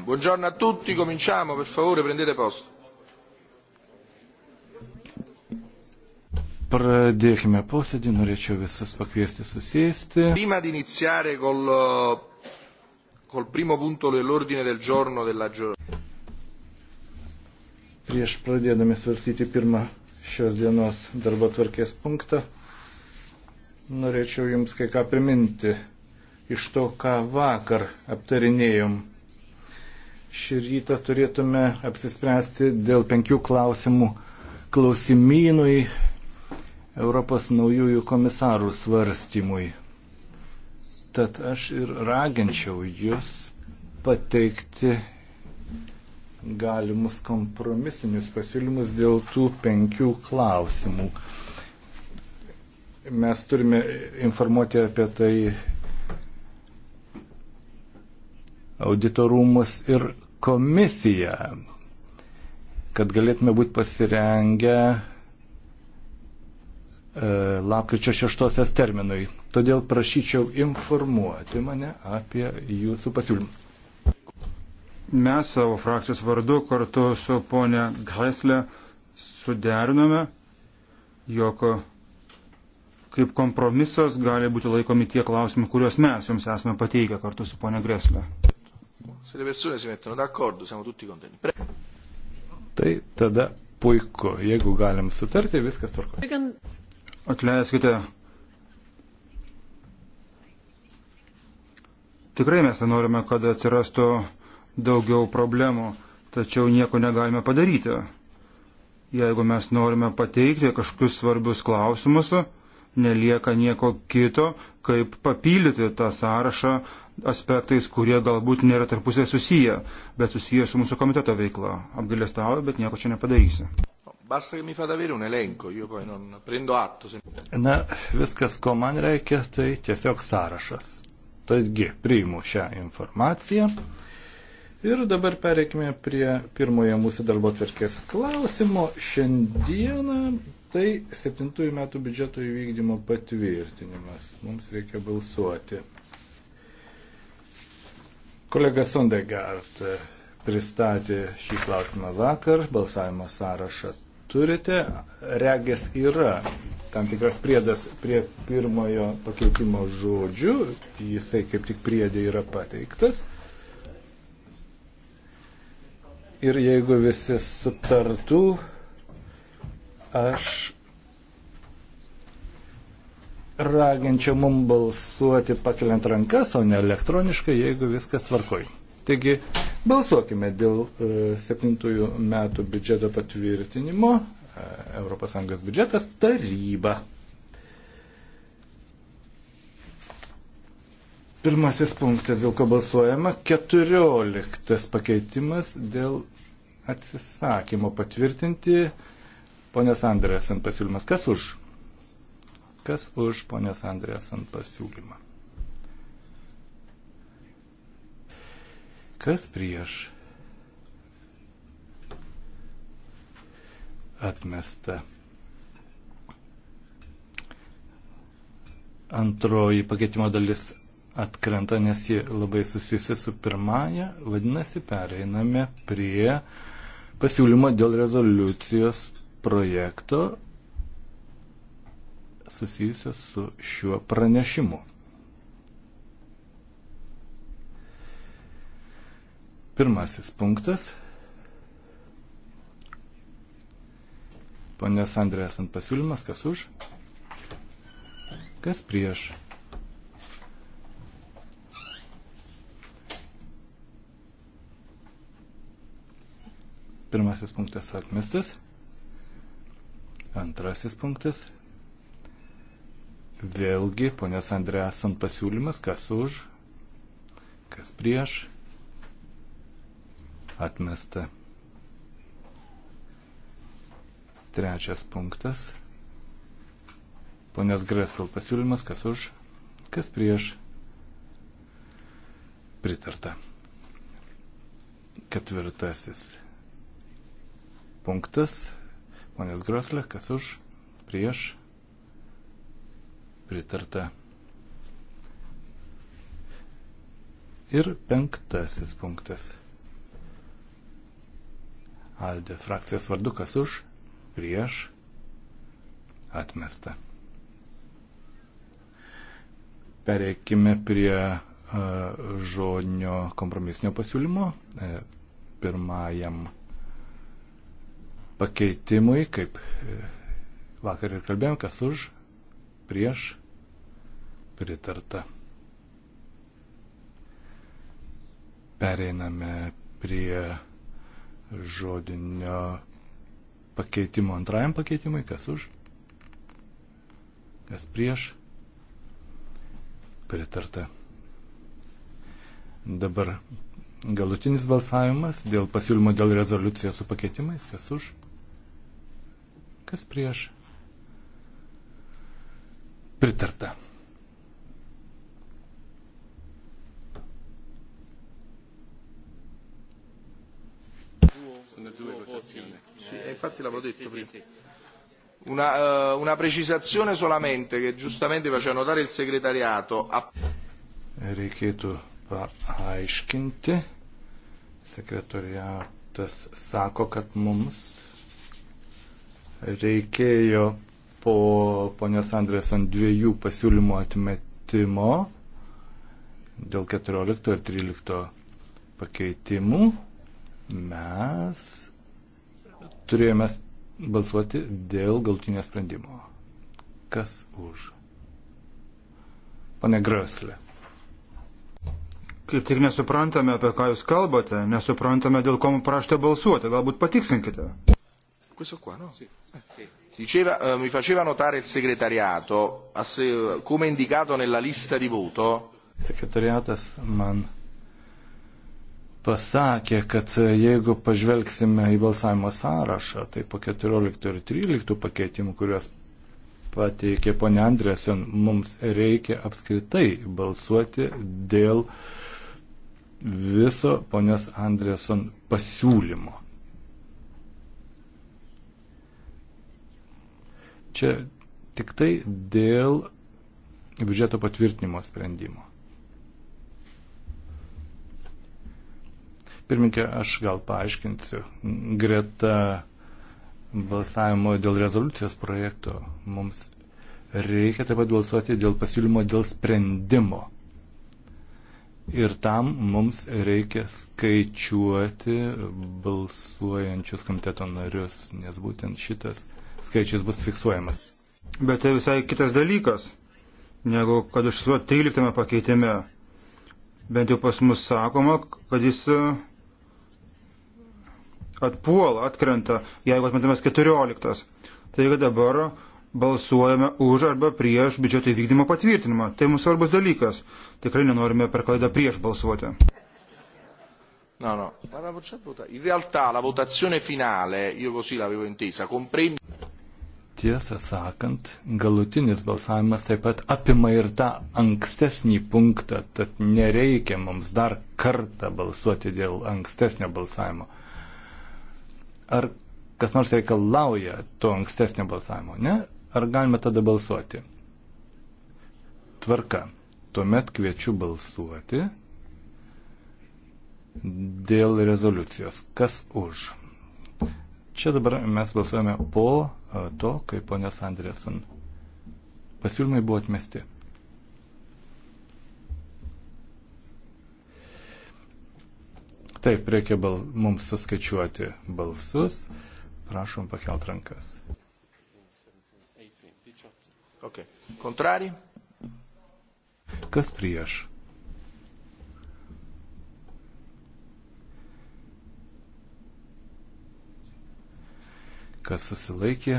Buongiorno a tutti, cominciamo, per favore prendete posto. Pradėkime posėdį, norėčiau visus pakviesti susėsti. Prima di iniziare col, col primo punto dell'ordine del giorno della giornata. Prieš pradėdami svarstyti pirmą šios dienos darbo tvarkės punktą, norėčiau Jums kai ką priminti iš to, ką vakar aptarinėjom šį rytą turėtume apsispręsti dėl penkių klausimų klausimynui Europos naujųjų komisarų svarstymui. Tad aš ir raginčiau jūs pateikti galimus kompromisinius pasiūlymus dėl tų penkių klausimų. Mes turime informuoti apie tai auditorumus ir komisiją, kad galėtume būti pasirengę e, lapkričio šeštosios terminui. Todėl prašyčiau informuoti mane apie jūsų pasiūlymus. Mes savo frakcijos vardu kartu su ponia Greslė suderinome, jog kaip kompromisas gali būti laikomi tie klausimai, kuriuos mes jums esame pateikę kartu su ponia Greslė. Se le persone si mettono d'accordo, siamo tutti contenti. Pre... Tai tada puiku, jeigu galim sutarti, viskas tvarko. Atleiskite. Tikrai mes norime, kad atsirastų daugiau problemų, tačiau nieko negalime padaryti. Jeigu mes norime pateikti kažkokius svarbius klausimus, nelieka nieko kito, kaip papildyti tą sąrašą aspektais, kurie galbūt nėra tarpusai susiję, bet susiję su mūsų komiteto veikla. Apgailestauju, bet nieko čia nepadarysi. Na, viskas, ko man reikia, tai tiesiog sąrašas. Taigi, priimu šią informaciją. Ir dabar pereikime prie pirmojo mūsų darbo tvarkės klausimo. Šiandieną tai 7 metų biudžeto įvykdymo patvirtinimas. Mums reikia balsuoti. Kolega Sondegard e, pristatė šį klausimą vakar, balsavimo sąrašą turite, regės yra tam tikras priedas prie pirmojo pakeitimo žodžių, jisai kaip tik priedė yra pateiktas. Ir jeigu visi sutartų, aš raginčiau mum balsuoti pakeliant rankas, o ne elektroniškai, jeigu viskas tvarkoj. Taigi balsuokime dėl 7 e, metų biudžeto patvirtinimo, ES biudžetas, taryba. Pirmasis punktas, dėl ko balsuojama, 14 pakeitimas dėl atsisakymo patvirtinti. Pone Sandrėsen pasiūlymas, kas už? Kas už ponios Andrės ant pasiūlymą? Kas prieš? Atmesta. Antroji pakeitimo dalis atkrenta, nes ji labai susijusi su pirmąja, vadinasi, pereiname prie pasiūlymo dėl rezoliucijos projekto susijusios su šiuo pranešimu. Pirmasis punktas. Ponės Andrės ant pasiūlymas, kas už, kas prieš. Pirmasis punktas atmestas. Antrasis punktas Vėlgi, ponės Andrė, esant pasiūlymas, kas už, kas prieš, atmesta. Trečias punktas. Ponės Gresel pasiūlymas, kas už, kas prieš, pritarta. Ketvirtasis punktas. Ponės Groslė, kas už, prieš, pritarta. Ir penktasis punktas. Alde frakcijos vardu kas už, prieš, atmesta. Pereikime prie e, žodinio kompromisinio pasiūlymo e, pirmajam pakeitimui, kaip e, vakar ir kalbėjom, kas už, prieš, pritarta. Pereiname prie žodinio pakeitimo antrajam pakeitimui, kas už, kas prieš, pritarta. Dabar galutinis balsavimas dėl pasiūlymo dėl rezoliucijos su pakeitimais, kas už, kas prieš, pritarta. sono due votazioni. Sì, eh, infatti l'avevo detto sì, prima. Sì, sì. Una, uh, una precisazione solamente che giustamente faceva notare il segretariato. A... Reikėtų paaiškinti. Sekretariatas sako, kad mums reikėjo po ponios Andrės ant dviejų pasiūlymų atmetimo dėl 14 ir 13 pakeitimų mes turėjome balsuoti dėl galtinio sprendimo. Kas už? Pane Gröslė. Kaip tik nesuprantame, apie ką jūs kalbate, nesuprantame, dėl ko mums prašote balsuoti. Galbūt patiksinkite. Questo qua, no? Sì. Sì. Diceva, eh, mi faceva notare il segretariato, ass- come indicato nella lista di voto. Segretariatas man pasakė, kad jeigu pažvelgsime į balsavimo sąrašą, tai po 14 ir 13 pakeitimų, kuriuos pateikė ponė Andresen, mums reikia apskritai balsuoti dėl viso ponės Andresen pasiūlymo. Čia tik tai dėl biudžeto patvirtinimo sprendimo. Pirminkė, aš gal paaiškinsiu. Greta balsavimo dėl rezoliucijos projekto mums reikia taip pat balsuoti dėl pasiūlymo dėl sprendimo. Ir tam mums reikia skaičiuoti balsuojančius komiteto narius, nes būtent šitas skaičius bus fiksuojamas. Bet tai visai kitas dalykas, negu kad užfiksuoti 13 pakeitime. Bent jau pas mus sakoma, kad jis atpuola, atkrenta, jeigu atmetamas 14. Taigi dabar balsuojame už arba prieš biudžeto įvykdymo patvirtinimą. Tai mums svarbus dalykas. Tikrai nenorime per klaidą prieš balsuoti. No, no, ma la vota. In realtà la votazione finale, io così l'avevo intesa, comprende. Tiesą sakant, galutinis balsavimas taip pat apima ir tą ankstesnį punktą, tad nereikia mums dar kartą balsuoti dėl ankstesnio balsavimo. Ar kas nors reikalauja to ankstesnio balsavimo, ne? Ar galime tada balsuoti? Tvarka. Tuomet kviečiu balsuoti dėl rezoliucijos. Kas už? Čia dabar mes balsuojame po e, to, kai ponė Sandrėson pasiūlymai buvo atmesti. Taip, reikia bal, mums suskaičiuoti balsus. Prašom pakelt rankas. Okay. Kontrari. Kas prieš? Kas susilaikė?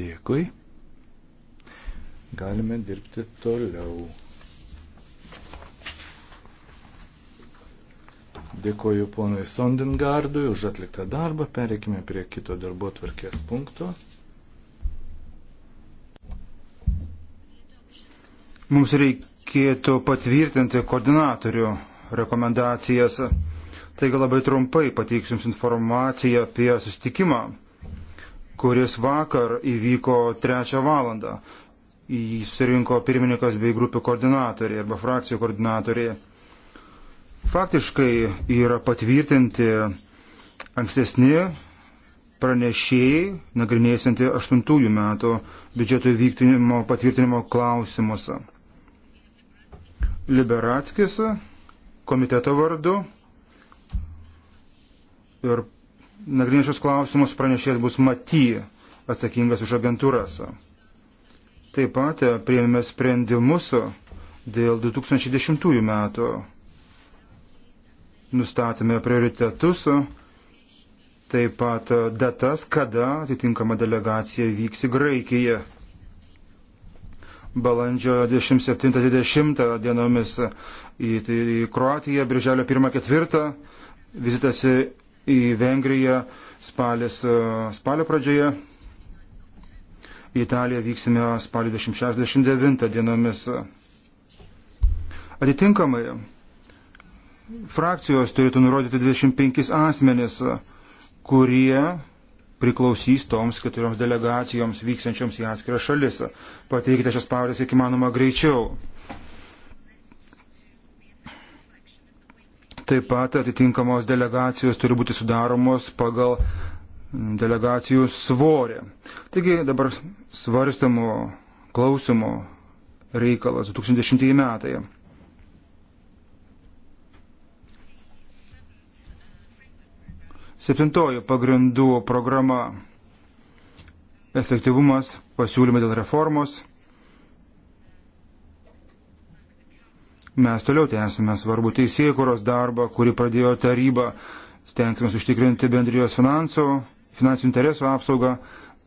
Dėkui. Galime dirbti toliau. Dėkoju ponui Sondengardui už atliktą darbą. Pereikime prie kito darbo tvarkės punkto. Mums reikėtų patvirtinti koordinatorių rekomendacijas. Taigi labai trumpai pateiksiu Jums informaciją apie susitikimą, kuris vakar įvyko trečią valandą. Į surinko pirmininkas bei grupių koordinatoriai arba frakcijų koordinatoriai Faktiškai yra patvirtinti ankstesni pranešėjai, nagrinėsinti 8 metų biudžeto įvyktinimo patvirtinimo klausimuose. Liberatskis komiteto vardu ir nagrinėšius klausimus pranešėjas bus Maty, atsakingas už agentūras. Taip pat prieimėme sprendimus dėl 2010 metų nustatėme prioritetus, taip pat datas, kada atitinkama delegacija vyks į Graikiją. Balandžio 27-20 dienomis į, tai, į Kroatiją, birželio 1-4 vizitas į Vengriją spalis, spalio pradžioje. Į Italiją vyksime spalio 26-29 dienomis. Atitinkamai frakcijos turėtų nurodyti 25 asmenis, kurie priklausys toms keturioms delegacijoms vyksiančioms į atskirą šalis. Pateikite šias pavardės kiek įmanoma greičiau. Taip pat atitinkamos delegacijos turi būti sudaromos pagal delegacijų svorį. Taigi dabar svarstamo klausimo reikalas 2010 metai. Septintoji pagrindų programa - efektyvumas, pasiūlymai dėl reformos. Mes toliau tęsime svarbu teisėkuros darbą, kurį pradėjo taryba, stengsime užtikrinti bendrijos finansų, finansų interesų apsaugą,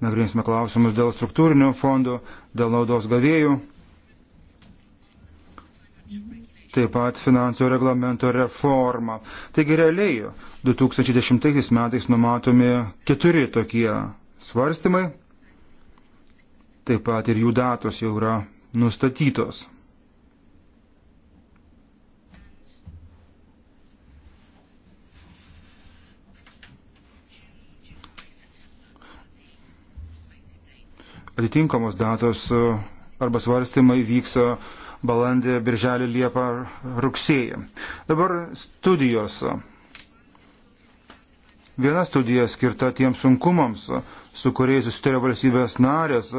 nagrinsime klausimus dėl struktūrinių fondų, dėl naudos gavėjų taip pat finansų reglamento reforma. Taigi realiai 2010 metais numatomi keturi tokie svarstymai, taip pat ir jų datos jau yra nustatytos. Atitinkamos datos arba svarstymai vyksta balandį, birželį, liepą, rugsėjį. Dabar studijos. Viena studija skirta tiems sunkumams, su kuriais susitaria valstybės narės,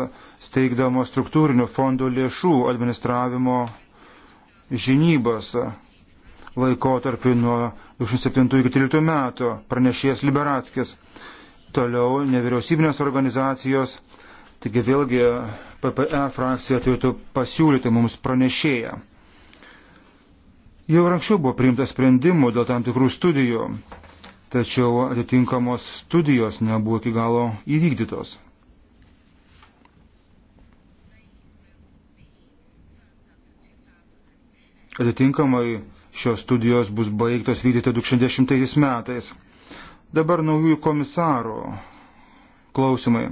steigdamo struktūrinių fondų lėšų administravimo žinybos laikotarpį nuo 2007 iki 2013 metų, pranešėjas Liberatskis. Toliau nevyriausybinės organizacijos Taigi vėlgi PPE frakcija turėtų pasiūlyti mums pranešėją. Jau ir anksčiau buvo priimta sprendimų dėl tam tikrų studijų, tačiau atitinkamos studijos nebuvo iki galo įvykdytos. Atitinkamai šios studijos bus baigtos vykdyti 2010 metais. Dabar naujųjų komisarų klausimai.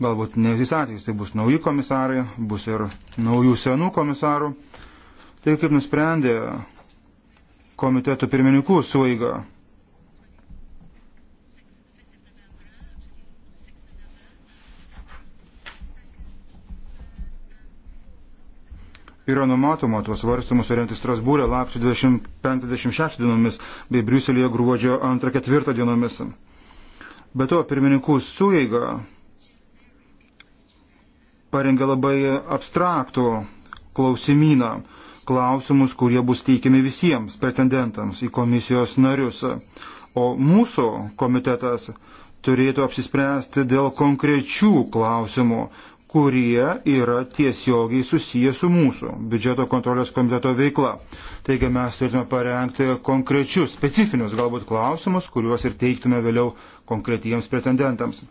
Galbūt ne visais atvejais tai bus nauji komisarai, bus ir naujų senų komisarų. Tai kaip nusprendė komiteto pirmininkų suiga. Yra numatoma tuos varstymus surenti Strasbūrė lapčio 25-26 dienomis bei Briuselėje gruodžio 2-4 dienomis. Be to, pirmininkų sueiga parengė labai abstraktų klausimyną, klausimus, kurie bus teikiami visiems pretendentams į komisijos narius. O mūsų komitetas turėtų apsispręsti dėl konkrečių klausimų, kurie yra tiesiogiai susiję su mūsų biudžeto kontrolės komiteto veikla. Taigi mes turime parengti konkrečius, specifinius galbūt klausimus, kuriuos ir teiktume vėliau konkretiems pretendentams.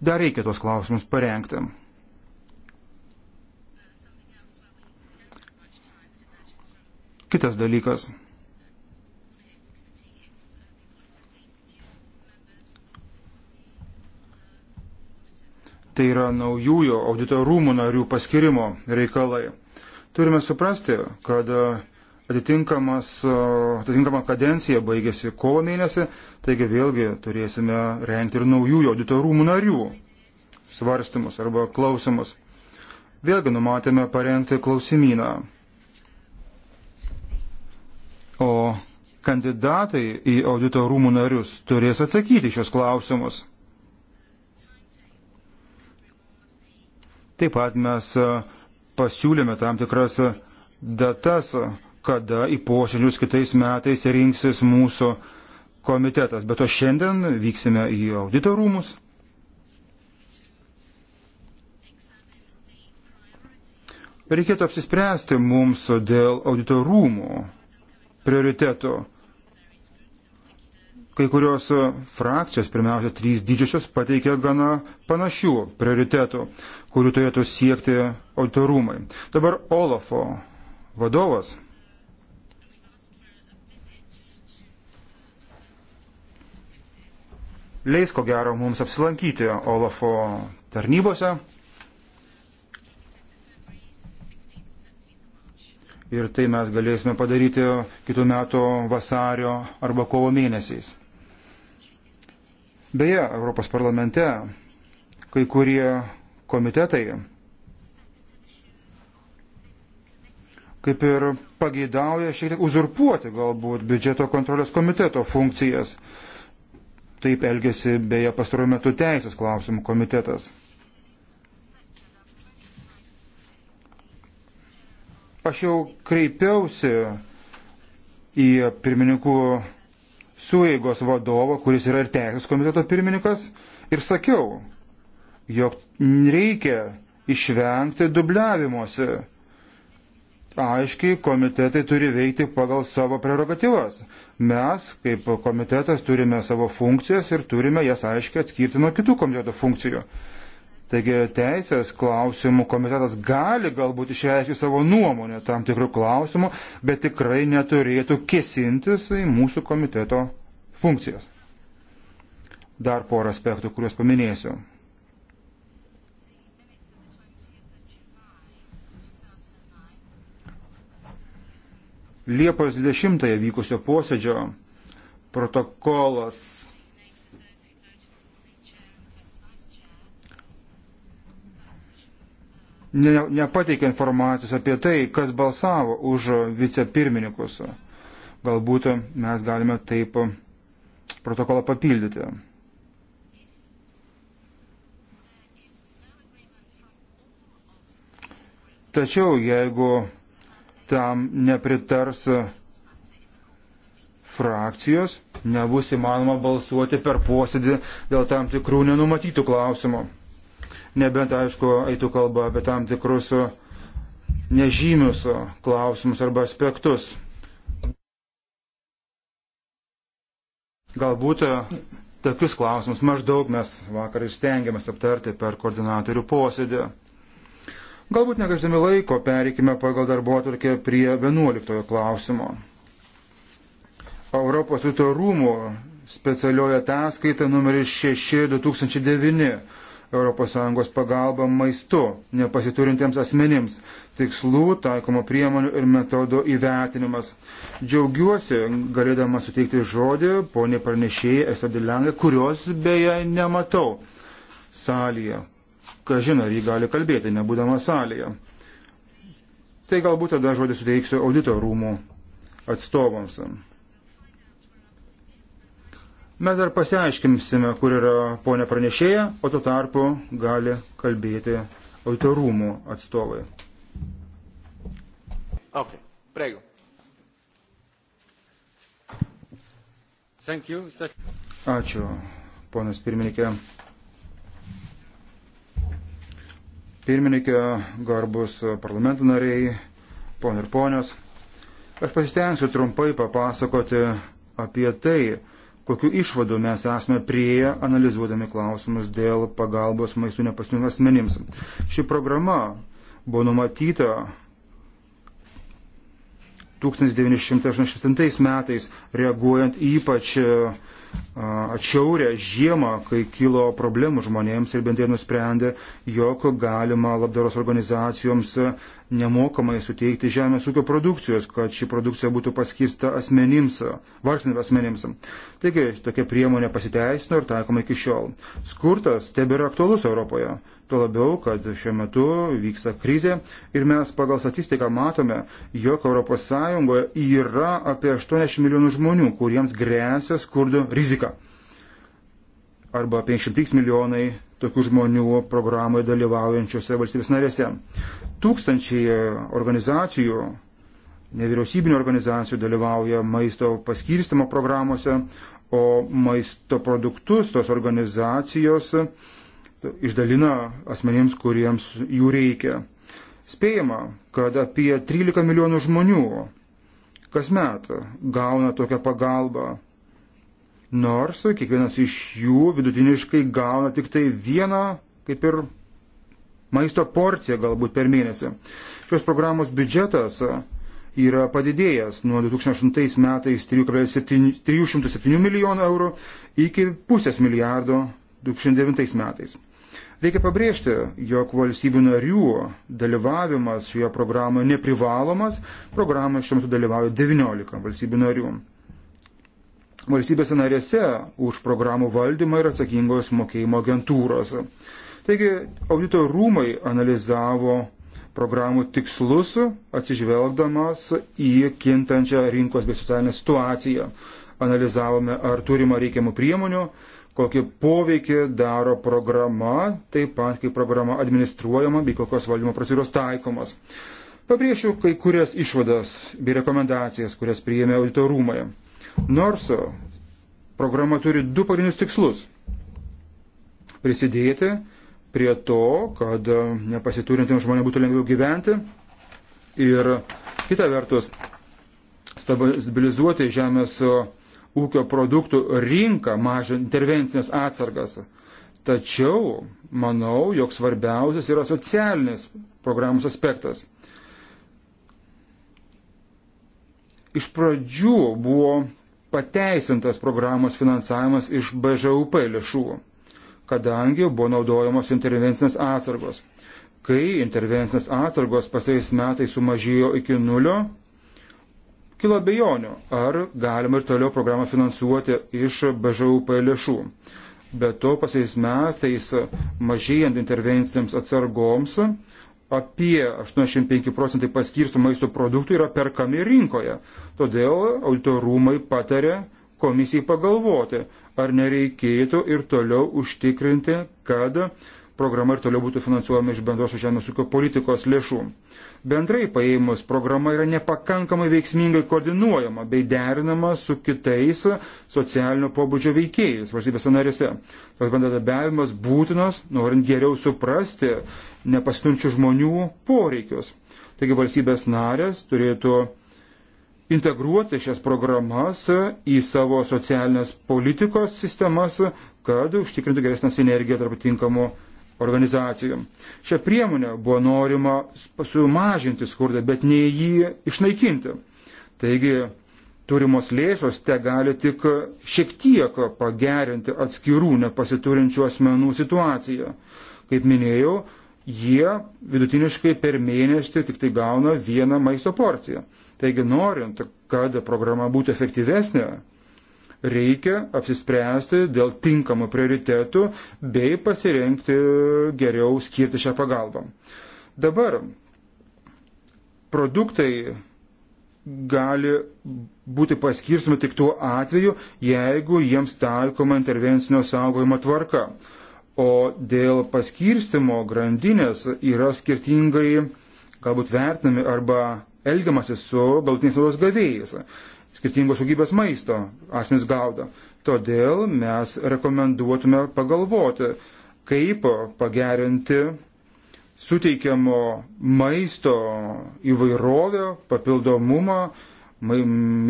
dar reikia tuos klausimus parengti. Kitas dalykas. Tai yra naujųjų audito rūmų narių paskirimo reikalai. Turime suprasti, kad atitinkama kadencija baigėsi kovo mėnesį, taigi vėlgi turėsime renkti ir naujųjų audito rūmų narių svarstymus arba klausimus. Vėlgi numatėme parengti klausimyną. O kandidatai į audito rūmų narius turės atsakyti šios klausimus. Taip pat mes pasiūlėme tam tikras datas kada į posėdžius kitais metais rinksis mūsų komitetas. Bet o šiandien vyksime į audito rūmus. Reikėtų apsispręsti mums dėl audito rūmų prioritetų. Kai kurios frakcijos, pirmiausia, trys didžiosios, pateikė gana panašių prioritetų, kurių turėtų siekti auditorumai. Dabar Olafo vadovas leis ko gero mums apsilankyti Olafo tarnybose. Ir tai mes galėsime padaryti kitų metų vasario arba kovo mėnesiais. Beje, Europos parlamente kai kurie komitetai kaip ir pageidauja šiek tiek uzurpuoti galbūt biudžeto kontrolės komiteto funkcijas. Taip elgėsi beje pastaruoju metu Teisės klausimų komitetas. Aš jau kreipiausi į pirmininkų sueigos vadovą, kuris yra ir Teisės komiteto pirmininkas, ir sakiau, jog reikia išvengti dubliavimuose aiškiai komitetai turi veikti pagal savo prerogatyvas. Mes, kaip komitetas, turime savo funkcijas ir turime jas aiškiai atskirti nuo kitų komiteto funkcijų. Taigi teisės klausimų komitetas gali galbūt išreikšti savo nuomonę tam tikrų klausimų, bet tikrai neturėtų kesintis į mūsų komiteto funkcijas. Dar porą aspektų, kuriuos paminėsiu. Liepos 20-ąją vykusio posėdžio protokolas. Ne, nepateikia informacijos apie tai, kas balsavo už vicepirmininkus. Galbūt mes galime taip protokolą papildyti. Tačiau jeigu tam nepritars frakcijos, nebus įmanoma balsuoti per posėdį dėl tam tikrų nenumatytų klausimų. Nebent, aišku, eitų kalba apie tam tikrus nežymius klausimus arba aspektus. Galbūt tokius klausimus maždaug mes vakar išstengiamės aptarti per koordinatorių posėdį. Galbūt negaždami laiko pereikime pagal darbo atvarkę prie 11 klausimo. Europos Jūto rūmų specialioje ataskaita numeris 6 2009 ES pagalba maistu nepasiturintiems asmenims, tikslų, taikomo priemonių ir metodo įvertinimas. Džiaugiuosi galėdama suteikti žodį poniai pranešėjai Esadilangai, kurios beje nematau salėje kažin ar jį gali kalbėti, nebūdama salėje. Tai galbūt tada žodį suteiksiu audito rūmų atstovams. Mes dar pasiaiškinsime, kur yra ponė pranešėja, o tuo tarpu gali kalbėti audito rūmų atstovai. Okay. Prego. Thank you. Ačiū, ponas pirmininkė. pirmininkė, garbus parlamento nariai, ponai ir ponios. Aš pasistengsiu trumpai papasakoti apie tai, kokiu išvadu mes esame prieję analizuodami klausimus dėl pagalbos maistų nepasnių asmenims. Ši programa buvo numatyta 1987 metais, reaguojant ypač atšiaurę žiemą, kai kilo problemų žmonėms ir bendrė nusprendė, jog galima labdaros organizacijoms nemokamai suteikti žemės ūkio produkcijos, kad ši produkcija būtų paskirsta asmenims, vargsnėms asmenims. Taigi tokia priemonė pasiteisino ir taikoma iki šiol. Skurtas tebėra aktualus Europoje. Tuo labiau, kad šiuo metu vyksta krizė ir mes pagal statistiką matome, jog ES yra apie 80 milijonų žmonių, kuriems grėsia skurdo rizika. Arba 500 milijonai tokių žmonių programoje dalyvaujančiose valstybės narėse tūkstančiai e, organizacijų, nevyriausybinio organizacijų dalyvauja maisto paskirstimo programuose, o maisto produktus tos organizacijos e, išdalina asmenims, kuriems jų reikia. Spėjama, kad apie 13 milijonų žmonių kasmet gauna tokią pagalbą, nors kiekvienas iš jų vidutiniškai gauna tik tai vieną kaip ir maisto porciją galbūt per mėnesį. Šios programos biudžetas e, yra padidėjęs nuo 2008 metais 307 milijonų eurų iki pusės milijardo 2009 metais. Reikia pabrėžti, jog valstybių narių dalyvavimas šioje programoje neprivalomas, programoje šiuo metu dalyvauja 19 valstybių narių. Valstybėse narėse už programų valdymą yra atsakingos mokėjimo agentūros. Taigi audito rūmai analizavo programų tikslus, atsižvelgdamas į kintančią rinkos bei socialinę situaciją. Analizavome, ar turima reikiamų priemonių, kokį poveikį daro programa, taip pat kaip programa administruojama bei kokios valdymo procedūros taikomas. Pabrėšiu kai kurias išvadas bei rekomendacijas, kurias priėmė auditorumai. Nors programa turi du pagrindinius tikslus - prisidėti prie to, kad nepasiturintiems žmonėms būtų lengviau gyventi. Ir kita vertus, stabilizuoti žemės ūkio produktų rinką, mažinti intervencinės atsargas. Tačiau manau, jog svarbiausias yra socialinis programos aspektas. Iš pradžių buvo pateisintas programos finansavimas iš BŽUP lėšų kadangi buvo naudojamos intervencinės atsargos. Kai intervencinės atsargos pasais metais sumažėjo iki nulio, kilo bejonių, ar galima ir toliau programą finansuoti iš BŽUP lėšų. Be to, pasiais metais mažėjant intervencinėms atsargoms, apie 85 procentai paskirstų maisto produktų yra perkami rinkoje. Todėl auditorumai patarė komisijai pagalvoti, ar nereikėtų ir toliau užtikrinti, kad programa ir toliau būtų finansuojama iš bendrosios žemės ūkio politikos lėšų. Bendrai paėmus, programa yra nepakankamai veiksmingai koordinuojama bei derinama su kitais socialinio pobūdžio veikėjais valstybėse narėse. Toks bendradarbiavimas būtinas, norint geriau suprasti nepastunčių žmonių poreikius. Taigi valstybės narės turėtų integruoti šias programas į savo socialinės politikos sistemas, kad užtikrintų geresnę sinergiją tarp tinkamų organizacijų. Šią priemonę buvo norima sumažinti skurdą, bet ne jį išnaikinti. Taigi turimos lėšos te gali tik šiek tiek pagerinti atskirų nepasiturinčių asmenų situaciją. Kaip minėjau, jie vidutiniškai per mėnesį tik tai gauna vieną maisto porciją. Taigi, norint, kad programa būtų efektyvesnė, reikia apsispręsti dėl tinkamų prioritetų bei pasirenkti geriau skirti šią pagalbą. Dabar produktai gali būti paskirstomi tik tuo atveju, jeigu jiems taikoma intervencinio saugojimo tvarka. O dėl paskirstimo grandinės yra skirtingai galbūt vertinami arba elgiamasi su galutiniais naudos gavėjais. Skirtingos šaugybės maisto asmenys gauda. Todėl mes rekomenduotume pagalvoti, kaip pagerinti suteikiamo maisto įvairovę, papildomumą,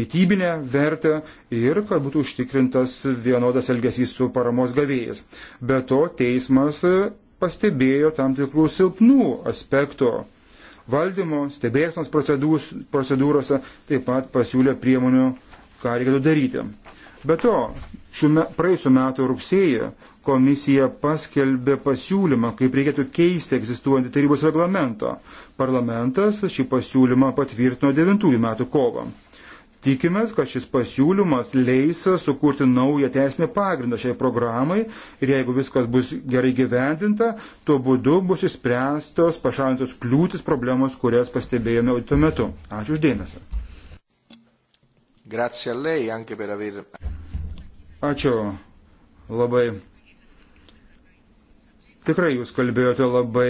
mytybinę vertę ir kad būtų užtikrintas vienodas elgesys su paramos gavėjais. Be to, teismas pastebėjo tam tikrų silpnų aspektų valdymo, stebėsnos procedūrose, taip pat pasiūlė priemonių, ką reikėtų daryti. Be to, me, praėjusiu metu rugsėje komisija paskelbė pasiūlymą, kaip reikėtų keisti egzistuojantį tarybos reglamentą. Parlamentas šį pasiūlymą patvirtino 9 metų kovą. Tikimės, kad šis pasiūlymas leis sukurti naują teisinį pagrindą šiai programai ir jeigu viskas bus gerai gyvendinta, tuo būdu bus išspręstos pašalintos kliūtis problemos, kurias pastebėjome audito metu. Ačiū uždėmesį. Aver... Ačiū labai. Tikrai jūs kalbėjote labai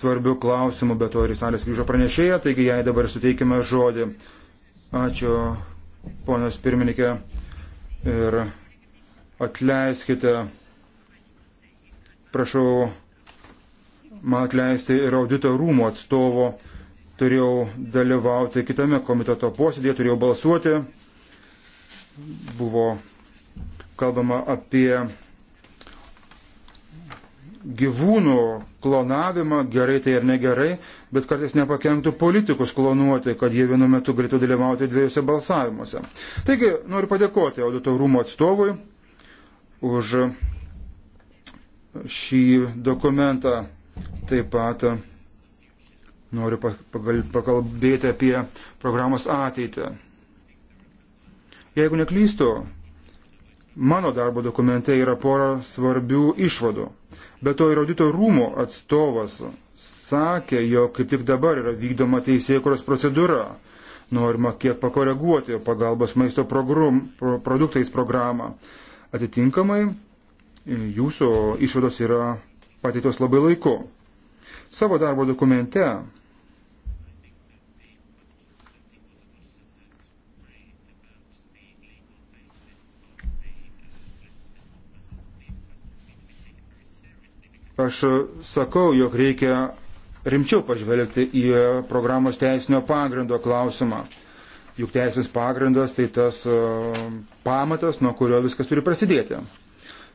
svarbių klausimų, bet to ir į salės grįžo pranešėja, taigi jai dabar suteikime žodį. Ačiū, ponas pirmininkė. Ir atleiskite, prašau, man atleisti ir audito rūmų atstovo. Turėjau dalyvauti kitame komiteto posėdėje, turėjau balsuoti. Buvo kalbama apie gyvūnų klonavimą, gerai tai ar negerai, bet kartais nepakenktų politikus klonuoti, kad jie vienu metu galėtų dalyvauti dviejose balsavimuose. Taigi, noriu padėkoti audito rūmo atstovui už šį dokumentą. Taip pat noriu pakalbėti apie programos ateitį. Jeigu neklystu, mano darbo dokumente yra pora svarbių išvadų. Bet to ir audito rūmo atstovas sakė, jog kaip tik dabar yra vykdoma teisėkuros procedūra. Norima kiek pakoreguoti pagalbos maisto program, pro, produktais programą. Atitinkamai e, jūsų išvados yra patytos labai laiku. Savo darbo dokumente Aš sakau, jog reikia rimčiau pažvelgti į programos teisinio pagrindo klausimą. Juk teisės pagrindas tai tas e, pamatas, nuo kurio viskas turi prasidėti.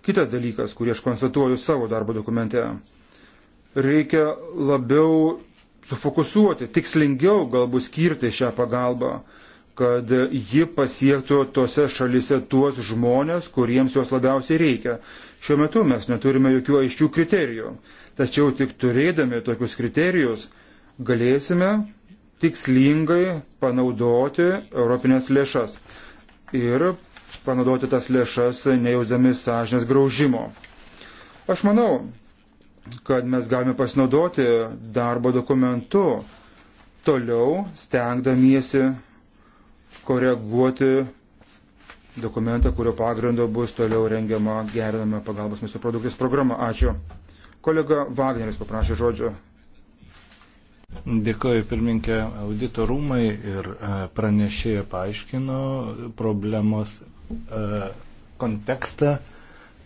Kitas dalykas, kurį aš konstatuoju savo darbo dokumente. Reikia labiau sufokusuoti, tikslingiau galbūt skirti šią pagalbą, kad ji pasiektų tose šalise tuos žmonės, kuriems jos labiausiai reikia. Šiuo metu mes neturime jokių aiškių kriterijų, tačiau tik turėdami tokius kriterijus galėsime tikslingai panaudoti europinės lėšas ir panaudoti tas lėšas nejausdami sąžinės graužimo. Aš manau, kad mes galime pasinaudoti darbo dokumentu, toliau stengdamiesi koreguoti dokumentą, kurio pagrindo bus toliau rengiama gerinama pagalbos maisto produktais programa. Ačiū. Kolega Wagneris paprašė žodžio. Dėkoju, pirminkė, audito rūmai ir e, pranešėja paaiškino problemos e, kontekstą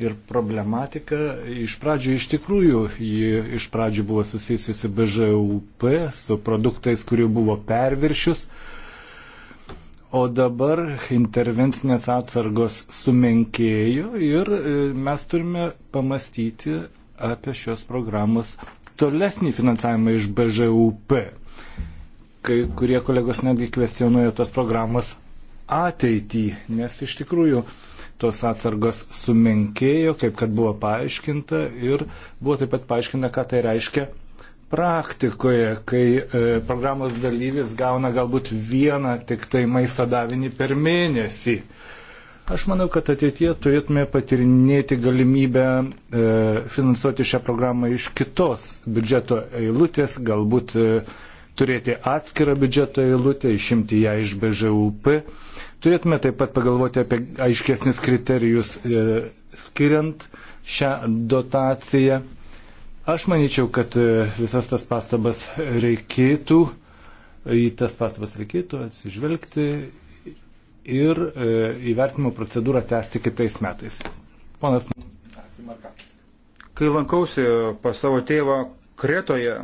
ir problematiką. Iš pradžių iš tikrųjų ji iš pradžių buvo susijusi su BŽUP, su produktais, kurių buvo perviršius. O dabar intervencinės atsargos sumenkėjo ir e, mes turime pamastyti apie šios programos tolesnį finansavimą iš BŽUP. Kai kurie kolegos netgi kvestionuoja tos programos ateitį, nes iš tikrųjų tos atsargos sumenkėjo, kaip kad buvo paaiškinta ir buvo taip pat paaiškinta, ką tai reiškia praktikoje, kai e, programos dalyvis gauna galbūt vieną tik tai maisto davinį per mėnesį. Aš manau, kad ateitie turėtume patirinėti galimybę e, finansuoti šią programą iš kitos biudžeto eilutės, galbūt e, turėti atskirą biudžeto eilutę, išimti ją iš BŽUP. Turėtume taip pat pagalvoti apie aiškesnius kriterijus e, skiriant šią dotaciją. Aš manyčiau, kad e, visas tas pastabas reikėtų, į tas pastabas reikėtų atsižvelgti ir e, įvertinimo procedūrą tęsti kitais metais. Ponas Atsimarkakis. Kai lankausi pas savo tėvą Kretoje,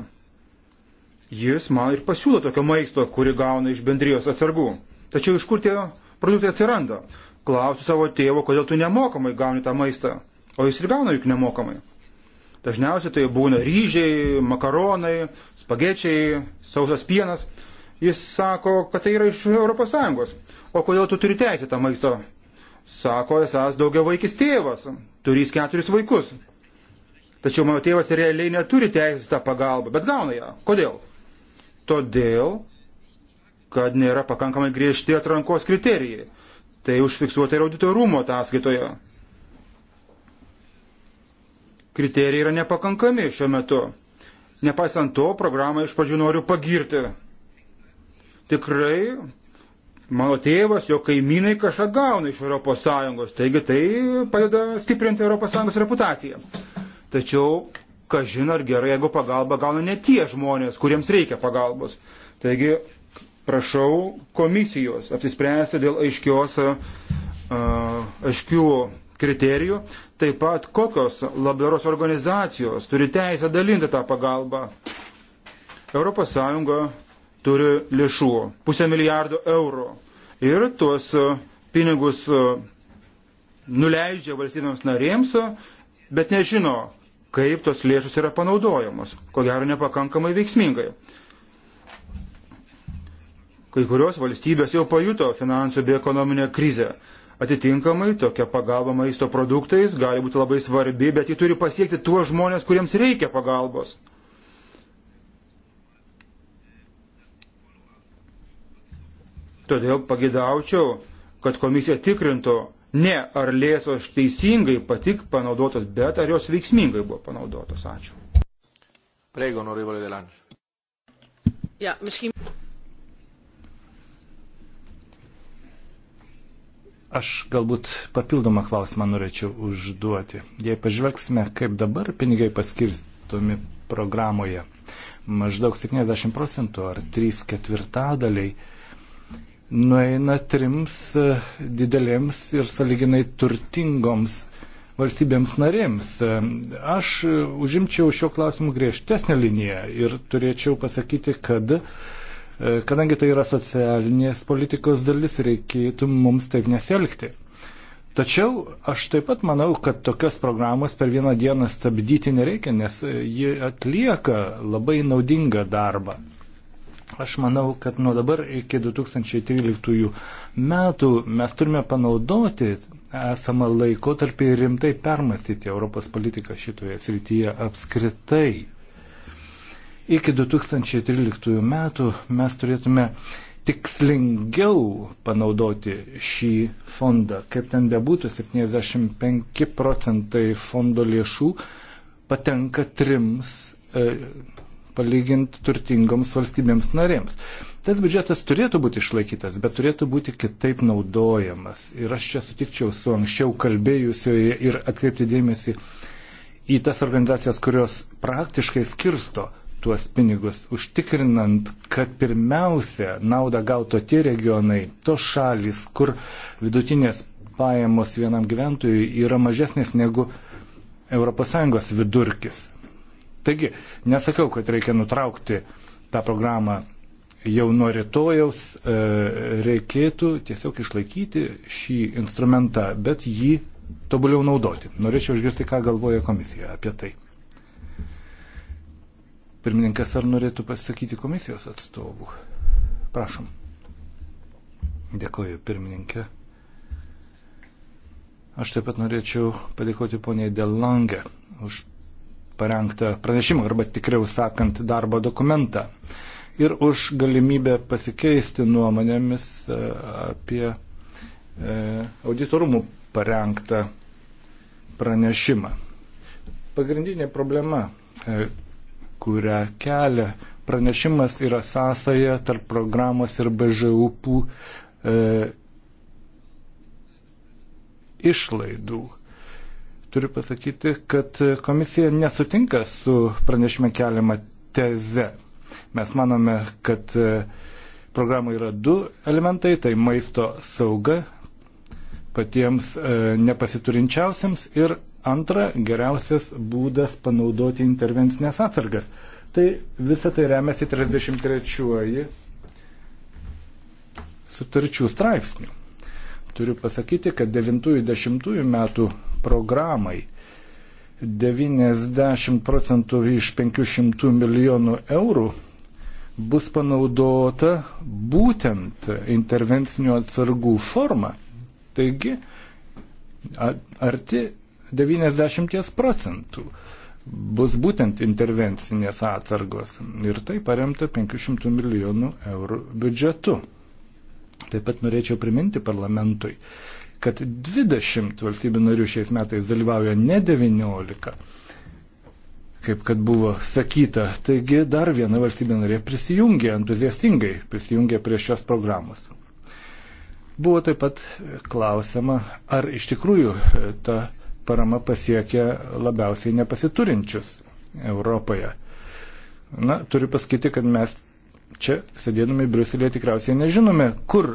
jis man ir pasiūlo tokio maisto, kurį gauna iš bendrijos atsargų. Tačiau iš kur tie produktai atsiranda? Klausiu savo tėvo, kodėl tu nemokamai gauni tą maistą. O jis ir gauna juk nemokamai. Dažniausiai tai būna ryžiai, makaronai, spagečiai, sausas pienas. Jis sako, kad tai yra iš ES. O kodėl tu turi teisę tą maistą? Sako, esas daugia vaikis tėvas, turys keturis vaikus. Tačiau mano tėvas realiai neturi teisės tą pagalbą, bet gauna ją. Kodėl? Todėl, kad nėra pakankamai griežti atrankos kriterijai. Tai užfiksuota ir auditorumo ataskaitoje kriterijai yra nepakankami šiuo metu. Nepaisant to, programą iš pradžių noriu pagirti. Tikrai mano tėvas, jo kaimynai kažką gauna iš ES, taigi tai padeda stiprinti ES reputaciją. Tačiau, kažin ar gerai, jeigu pagalba gauna ne tie žmonės, kuriems reikia pagalbos. Taigi, prašau komisijos apsispręsti dėl aiškios, aiškių kriterijų, taip pat kokios labdaros organizacijos turi teisę dalinti tą pagalbą. ES turi lėšų pusę milijardo eurų ir tuos e, pinigus e, nuleidžia valstybėms narėms, e, bet nežino, kaip tos lėšos yra panaudojamos, ko gero nepakankamai veiksmingai. Kai kurios valstybės jau pajuto finansų bei ekonominę krizę, Atitinkamai tokia pagalba maisto produktais gali būti labai svarbi, bet ji turi pasiekti tuos žmonės, kuriems reikia pagalbos. Todėl pagidaučiau, kad komisija tikrintų ne ar lėsos teisingai patik panaudotos, bet ar jos veiksmingai buvo panaudotos. Ačiū. Prego, norivole Delange. Ja, misschien... Aš galbūt papildomą klausimą norėčiau užduoti. Jei pažvelgsime, kaip dabar pinigai paskirstomi programoje, maždaug 70 procentų ar 3 ketvirtadaliai nueina trims e, didelėms ir saliginai turtingoms valstybėms narėms. E, aš užimčiau šio klausimu griežtesnę liniją ir turėčiau pasakyti, kad uh, E, kadangi tai yra socialinės politikos dalis, reikėtų mums taip nesielgti. Tačiau aš taip pat manau, kad tokios programos per vieną dieną stabdyti nereikia, nes e, ji atlieka labai naudingą darbą. Aš manau, kad nuo dabar iki 2013 metų mes turime panaudoti esamą laikotarpį ir rimtai permastyti Europos politiką šitoje srityje apskritai iki 2013 metų mes turėtume tikslingiau panaudoti šį fondą. Kaip ten bebūtų, 75 procentai fondo lėšų patenka trims e, palyginti turtingoms valstybėms narėms. Tas biudžetas turėtų būti išlaikytas, bet turėtų būti kitaip naudojamas. Ir aš čia sutikčiau su anksčiau kalbėjusioje ir atkreipti dėmesį į tas organizacijas, kurios praktiškai skirsto tuos pinigus, užtikrinant, kad pirmiausia naudą gauto tie regionai, tos šalis, kur vidutinės pajamos vienam gyventojui yra mažesnės negu ES vidurkis. Taigi, nesakiau, kad reikia nutraukti tą programą jau nuo rytojaus, e, reikėtų tiesiog išlaikyti šį instrumentą, bet jį tobuliau naudoti. Norėčiau išgirsti, ką galvoja komisija apie tai. Pirmininkas, ar norėtų pasakyti komisijos atstovų? Prašom. Dėkoju, pirmininkė. Aš taip pat norėčiau padėkoti poniai Delangė už parengtą pranešimą, arba tikriau sakant, darbo dokumentą. Ir už galimybę pasikeisti nuomonėmis e, apie e, auditorumų parengtą pranešimą. Pagrindinė problema, e, kurią kelia pranešimas, yra sąsaja tarp programos ir BŽUP e, išlaidų. Turiu pasakyti, kad komisija nesutinka su pranešime keliama teze. Mes manome, kad e, programai yra du elementai - tai maisto sauga patiems e, nepasiturinčiausiams ir Antra, geriausias būdas panaudoti intervencinės atsargas. Tai visa tai remiasi 33 sutarčių straipsnių. Turiu pasakyti, kad 90 metų programai 90 procentų iš 500 milijonų eurų bus panaudota būtent intervencinių atsargų forma. Taigi, arti 90 procentų bus būtent intervencinės atsargos ir tai paremta 500 milijonų eurų biudžetu. Taip pat norėčiau priminti parlamentui, kad 20 valstybių narių šiais metais dalyvauja ne 19, kaip kad buvo sakyta. Taigi dar viena valstybė narė prisijungė, entuziastingai prisijungė prie šios programos. Buvo taip pat klausima, ar iš tikrųjų ta parama pasiekia labiausiai nepasiturinčius Europoje. Na, turiu pasakyti, kad mes čia, sėdėdami Briuselėje, tikriausiai nežinome, kur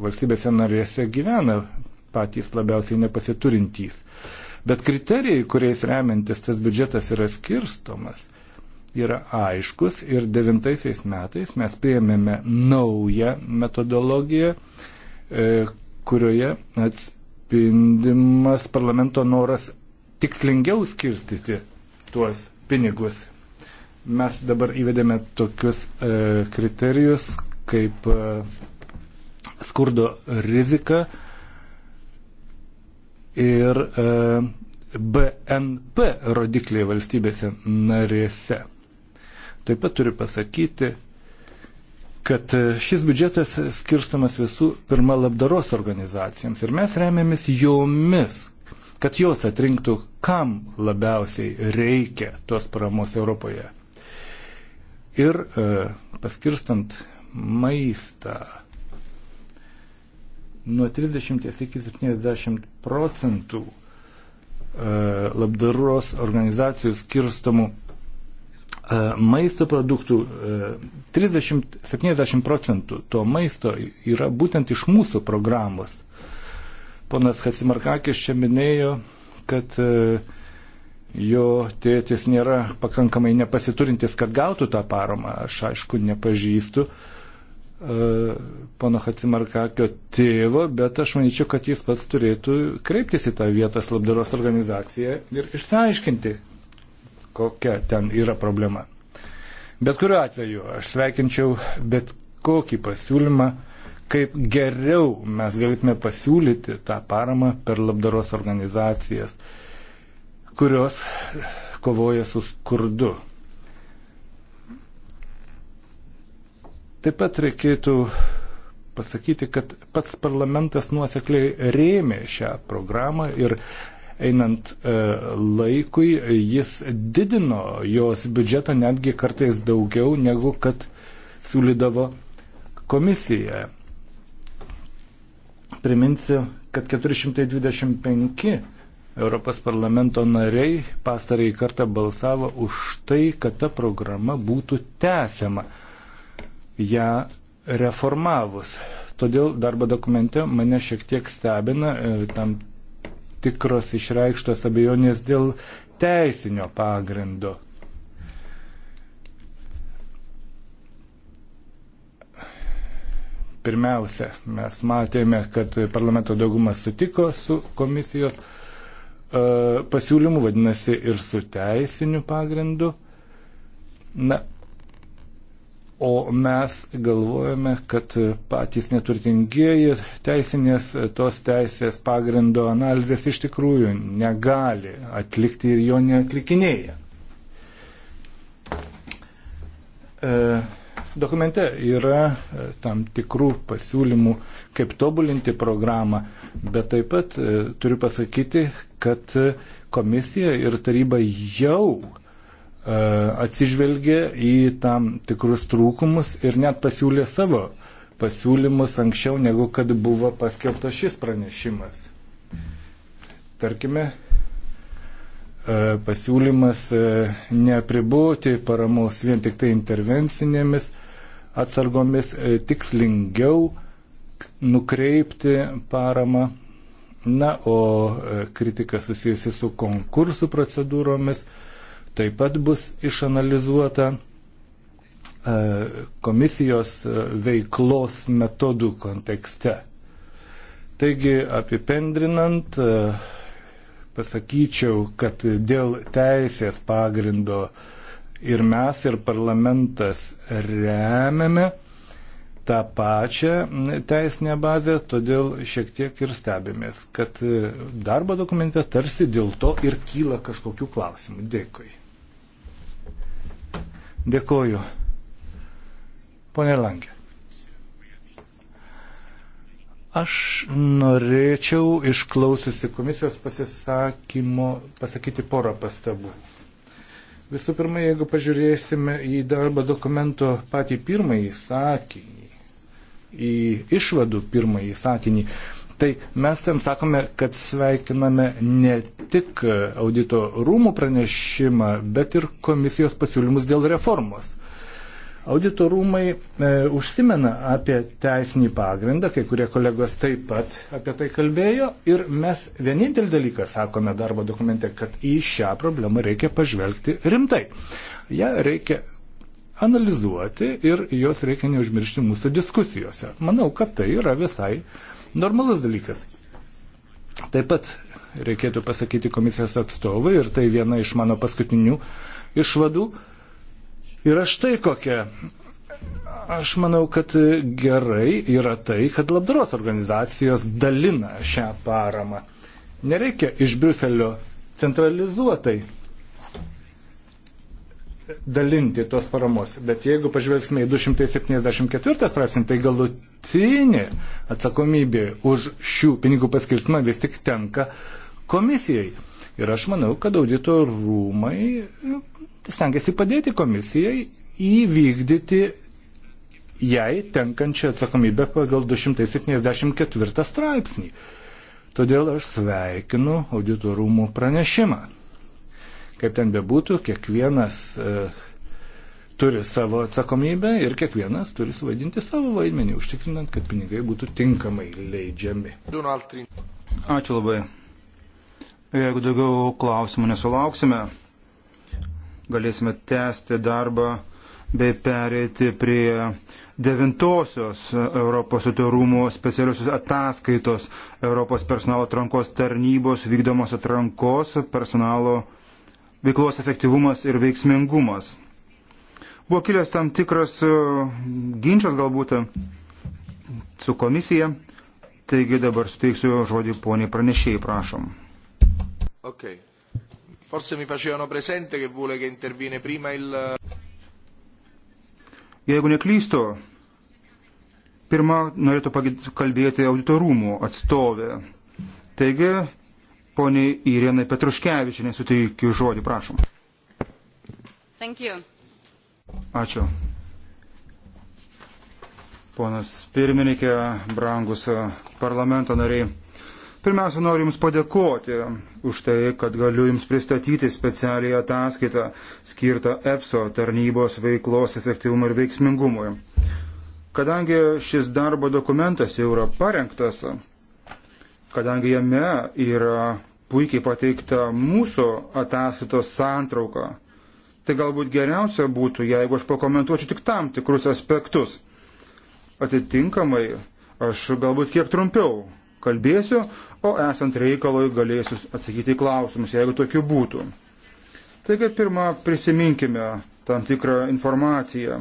valstybėse narėse gyvena patys labiausiai nepasiturintys. Bet kriterijai, kuriais remiantis tas biudžetas yra skirstomas, yra aiškus ir devintaisiais metais mes priėmėme naują metodologiją, e, kurioje ats atspindimas parlamento noras tikslingiau skirstyti tuos pinigus. Mes dabar įvedėme tokius e, kriterijus kaip e, skurdo rizika ir e, BNP rodikliai valstybėse narėse. Taip pat turiu pasakyti, kad e, šis biudžetas skirstamas visų pirma labdaros organizacijoms ir mes remiamės jomis, kad jos atrinktų, kam labiausiai reikia tos paramos Europoje. Ir e, paskirstant maistą nuo 30 iki 70 procentų e, labdaros organizacijų skirstamų E, maisto produktų 30-70 e, procentų to maisto yra būtent iš mūsų programos. Ponas Hatsimarkakis čia minėjo, kad e, jo tėtis nėra pakankamai nepasiturintis, kad gautų tą paramą. Aš aišku nepažįstu pono Hatsimarkakio tėvo, bet aš manyčiau, kad jis pats turėtų kreiptis į tą vietą labdaros organizaciją ir išsiaiškinti, kokia ten yra problema. Bet kuriu atveju aš sveikinčiau bet kokį pasiūlymą, kaip geriau mes galėtume pasiūlyti tą paramą per labdaros organizacijas, kurios kovoja su skurdu. Taip pat reikėtų pasakyti, kad pats parlamentas nuosekliai rėmė šią programą ir Einant e, laikui, jis didino jos biudžetą netgi kartais daugiau negu kad siūlydavo komisija. Priminsiu, kad 425 Europos parlamento nariai pastarąjį kartą balsavo už tai, kad ta programa būtų tęsiama, ją reformavus. Todėl darbo dokumente mane šiek tiek stebina e, tam tikros išreikštos abejonės dėl teisinio pagrindo. Pirmiausia, mes matėme, kad parlamento dauguma sutiko su komisijos e, pasiūlymu, vadinasi, ir su teisiniu pagrindu. Na, O mes galvojame, kad patys neturtingieji teisinės tos teisės pagrindo analizės iš tikrųjų negali atlikti ir jo neatlikinėja. E, dokumente yra e, tam tikrų pasiūlymų, kaip tobulinti programą, bet taip pat e, turiu pasakyti, kad komisija ir taryba jau E, atsižvelgė į tam tikrus trūkumus ir net pasiūlė savo pasiūlymus anksčiau, negu kad buvo paskelbta šis pranešimas. Tarkime, e, pasiūlymas e, neapriboti paramos vien tik tai intervencinėmis atsargomis, tikslingiau nukreipti paramą. Na, o kritika susijusi su konkursų procedūromis, taip pat bus išanalizuota e, komisijos e, veiklos metodų kontekste. Taigi, apipendrinant, e, pasakyčiau, kad dėl teisės pagrindo ir mes, ir parlamentas remiame tą pačią teisinę bazę, todėl šiek tiek ir stebimės, kad darbo dokumente tarsi dėl to ir kyla kažkokių klausimų. Dėkui. Dėkoju. Pone Lankė. Aš norėčiau išklausiusi komisijos pasisakymo pasakyti porą pastabų. Visų pirma, jeigu pažiūrėsime į darbo dokumento patį pirmąjį sakinį, į išvadų pirmąjį sakinį, Tai mes tam sakome, kad sveikiname ne tik audito rūmų pranešimą, bet ir komisijos pasiūlymus dėl reformos. Audito rūmai e, užsimena apie teisinį pagrindą, kai kurie kolegos taip pat apie tai kalbėjo ir mes vienintelį dalyką sakome darbo dokumente, kad į šią problemą reikia pažvelgti rimtai. Ja reikia analizuoti ir jos reikia neužmiršti mūsų diskusijose. Manau, kad tai yra visai normalus dalykas. Taip pat reikėtų pasakyti komisijos atstovai, ir tai viena iš mano paskutinių išvadų, yra štai kokia. Aš manau, kad gerai yra tai, kad labdaros organizacijos dalina šią paramą. Nereikia iš Briuselio centralizuotai dalinti tos paramos. Bet jeigu pažvelgsime į 274 straipsnį, tai galutinė atsakomybė už šių pinigų paskirstimą vis tik tenka komisijai. Ir aš manau, kad audito rūmai stengiasi padėti komisijai įvykdyti jai tenkančią atsakomybę pagal 274 straipsnį. Todėl aš sveikinu auditorumų pranešimą. Kaip ten bebūtų, kiekvienas e, turi savo atsakomybę ir kiekvienas turi suvaidinti savo vaidmenį, užtikrinant, kad pinigai būtų tinkamai leidžiami. Ačiū labai. Jeigu daugiau klausimų nesulauksime, galėsime tęsti darbą bei pereiti prie devintosios Europos autorumų specialiosios ataskaitos Europos personalo atrankos tarnybos vykdomos atrankos personalo veiklos efektyvumas ir veiksmingumas. Buvo kilęs tam tikras e, ginčas galbūt e, su komisija, taigi dabar suteiksiu žodį poniai pranešėjai, prašom. Okay. Forse mi facevano presente che vuole che interviene prima il. Jeigu neklystu, pirmą norėtų kalbėti auditorumų atstovė. Taigi, poniai Irenai Petruškevičiai suteikiu žodį, prašom. Ačiū. Ponas pirmininkė, brangus parlamento nariai. Pirmiausia, noriu Jums padėkoti už tai, kad galiu Jums pristatyti specialiai ataskaitą skirtą EPSO tarnybos veiklos efektyvumui ir veiksmingumui. Kadangi šis darbo dokumentas jau yra parengtas, kadangi jame yra puikiai pateikta mūsų ataskaitos santrauka. Tai galbūt geriausia būtų, jeigu aš pakomentuočiau tik tam tikrus aspektus. Atitinkamai aš galbūt kiek trumpiau kalbėsiu, o esant reikalui galėsiu atsakyti į klausimus, jeigu tokių būtų. Taigi pirmą prisiminkime tam tikrą informaciją,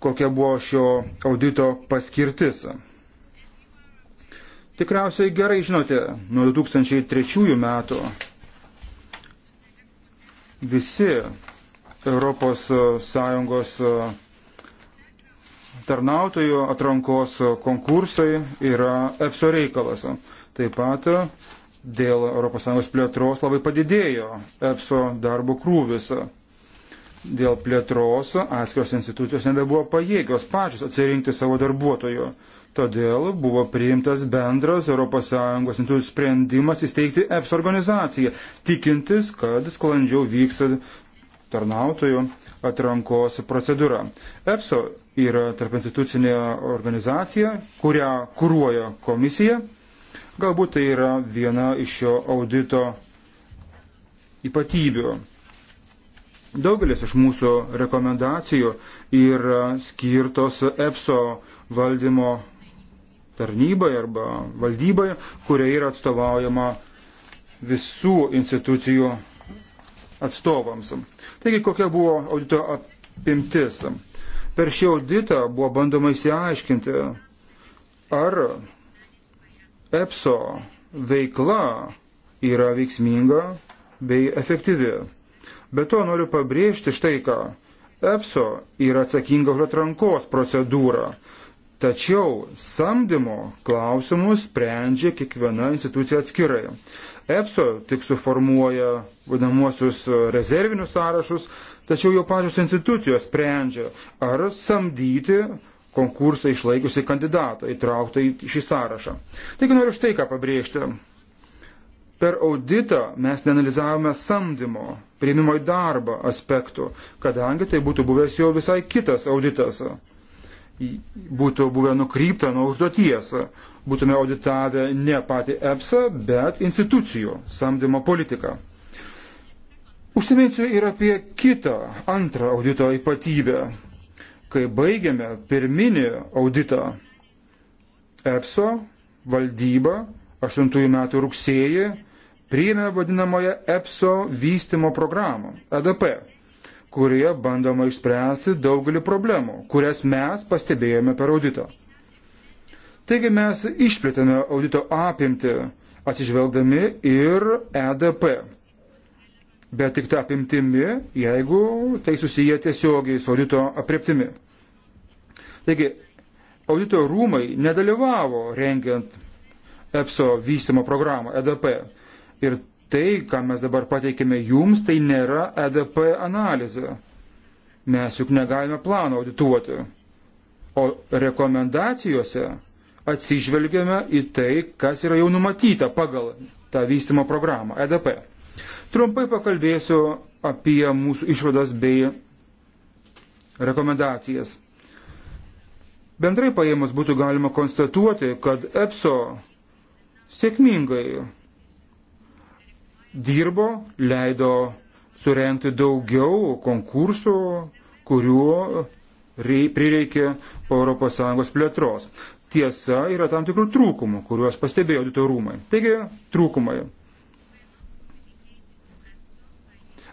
kokia buvo šio audito paskirtis. Tikriausiai gerai žinote, nuo 2003 metų visi ES tarnautojų atrankos konkursai yra EPSO reikalas. Taip pat dėl ES plėtros labai padidėjo EPSO darbo krūvis. Dėl plėtros atskiros institucijos nebebuvo pajėgios pačios atsirinkti savo darbuotojų. Todėl buvo priimtas bendras ES institucijų sprendimas įsteigti EPS organizaciją, tikintis, kad sklandžiau vyks tarnautojų atrankos procedūra. EPSO yra tarp institucinė organizacija, kurią kūruoja komisija. Galbūt tai yra viena iš šio audito ypatybių. Daugelis iš mūsų rekomendacijų yra skirtos EPSO valdymo tarnybai arba valdybai, kurie yra atstovaujama visų institucijų atstovams. Taigi, kokia buvo audito apimtis? Per šį auditą buvo bandoma įsiaiškinti, ar EPSO veikla yra veiksminga bei efektyvi. Be to noriu pabrėžti štai ką. EPSO yra atsakinga už atrankos procedūrą. Tačiau samdymo klausimus sprendžia kiekviena institucija atskirai. EPSO tik suformuoja vadinamuosius rezervinius sąrašus, tačiau jau pačios institucijos sprendžia, ar samdyti konkursą išlaikiusi kandidatą įtrauktą į šį sąrašą. Taigi noriu štai ką pabrėžti. Per auditą mes neanalizavome samdymo, prieimimo į darbą aspektų, kadangi tai būtų buvęs jau visai kitas auditas būtų buvę nukrypta nuo užduoties. Būtume auditavę ne patį EPSA, bet institucijų samdymo politiką. Užsiminsiu ir apie kitą, antrą audito ypatybę. Kai baigėme pirminį auditą, EPSO valdyba 8 metų rugsėjį priėmė vadinamąją EPSO vystimo programą, EDP kurie bandoma išspręsti daugelį problemų, kurias mes pastebėjome per auditą. Taigi mes išplėtėme audito apimti, atsižvelgdami ir EDP. Bet tik tą apimtimi, jeigu tai susiję tiesiogiai su audito apreptimi. Taigi, audito rūmai nedalyvavo rengiant EPSO vystimo programą EDP. Ir tai, ką mes dabar pateikėme jums, tai nėra EDP analizė. Mes juk negalime plano audituoti. O rekomendacijose atsižvelgiame į tai, kas yra jau numatyta pagal tą vystimo programą EDP. Trumpai pakalbėsiu apie mūsų išvadas bei rekomendacijas. Bendrai paėmus būtų galima konstatuoti, kad EPSO sėkmingai dirbo, leido surenkti daugiau konkursų, kuriuo prireikė po ES plėtros. Tiesa, yra tam tikrų trūkumų, kuriuos pastebėjo audito rūmai. Taigi, trūkumai.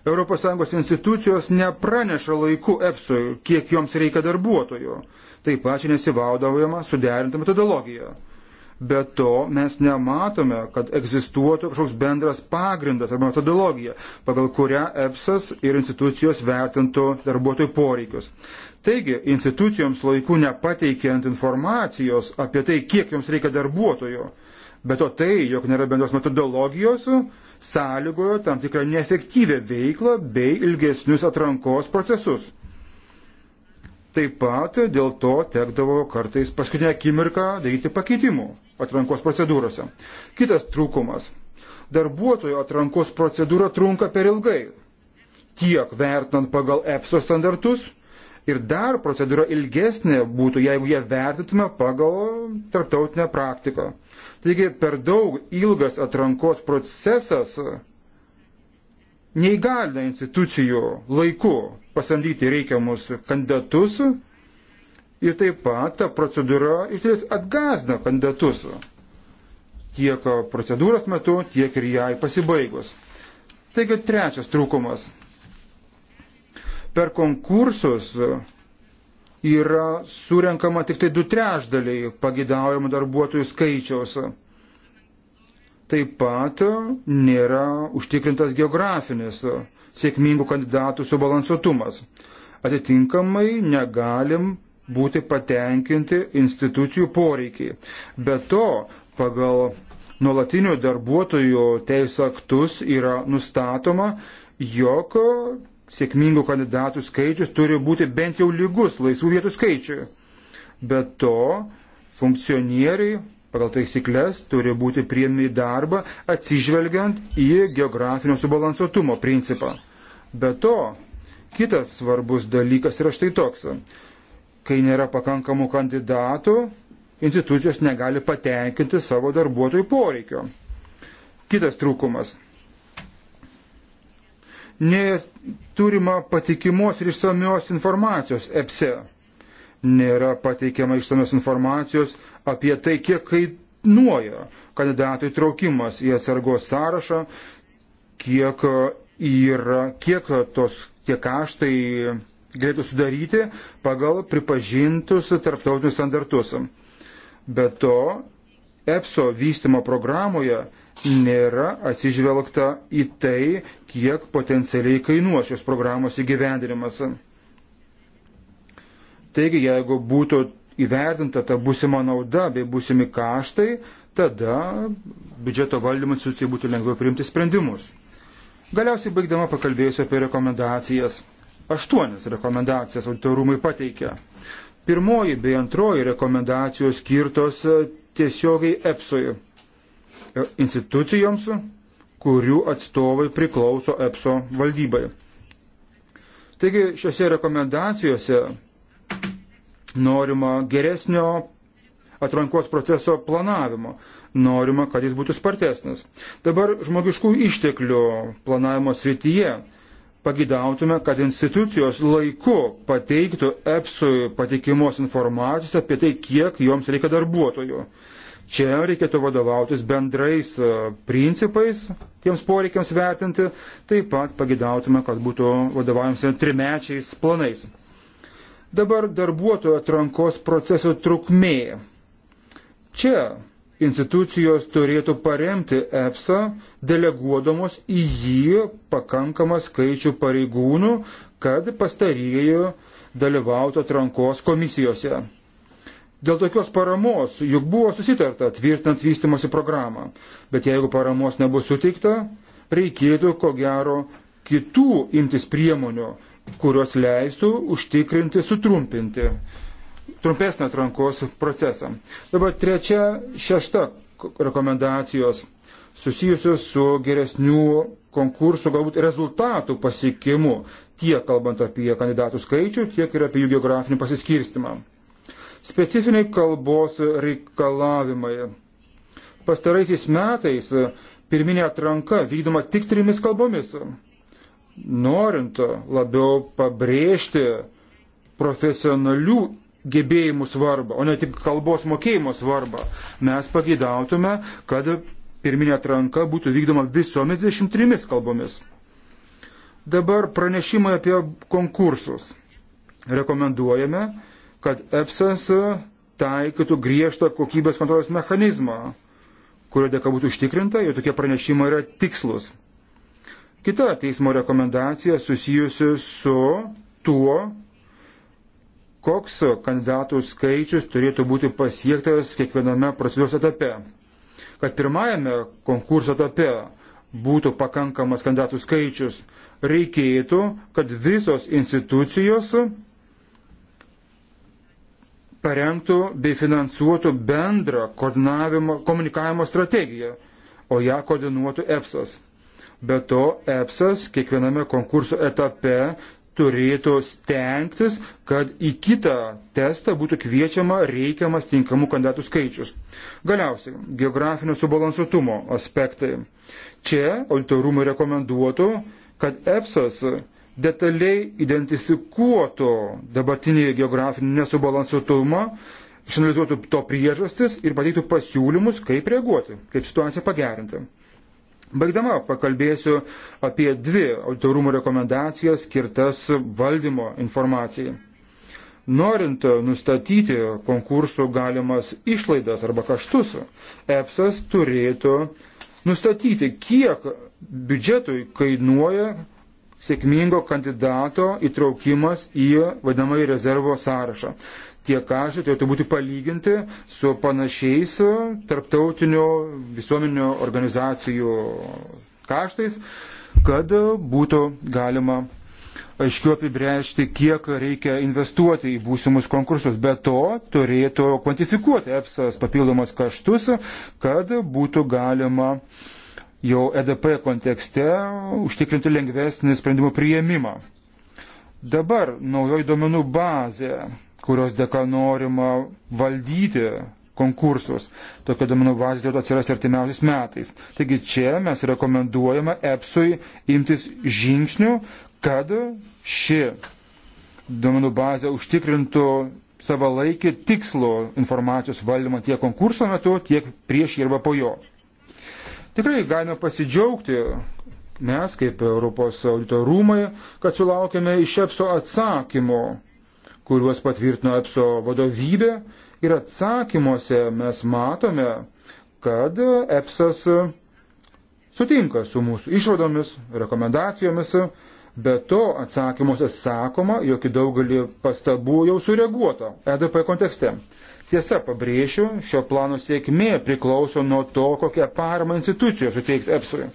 ES institucijos nepraneša laiku EPSOJ, kiek joms reikia darbuotojų. Taip pat čia nesivaudaujama suderinta metodologija. Be to mes nematome, kad egzistuotų kažkoks bendras pagrindas arba metodologija, pagal kurią EPSAS ir institucijos vertintų darbuotojų poreikius. Taigi, institucijoms laiku nepateikiant informacijos apie tai, kiek joms reikia darbuotojų, bet o tai, jog nėra bendros metodologijos, sąlygojo tam tikrą neefektyvę veiklą bei ilgesnius atrankos procesus. Taip pat dėl to tekdavo kartais paskutinę akimirką daryti pakeitimų atrankos procedūrose. Kitas trūkumas. Darbuotojo atrankos procedūra trunka per ilgai. Tiek vertinant pagal EPSO standartus ir dar procedūra ilgesnė būtų, jeigu ją vertintume pagal tarptautinę praktiką. Taigi per daug ilgas atrankos procesas neįgalina institucijų laiku pasamdyti reikiamus kandidatus Ir taip pat ta procedūra iš ties atgazda kandidatus tiek procedūros metu, tiek ir jai pasibaigus. Taigi trečias trūkumas. Per konkursus yra surenkama tik tai du trešdaliai pagidaujamų darbuotojų skaičiaus. Taip pat nėra užtikrintas geografinis sėkmingų kandidatų subalansuotumas. Atitinkamai negalim būti patenkinti institucijų poreikiai. Be to, pagal nuolatinių darbuotojų teisų aktus yra nustatoma, jog sėkmingų kandidatų skaičius turi būti bent jau lygus laisvų vietų skaičiui. Be to, funkcionieriai pagal taisyklės turi būti priemi į darbą atsižvelgiant į geografinio subalansuotumo principą. Be to, kitas svarbus dalykas yra štai toks kai nėra pakankamų kandidatų, institucijos negali patenkinti savo darbuotojų poreikio. Kitas trūkumas. Neturima patikimos ir išsamios informacijos EPSE. Nėra pateikiama išsamios informacijos apie tai, kiek kainuoja kandidatų įtraukimas į atsargos sąrašą, kiek yra, kiek tos tie kaštai galėtų sudaryti pagal pripažintus tarptautinius standartus. Be to, EPSO vystimo programoje nėra atsižvelgta į tai, kiek potencialiai kainuos šios programos įgyvendinimas. Taigi, jeigu būtų įvertinta ta būsima nauda bei būsimi kaštai, tada biudžeto valdymo institucijai būtų lengviau priimti sprendimus. Galiausiai baigdama pakalbėsiu apie rekomendacijas aštuonias rekomendacijas auditorumai pateikė. Pirmoji bei antroji rekomendacijos skirtos e, tiesiogiai EPSOI e, institucijoms, kurių atstovai priklauso EPSO valdybai. Taigi šiuose rekomendacijose norima geresnio atrankos proceso planavimo, norima, kad jis būtų spartesnis. Dabar žmogiškų išteklių planavimo srityje pagidautume, kad institucijos laiku pateiktų EPSui patikimos informacijos apie tai, kiek joms reikia darbuotojų. Čia reikėtų vadovautis bendrais e, principais tiems poreikiams vertinti, taip pat pagidautume, kad būtų vadovaujamasi trimečiais planais. Dabar darbuotojų atrankos proceso trukmė. Čia institucijos turėtų paremti EPSA, deleguodamos į jį pakankamą skaičių pareigūnų, kad pastarieji dalyvautų atrankos komisijose. Dėl tokios paramos juk buvo susitarta tvirtinant vystimosi programą, bet jeigu paramos nebus suteikta, reikėtų ko gero kitų imtis priemonių, kurios leistų užtikrinti sutrumpinti trumpesnį atrankos procesą. Dabar trečia, šešta rekomendacijos susijusios su geresnių konkursų, galbūt rezultatų pasiekimu, tiek kalbant apie kandidatų skaičių, tiek ir apie jų geografinį pasiskirstimą. Specifiniai kalbos reikalavimai. Pastaraisiais metais pirminė atranka vykdoma tik trimis kalbomis. Norint labiau pabrėžti profesionalių gebėjimų svarbą, o ne tik kalbos mokėjimo svarbą. Mes pagidautume, kad pirminė atranka būtų vykdoma visomis 23 kalbomis. Dabar pranešimai apie konkursus. Rekomenduojame, kad EPSAS taikytų griežtą kokybės kontrolės mechanizmą, kurio dėka būtų užtikrinta, jog tokie pranešimai yra tikslus. Kita teismo rekomendacija susijusi su tuo, koks kandidatų skaičius turėtų būti pasiektas kiekviename procedūros etape. Kad pirmajame konkurso etape būtų pakankamas kandidatų skaičius, reikėtų, kad visos institucijos parengtų bei finansuotų bendrą komunikavimo strategiją, o ją koordinuotų EPSAS. Be to, EPSAS kiekviename konkurso etape turėtų stengtis, kad į kitą testą būtų kviečiama reikiamas tinkamų kandidatų skaičius. Galiausiai, geografinio subalansuotumo aspektai. Čia auditorumai rekomenduotų, kad EPSAS detaliai identifikuotų dabartinį geografinį nesubalansuotumą, išanalizuotų to priežastis ir pateiktų pasiūlymus, kaip reaguoti, kaip situaciją pagerinti. Baigdama pakalbėsiu apie dvi autorumų rekomendacijas skirtas valdymo informacijai. Norint nustatyti konkursų galimas išlaidas arba kaštus, EPSAS turėtų nustatyti, kiek biudžetui kainuoja sėkmingo kandidato įtraukimas į vadinamąjį rezervo sąrašą tie kaštai turėtų būti palyginti su panašiais tarptautinio visuomenio organizacijų kaštais, kad būtų galima aiškiau apibrėžti, kiek reikia investuoti į būsimus konkursus. Be to, turėtų kvantifikuoti EPSAS papildomas kaštus, kad būtų galima jau EDP kontekste užtikrinti lengvesnį sprendimų prieimimą. Dabar naujoji duomenų bazė kurios dėka norima valdyti konkursus. Tokia duomenų bazė turėtų atsirasti artimiausiais metais. Taigi čia mes rekomenduojame EPSui imtis žingsnių, kad ši duomenų bazė užtikrintų savalaikį tikslo informacijos valdymą tiek konkurso metu, tiek prieš jį arba po jo. Tikrai galime pasidžiaugti mes kaip Europos audito rūmai, kad sulaukėme iš EPSO atsakymo kuriuos patvirtino EPSO vadovybė. Ir atsakymuose mes matome, kad EPSAS sutinka su mūsų išvadomis, rekomendacijomis, bet to atsakymuose sakoma, jog į daugelį pastabų jau sureaguota EDP kontekste. Tiesa, pabrėšiu, šio plano sėkmė priklauso nuo to, kokią paramą institucijos suteiks EPSOje.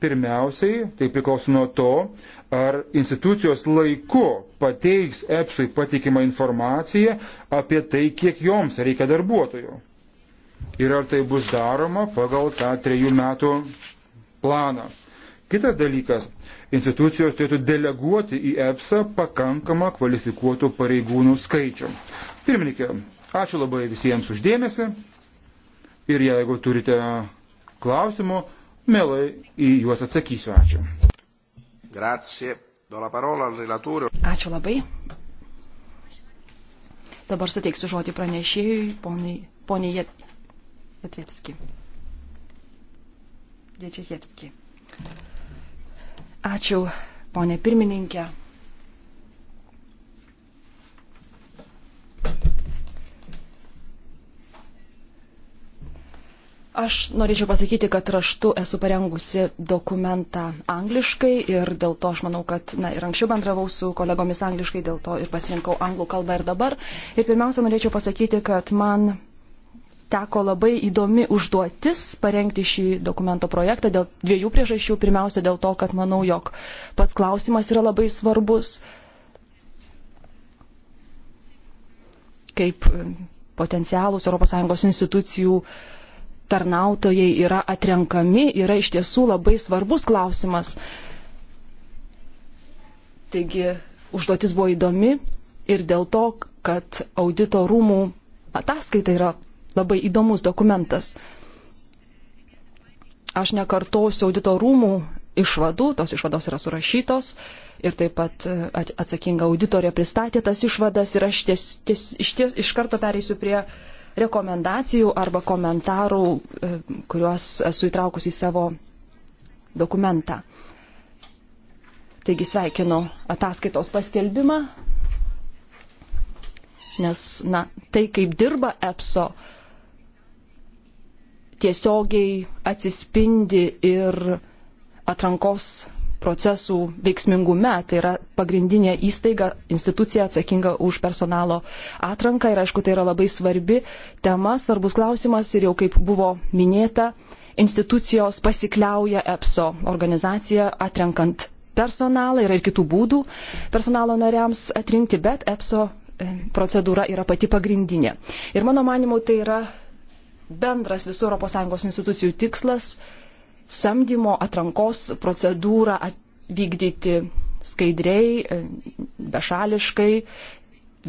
Pirmiausiai, tai priklauso nuo to, ar institucijos laiku pateiks EPSui patikimą informaciją apie tai, kiek joms reikia darbuotojų. Ir ar tai bus daroma pagal tą trejų metų planą. Kitas dalykas, institucijos turėtų deleguoti į EPSą pakankamą kvalifikuotų pareigūnų skaičių. Pirmininkė, ačiū labai visiems uždėmesi ir jeigu turite klausimų, mielai į juos atsakysiu. Ačiū. Grazie. Do la parola al relatore. Ačiū labai. Dabar suteiksiu žodį pranešėjui, poniai Jetlevski. Diečiajevski. Ačiū, ponė pirmininkė. Aš norėčiau pasakyti, kad raštu esu parengusi dokumentą angliškai ir dėl to aš manau, kad na, ir anksčiau bendravau su kolegomis angliškai, dėl to ir pasirinkau anglų kalbą ir dabar. Ir pirmiausia, norėčiau pasakyti, kad man teko labai įdomi užduotis parengti šį dokumento projektą dėl dviejų priežasčių. Pirmiausia, dėl to, kad manau, jog pats klausimas yra labai svarbus. Kaip e, potencialus ES institucijų uh, tarnautojai yra atrenkami, yra iš tiesų labai svarbus klausimas. Taigi užduotis buvo įdomi ir dėl to, kad audito rūmų ataskaita yra labai įdomus dokumentas. Aš nekartosiu audito rūmų išvadų, tos išvados yra surašytos ir taip pat e, atsakinga auditorė pristatė tas išvadas ir aš ties, ties, iš, ties, iš karto pereisiu prie uh, rekomendacijų arba komentarų, e, kuriuos esu įtraukusi į savo dokumentą. Taigi sveikinu ataskaitos paskelbimą, nes na, tai, kaip dirba EPSO, tiesiogiai atsispindi ir atrankos procesų veiksmingume. Tai yra pagrindinė įstaiga, institucija atsakinga už personalo atranką ir aišku, tai yra labai svarbi tema, svarbus klausimas ir jau kaip buvo minėta, institucijos pasikliauja EPSO organizacija atrenkant personalą, yra ir kitų būdų personalo nariams atrinkti, bet EPSO e, procedūra yra pati pagrindinė. Ir mano manimu, tai yra bendras visų ES institucijų tikslas samdymo atrankos procedūrą vykdyti skaidriai, e, bešališkai,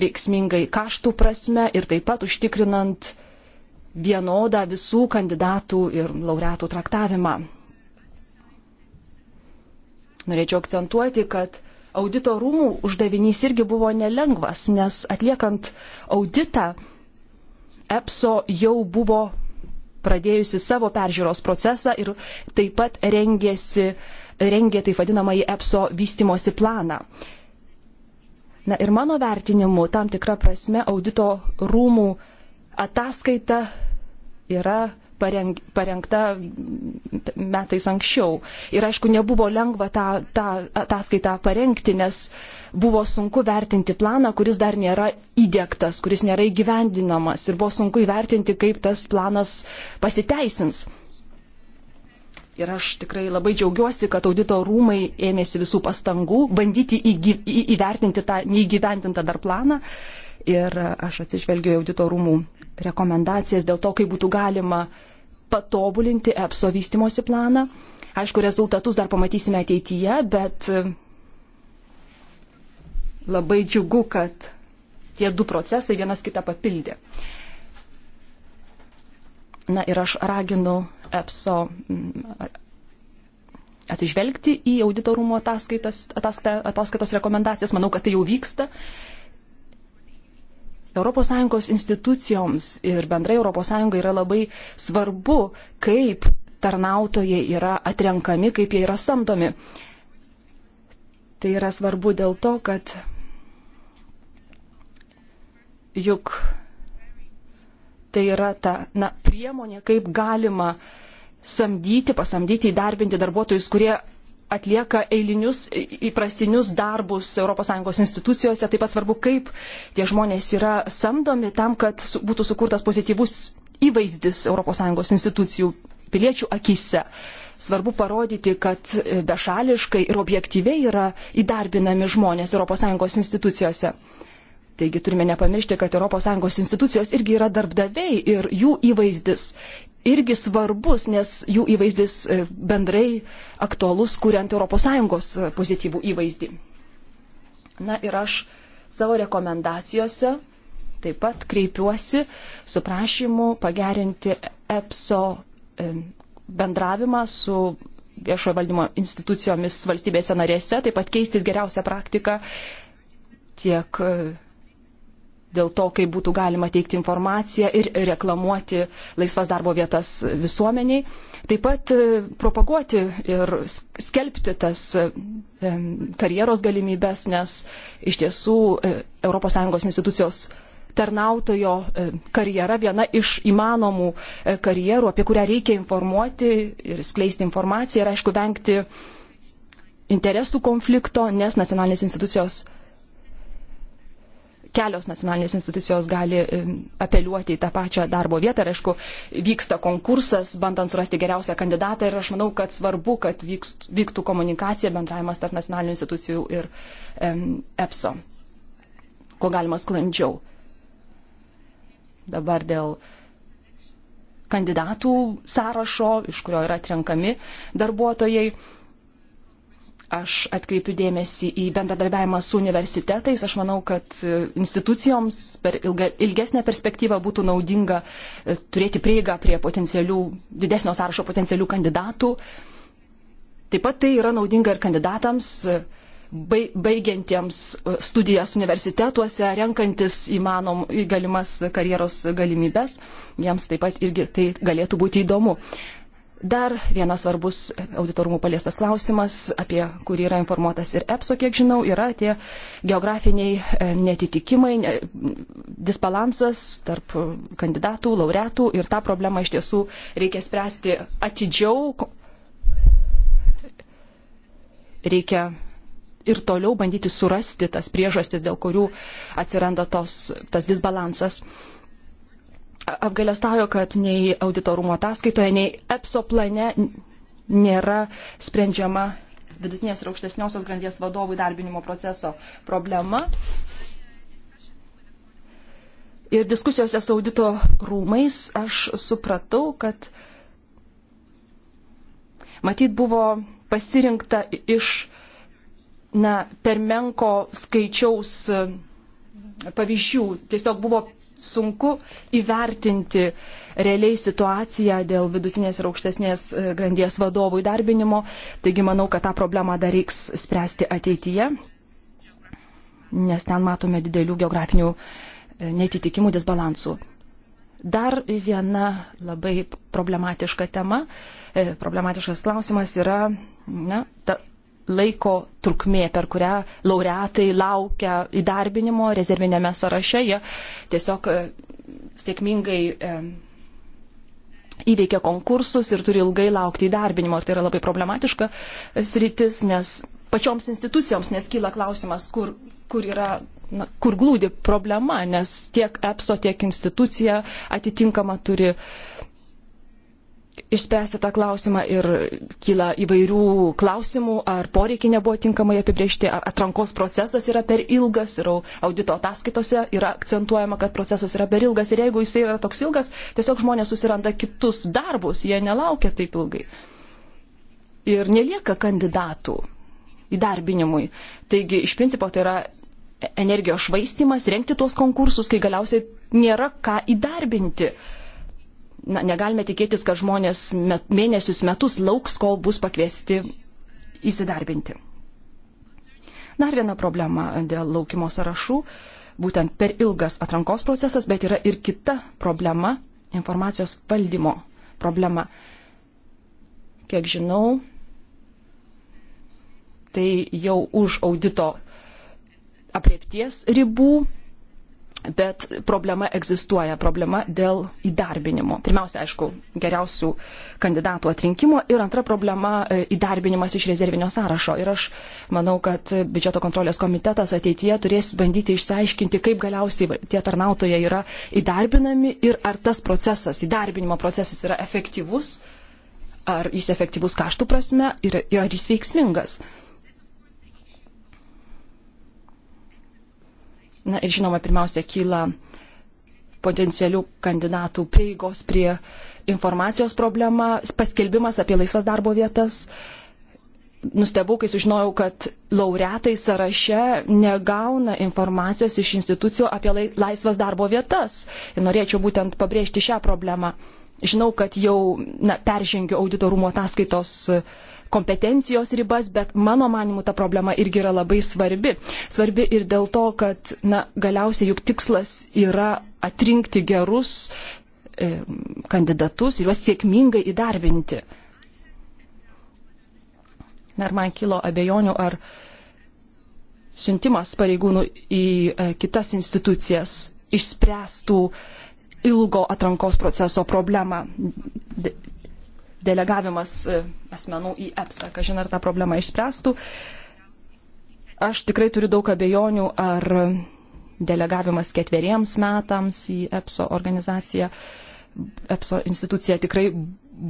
veiksmingai kaštų prasme ir taip pat užtikrinant vienodą visų kandidatų ir laureatų traktavimą. Norėčiau akcentuoti, kad audito rūmų uždavinys irgi buvo nelengvas, nes atliekant auditą EPSO jau buvo pradėjusi savo peržiūros procesą ir taip pat rengėsi, rengė taip vadinamąjį EPSO vystimosi planą. Na ir mano vertinimu, tam tikra prasme, audito rūmų ataskaita yra pareng, parengta metais anksčiau. Ir aišku, nebuvo lengva tą, tą ataskaitą parengti, nes uh, buvo sunku vertinti planą, kuris dar nėra įdėktas, kuris nėra įgyvendinamas ir buvo sunku įvertinti, kaip tas planas pasiteisins. Ir aš tikrai labai džiaugiuosi, kad audito rūmai ėmėsi visų pastangų bandyti įgy, į, įvertinti tą neįgyvendintą dar planą. Ir aš atsižvelgiu į audito rūmų rekomendacijas dėl to, kaip būtų galima patobulinti EPSO vystimosi planą. Aišku, rezultatus dar pamatysime ateityje, bet Labai džiugu, kad tie du procesai vienas kitą papildė. Na ir aš raginu EPSO mm, atsižvelgti į auditorumo ataskaitas, ataskaita, ataskaitos rekomendacijas. Manau, kad tai jau vyksta. ES institucijoms ir bendrai ES yra labai svarbu, kaip tarnautojai yra atrenkami, kaip jie yra samdomi. Tai yra svarbu dėl to, kad juk tai yra ta na, priemonė, kaip galima samdyti, pasamdyti, įdarbinti darbuotojus, kurie atlieka eilinius įprastinius darbus ES institucijose. Taip pat svarbu, kaip tie žmonės yra samdomi tam, kad būtų sukurtas pozityvus įvaizdis ES institucijų piliečių akise. Svarbu parodyti, kad bešališkai ir objektyviai yra įdarbinami žmonės ES institucijose. Taigi turime nepamiršti, kad ES institucijos irgi yra darbdaviai ir jų įvaizdis irgi svarbus, nes jų įvaizdis e, bendrai aktualus, kuriant ES pozityvų įvaizdį. Na ir aš savo rekomendacijose taip pat kreipiuosi su prašymu pagerinti EPSO e, bendravimą su viešojo valdymo institucijomis valstybėse narėse, taip pat keistis geriausią praktiką tiek e, dėl to, kaip būtų galima teikti informaciją ir reklamuoti laisvas darbo vietas visuomeniai. Taip pat e, propaguoti ir skelbti tas e, karjeros galimybės, nes iš tiesų ES institucijos tarnautojo e, karjera viena iš įmanomų karjerų, apie kurią reikia informuoti ir skleisti informaciją ir aišku vengti interesų konflikto, nes nacionalinės institucijos kelios nacionalinės institucijos gali apeliuoti į tą pačią darbo vietą. Ir aišku, vyksta konkursas, bandant surasti geriausią kandidatą. Ir aš manau, kad svarbu, kad vykst, vyktų komunikacija, bendravimas tarp nacionalinių institucijų ir um, EPSO. Ko galima sklandžiau. Dabar dėl kandidatų sąrašo, iš kurio yra atrenkami darbuotojai. Aš atkreipiu dėmesį į bendradarbiavimą su universitetais. Aš manau, kad e, institucijoms per ilga, ilgesnę perspektyvą būtų naudinga e, turėti prieigą prie potencialių, didesnio sąrašo potencialių kandidatų. Taip pat tai yra naudinga ir kandidatams, e, baigiantiems studijas universitetuose, renkantis įmanom galimas karjeros galimybės, jiems taip pat irgi tai galėtų būti įdomu. Dar vienas svarbus auditorumų paliestas klausimas, apie kurį yra informuotas ir EPSO, kiek žinau, yra tie geografiniai e, netitikimai, ne, disbalansas tarp kandidatų, laureatų ir tą problemą iš tiesų reikia spręsti atidžiau, reikia ir toliau bandyti surasti tas priežastis, dėl kurių atsiranda tos, tas disbalansas apgailestauju, kad nei auditorumo ataskaitoje, nei EPSO plane nėra sprendžiama vidutinės ir aukštesniosios grandies vadovų darbinimo proceso problema. Ir diskusijose su audito rūmais aš supratau, kad matyt buvo pasirinkta iš na, per menko skaičiaus e, pavyzdžių. Tiesiog buvo sunku įvertinti realiai situaciją dėl vidutinės ir aukštesnės e, grandies vadovų įdarbinimo. Taigi manau, kad tą problemą dar reiks spręsti ateityje, nes ten matome didelių geografinių e, netitikimų disbalansų. Dar viena labai problematiška tema, e, problematiškas klausimas yra na, ta, laiko trukmė, per kurią laureatai laukia įdarbinimo rezervinėme sąraše, jie tiesiog e, sėkmingai e, įveikia konkursus ir turi ilgai laukti įdarbinimo. Ir tai yra labai problematiška e, sritis, nes pačioms institucijoms, nes kyla klausimas, kur, kur yra. Na, kur glūdi problema, nes tiek EPSO, tiek institucija atitinkama turi uh, išspręsti tą klausimą ir kyla įvairių klausimų, ar poreikiai nebuvo tinkamai apibriežti, ar atrankos procesas yra per ilgas ir audito ataskaitose yra akcentuojama, kad procesas yra per ilgas ir jeigu jis yra toks ilgas, tiesiog žmonės susiranda kitus darbus, jie nelaukia taip ilgai. Ir nelieka kandidatų įdarbinimui. Taigi, iš principo, tai yra e- energijos švaistimas, renkti tuos konkursus, kai galiausiai nėra ką įdarbinti. Uh, na, negalime tikėtis, kad žmonės met, mėnesius metus lauks, kol bus pakviesti įsidarbinti. Dar viena problema dėl laukimo sąrašų - būtent per ilgas atrankos procesas, bet yra ir kita problema - informacijos valdymo problema. Kiek žinau, tai jau už audito apriepties ribų bet problema egzistuoja, problema dėl įdarbinimo. Pirmiausia, aišku, geriausių kandidatų atrinkimo ir antra problema e, - įdarbinimas iš rezervinio sąrašo. Ir aš manau, kad biudžeto kontrolės komitetas ateityje turės bandyti išsiaiškinti, kaip galiausiai tie tarnautojai yra įdarbinami ir ar tas procesas, įdarbinimo procesas yra efektyvus, ar jis efektyvus kaštų prasme ir, ir ar jis veiksmingas. Na ir žinoma, pirmiausia, kyla potencialių kandidatų prieigos prie informacijos problema, paskelbimas apie laisvas darbo vietas. Nustebau, kai sužinojau, kad laureatai sąraše negauna informacijos iš institucijų apie laisvas darbo vietas. Ir norėčiau būtent pabrėžti šią problemą. Žinau, kad jau na, peržengiu auditorumo ataskaitos uh, kompetencijos ribas, bet mano manimu ta problema irgi yra labai svarbi. Svarbi ir dėl to, kad na, galiausiai juk tikslas yra atrinkti gerus e, kandidatus ir juos sėkmingai įdarbinti. Na ir man kilo abejonių, ar siuntimas pareigūnų į e, kitas institucijas išspręstų ilgo atrankos proceso problemą delegavimas e, asmenų į EPSA, kažin ar tą problemą išspręstų. Aš tikrai turiu daug abejonių, ar delegavimas ketveriems metams į EPSO organizaciją, EPSO instituciją tikrai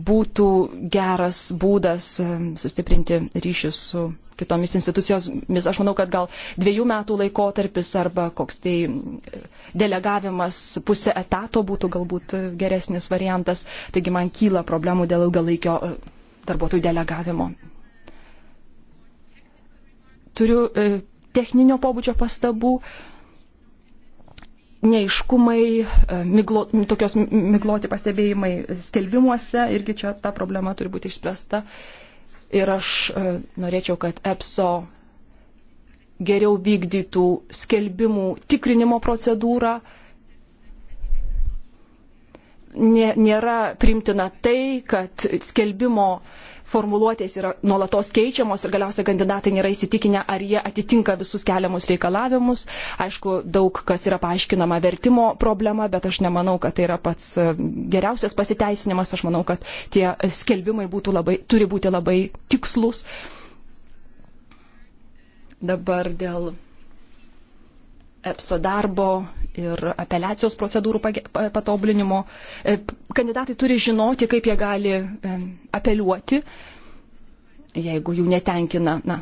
būtų geras būdas e, sustiprinti ryšius su kitomis institucijomis. Aš manau, kad gal dviejų metų laikotarpis arba koks tai e, delegavimas pusę etato būtų galbūt e, geresnis variantas. Taigi man kyla problemų dėl ilgalaikio darbuotojų delegavimo. Turiu techninio pobūdžio pastabų neiškumai, e, miglo, tokios migloti pastebėjimai skelbimuose, irgi čia ta problema turi būti išspręsta. Ir aš e, norėčiau, kad EPSO geriau vykdytų skelbimų tikrinimo procedūrą. Nėra primtina tai, kad skelbimo uh, formuluotės yra nuolatos keičiamos ir galiausiai kandidatai nėra įsitikinę, ar jie atitinka visus keliamus reikalavimus. Aišku, daug kas yra paaiškinama vertimo problema, bet aš nemanau, kad tai yra pats e, geriausias pasiteisinimas. Aš manau, kad tie skelbimai labai, turi būti labai tikslus. Dabar dėl EPSO darbo ir apeliacijos procedūrų patobulinimo. E, kandidatai turi žinoti, kaip jie gali e, apeliuoti, jeigu jų netenkina na,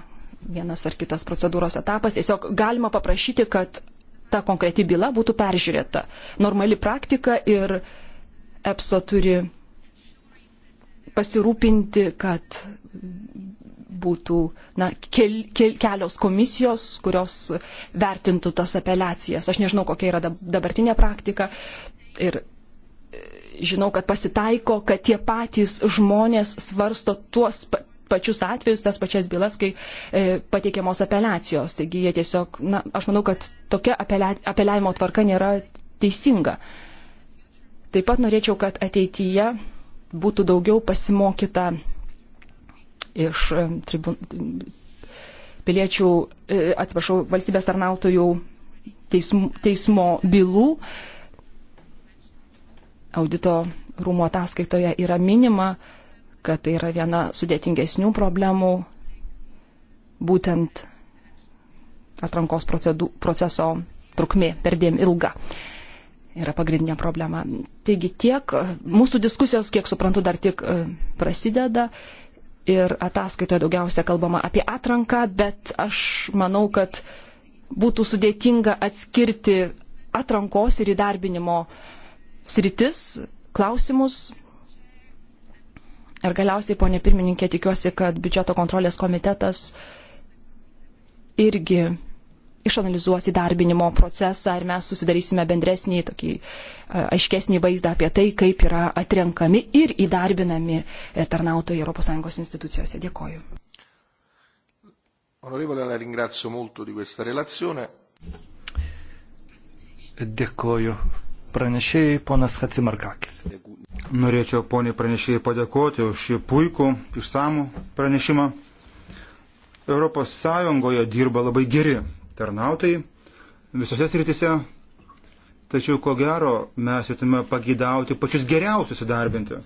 vienas ar kitas procedūros etapas. Tiesiog galima paprašyti, kad ta konkreti byla būtų peržiūrėta. Normali praktika ir EPSO turi pasirūpinti, kad būtų na, kel, kel, kelios komisijos, kurios vertintų tas apeliacijas. Aš nežinau, kokia yra dabartinė praktika ir e, žinau, kad pasitaiko, kad tie patys žmonės svarsto tuos pačius atvejus, tas pačias bylas, kai e, pateikiamos apeliacijos. Taigi jie tiesiog, na, aš manau, kad tokia apelia, apeliavimo tvarka nėra teisinga. Taip pat norėčiau, kad ateityje būtų daugiau pasimokyta iš e, tribun... piliečių, e, atsiprašau, valstybės tarnautojų teism... teismo bylų. Audito rūmų ataskaitoje yra minima, kad tai yra viena sudėtingesnių problemų, būtent atrankos procedų, proceso trukmė per dėm ilga yra pagrindinė problema. Taigi tiek, mūsų diskusijos, kiek suprantu, dar tik e, prasideda ir ataskaitoje daugiausia kalbama apie atranką, bet aš manau, kad būtų sudėtinga atskirti atrankos ir įdarbinimo sritis, klausimus. Ir galiausiai, ponė pirmininkė, tikiuosi, kad biudžeto kontrolės komitetas irgi išanalizuos įdarbinimo procesą ir mes susidarysime bendresnį, tokį e, aiškesnį vaizdą apie tai, kaip yra atrenkami ir įdarbinami e, tarnautojai ES institucijose. Dėkoju. Onorevole, la ringrazio molto di questa relazione. Dėkoju pranešėjai ponas Hatsimarkakis. Norėčiau poniai pranešėjai padėkoti už šį puikų, išsamų pranešimą. Europos Sąjungoje dirba labai geri tarnautojai visose sritise. Tačiau, ko gero, mes jūtume pagydauti pačius geriausius įdarbinti.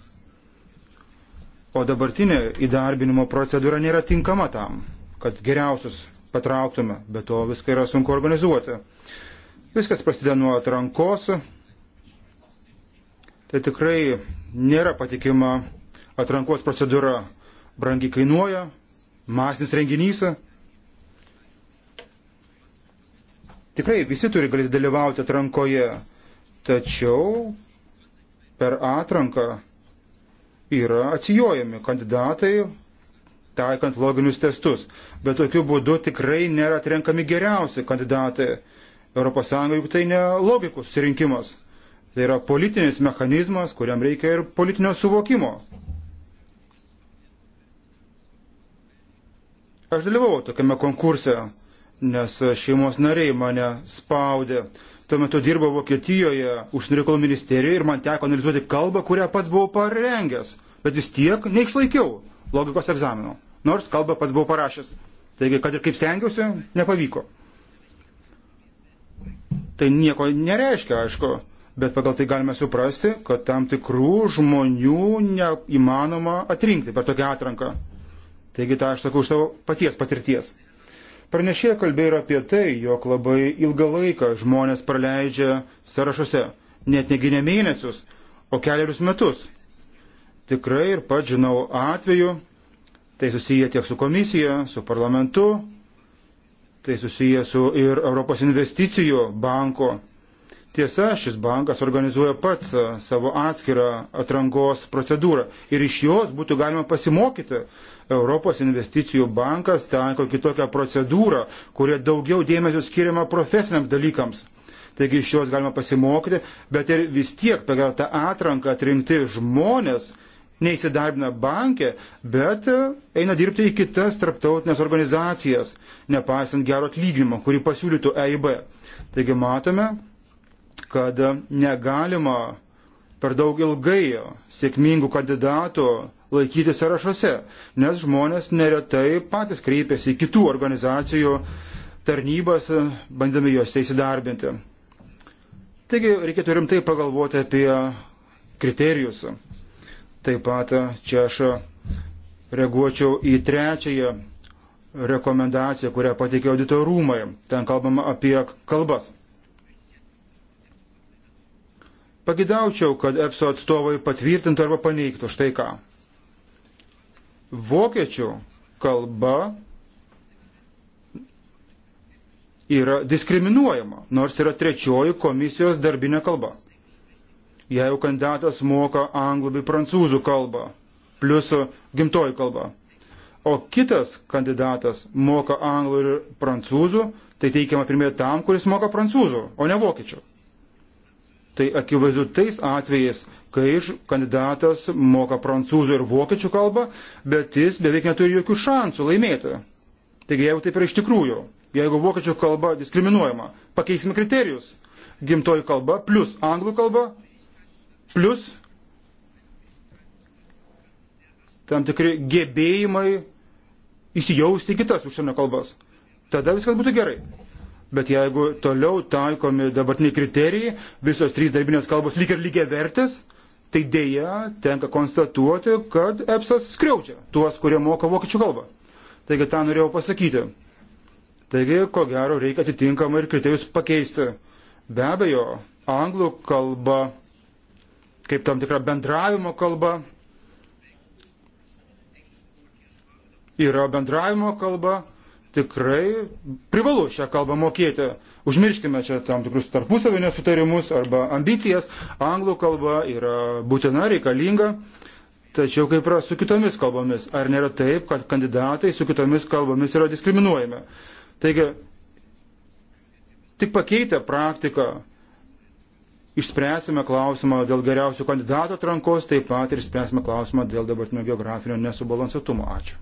O dabartinė įdarbinimo procedūra nėra tinkama tam, kad geriausius patrauktume, bet to viską yra sunku organizuoti. Viskas prasideda nuo atrankos. Tai tikrai nėra patikima atrankos procedūra. Brangiai kainuoja, masinis renginys, Tikrai visi turi galėti dalyvauti atrankoje, tačiau per atranką yra atsijojami kandidatai, taikant loginius testus. Bet tokiu būdu tikrai nėra atrenkami geriausi kandidatai. ES juk tai ne logikos surinkimas. Tai yra politinis mechanizmas, kuriam reikia ir politinio suvokimo. Aš dalyvau tokiame konkurse nes šeimos nariai mane spaudė. Tuo metu dirbau Vokietijoje užsienio reikalų ministerijoje ir man teko analizuoti kalbą, kurią pats buvau parengęs, bet vis tiek neišlaikiau logikos egzamino, nors kalbą pats buvau parašęs. Taigi, kad ir kaip stengiausi, nepavyko. Tai nieko nereiškia, aišku, bet pagal tai galime suprasti, kad tam tikrų žmonių neįmanoma atrinkti per tokią atranką. Taigi tą aš sakau iš savo paties patirties. Pranešė kalbėjo apie tai, jog labai ilgą laiką žmonės praleidžia sąrašuose, net neginė mėnesius, o keliarius metus. Tikrai ir pats žinau atveju, tai susiję tiek su komisija, su parlamentu, tai susiję su ir Europos investicijų banko. Tiesa, šis bankas organizuoja pats savo atskirą atrankos procedūrą ir iš jos būtų galima pasimokyti, Europos investicijų bankas taiko kitokią procedūrą, kurie daugiau dėmesio skiriama profesiniam dalykams. Taigi iš jos galima pasimokyti, bet ir vis tiek pagal tą atranką atrinkti žmonės neįsidarbina bankė, bet e, eina dirbti į kitas tarptautinės organizacijas, nepaisant gero atlyginimo, kurį pasiūlytų EIB. Taigi matome, kad e, negalima per daug ilgai sėkmingų kandidatų laikyti sąrašuose, nes žmonės neretai patys kreipiasi į kitų organizacijų tarnybas, bandami juose įsidarbinti. Taigi reikėtų rimtai pagalvoti apie kriterijus. Taip pat čia aš reaguočiau į trečiąją rekomendaciją, kurią pateikė audito rūmai. Ten kalbama apie kalbas. Pagidaučiau, kad EPSO atstovai patvirtintų arba paneigtų štai ką vokiečių kalba yra diskriminuojama, nors yra trečioji komisijos darbinė kalba. Jeigu kandidatas moka anglų bei prancūzų kalbą, plus gimtoji kalba, o kitas kandidatas moka anglų ir prancūzų, tai teikiama pirmie tam, kuris moka prancūzų, o ne vokiečių tai akivaizdu tais atvejais, kai kandidatas moka prancūzų ir vokiečių kalbą, bet jis beveik neturi jokių šansų laimėti. Taigi jeigu taip yra iš tikrųjų, jeigu vokiečių kalba diskriminuojama, pakeisime kriterijus. Gimtoji kalba plus anglų kalba plus tam tikri gebėjimai įsijausti kitas užsienio kalbas. Tada viskas būtų gerai. Bet jeigu toliau taikomi dabartiniai kriterijai, visos trys darbinės kalbos lyg ir lygiai vertės, tai dėja tenka konstatuoti, kad EPSAS skriaudžia tuos, kurie moka vokiečių kalbą. Taigi tą norėjau pasakyti. Taigi, ko gero, reikia atitinkamai ir kriterijus pakeisti. Be abejo, anglų kalba, kaip tam tikra bendravimo kalba, yra bendravimo kalba, tikrai privalu šią kalbą mokėti. Užmirškime čia tam tikrus tarpusavio nesutarimus arba ambicijas. Anglų kalba yra būtina, reikalinga. Tačiau kaip yra su kitomis kalbomis? Ar nėra taip, kad kandidatai su kitomis kalbomis yra diskriminuojami? Taigi, tik pakeitę praktiką išspręsime klausimą dėl geriausių kandidatų atrankos, taip pat ir išspręsime klausimą dėl dabartinio geografinio nesubalansuotumo. Ačiū.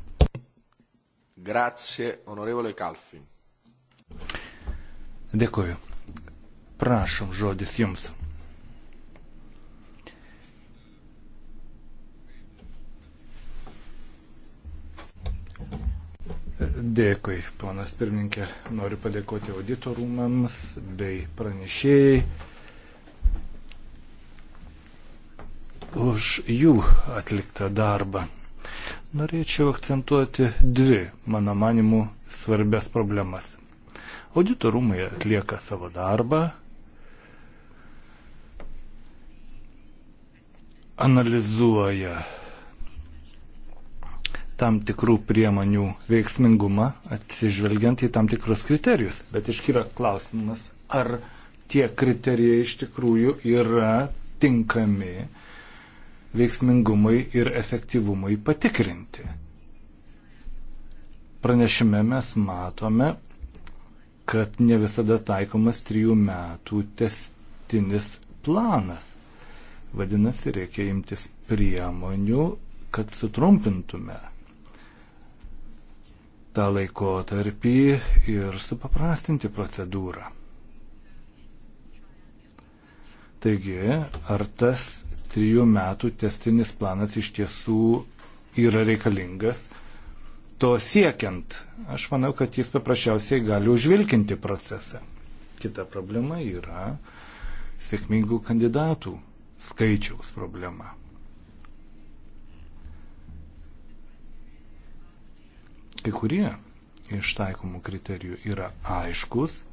Grazie, honorevole Kalfin. Dėkuoju. Prašom žodis jums. Dėkui, ponas pirmininkė. Noriu padėkoti auditorumams bei pranešėjai už jų atliktą darbą. Norėčiau akcentuoti dvi, mano manimų, svarbias problemas. Auditorumai atlieka savo darbą, analizuoja tam tikrų priemonių veiksmingumą, atsižvelgiant į tam tikrus kriterijus. Bet iškyra klausimas, ar tie kriterijai iš tikrųjų yra tinkami veiksmingumui ir efektyvumui patikrinti. Pranešime mes matome, kad ne visada taikomas trijų metų testinis planas. Vadinasi, reikia imtis priemonių, kad sutrumpintume tą laikotarpį ir supaprastinti procedūrą. Taigi, ar tas trijų metų testinis planas iš tiesų yra reikalingas to siekiant. Aš manau, kad jis paprasčiausiai gali užvilkinti procesą. Kita problema yra sėkmingų kandidatų skaičiaus problema. Kai kurie iš taikomų kriterijų yra aiškus.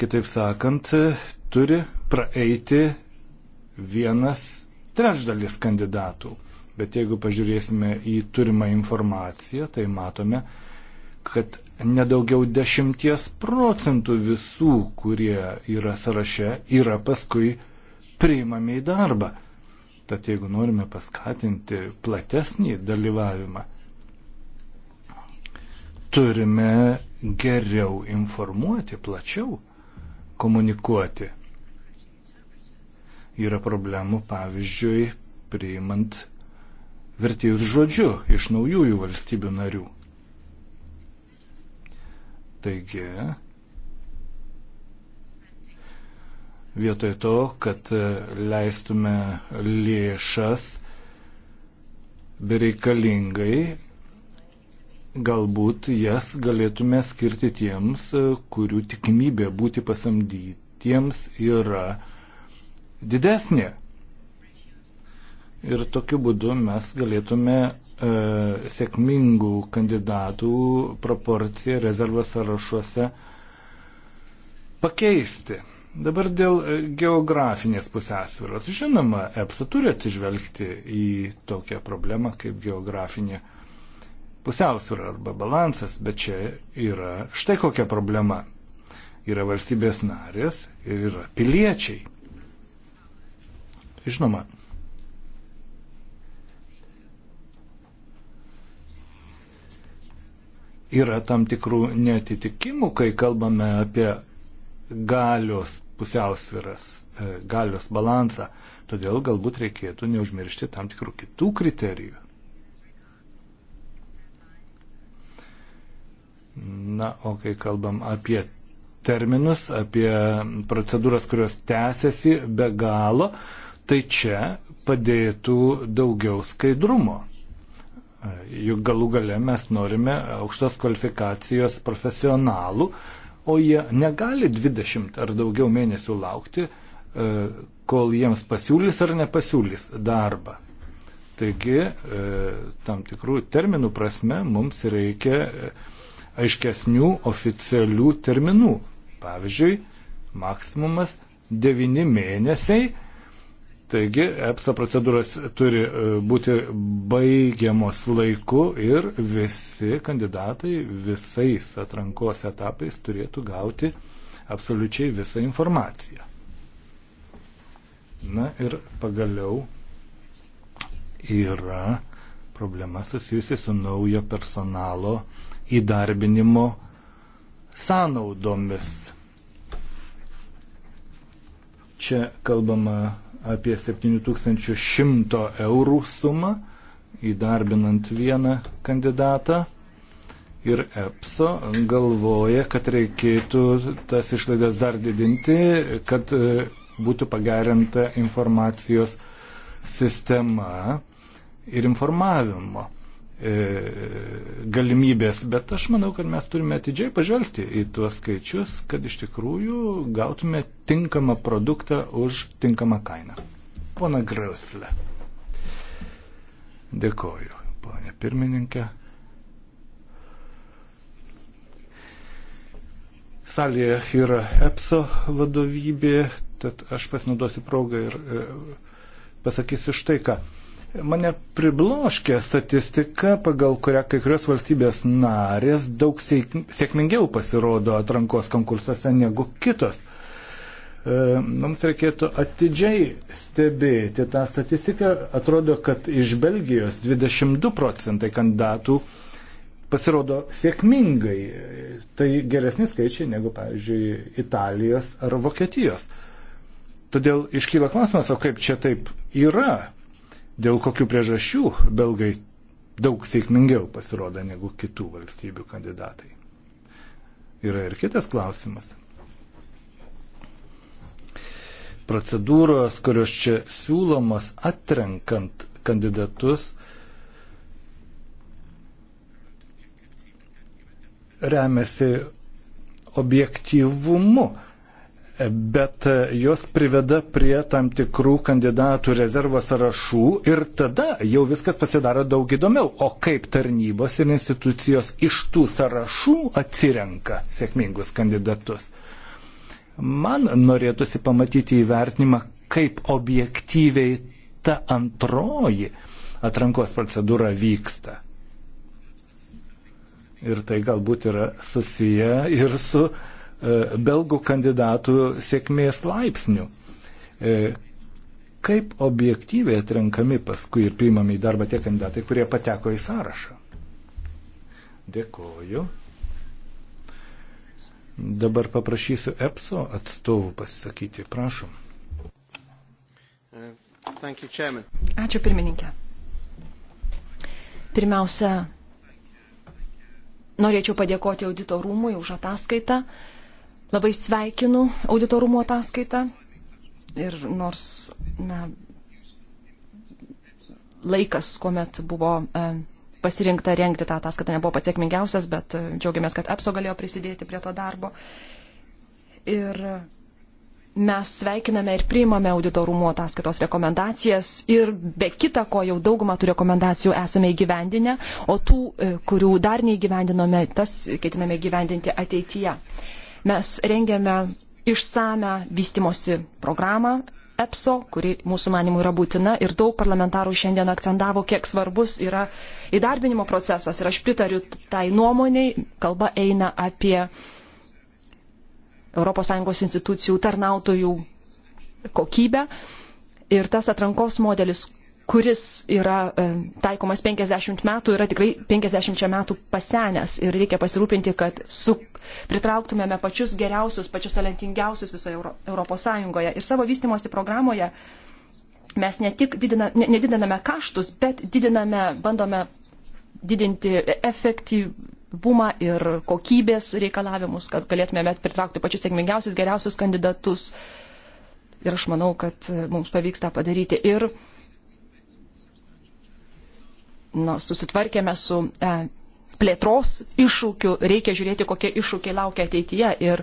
Kitaip sakant, turi praeiti vienas trečdalis kandidatų. Bet jeigu pažiūrėsime į turimą informaciją, tai matome, kad nedaugiau dešimties procentų visų, kurie yra sąraše, yra paskui priimami į darbą. Tad jeigu norime paskatinti platesnį dalyvavimą, turime geriau informuoti, plačiau komunikuoti yra problemų, pavyzdžiui, priimant vertėjus žodžiu iš naujųjų valstybių narių. Taigi, vietoj to, kad leistume lėšas bereikalingai, galbūt jas galėtume skirti tiems, kurių tikimybė būti pasamdytiems yra didesnė. Ir tokiu būdu mes galėtume e, sėkmingų kandidatų proporciją rezervo sąrašuose pakeisti. Dabar dėl e, geografinės pusęsviros. Žinoma, EPSA turi atsižvelgti į tokią problemą kaip geografinė pusiausvyrą arba balansas, bet čia yra štai kokia problema. Yra valstybės narės ir yra piliečiai. Žinoma, yra tam tikrų netitikimų, kai kalbame apie galios pusiausviras, e, galios balansą. Todėl galbūt reikėtų neužmiršti tam tikrų kitų kriterijų. Na, o kai kalbam apie terminus, apie procedūras, kurios tęsiasi be galo, uh, tai čia padėtų daugiau skaidrumo. Juk galų gale mes norime aukštos kvalifikacijos profesionalų, o jie negali 20 ar daugiau mėnesių laukti, e, kol jiems pasiūlys ar nepasiūlys darbą. Taigi, e, tam tikrų terminų prasme mums reikia aiškesnių oficialių terminų. Pavyzdžiui, maksimumas 9 mėnesiai Taigi, EPSA procedūras turi e, būti baigiamos laiku ir visi kandidatai visais atrankos etapais turėtų gauti absoliučiai visą informaciją. Na ir pagaliau yra problema susijusi su naujo personalo įdarbinimo sąnaudomis. Čia kalbama apie 7100 eurų sumą, įdarbinant vieną kandidatą. Ir EPSO galvoja, kad reikėtų tas išlaidas dar didinti, kad e, būtų pagerinta informacijos sistema ir informavimo. E, galimybės, bet aš manau, kad mes turime atidžiai pažvelgti į tuos skaičius, kad iš tikrųjų gautume tinkamą produktą už tinkamą kainą. Pona Grauslė. Dėkoju, ponė pirmininkė. Salėje yra EPSO vadovybė, tad aš pasinaudosiu progą ir e, pasakysiu štai ką. Mane pribloškė statistika, pagal kurią kai kurios valstybės narės daug sėkmingiau pasirodo atrankos konkursuose negu kitos. E, mums reikėtų atidžiai stebėti tą statistiką. Atrodo, kad iš Belgijos 22 procentai kandidatų pasirodo sėkmingai. Tai geresni skaičiai negu, pavyzdžiui, Italijos ar Vokietijos. Todėl iškyla klausimas, o kaip čia taip yra? dėl kokių priežasčių belgai daug sėkmingiau pasirodo negu kitų valstybių kandidatai. Yra ir kitas klausimas. Procedūros, kurios čia siūlomas atrenkant kandidatus, remiasi objektyvumu bet e, jos priveda prie tam tikrų kandidatų rezervo sąrašų ir tada jau viskas pasidaro daug įdomiau. O kaip tarnybos ir institucijos iš tų sąrašų atsirenka sėkmingus kandidatus? Man norėtųsi pamatyti įvertinimą, kaip objektyviai ta antroji atrankos procedūra vyksta. Ir tai galbūt yra susiję ir su uh, E, belgų kandidatų sėkmės laipsnių. E, kaip objektyviai atrenkami paskui ir priimami į darbą tie kandidatai, kurie pateko į sąrašą? Dėkoju. Dabar paprašysiu EPSO atstovų pasisakyti. Prašom. E, Ačiū pirmininkė. Pirmiausia, norėčiau padėkoti audito rūmui už ataskaitą Labai sveikinu auditorumo ataskaitą ir nors na, laikas, kuomet buvo e, pasirinkta rengti tą ataskaitą, nebuvo pats sėkmingiausias, bet e, džiaugiamės, kad EPSO galėjo prisidėti prie to darbo. Ir mes sveikiname ir priimame auditorumo ataskaitos rekomendacijas ir be kita ko jau daugumą tų rekomendacijų esame įgyvendinę, o tų, e, kurių dar neįgyvendinome, tas ketiname įgyvendinti ateityje. Mes rengiame išsame vystimosi programą EPSO, kuri mūsų manimų yra būtina ir daug parlamentarų šiandien akcentavo, kiek svarbus yra įdarbinimo procesas ir aš pritariu tai nuomoniai, kalba eina apie ES institucijų tarnautojų kokybę ir tas atrankos modelis, kuris yra e, taikomas 50 metų, yra tikrai 50 metų pasenęs ir reikia pasirūpinti, kad su, pritrauktumėme pačius geriausius, pačius talentingiausius visoje Euro, Europos Sąjungoje. Ir savo vystimosi programoje mes ne tik didina, ne, nedidiname kaštus, bet didiname, bandome didinti efektyvumą ir kokybės reikalavimus, kad galėtumėme pritraukti pačius sėkmingiausius, geriausius kandidatus. Ir aš manau, kad mums pavyks tą padaryti. Ir uh, nu, susitvarkėme su e, plėtros iššūkiu, reikia žiūrėti, kokie iššūkiai laukia ateityje. Ir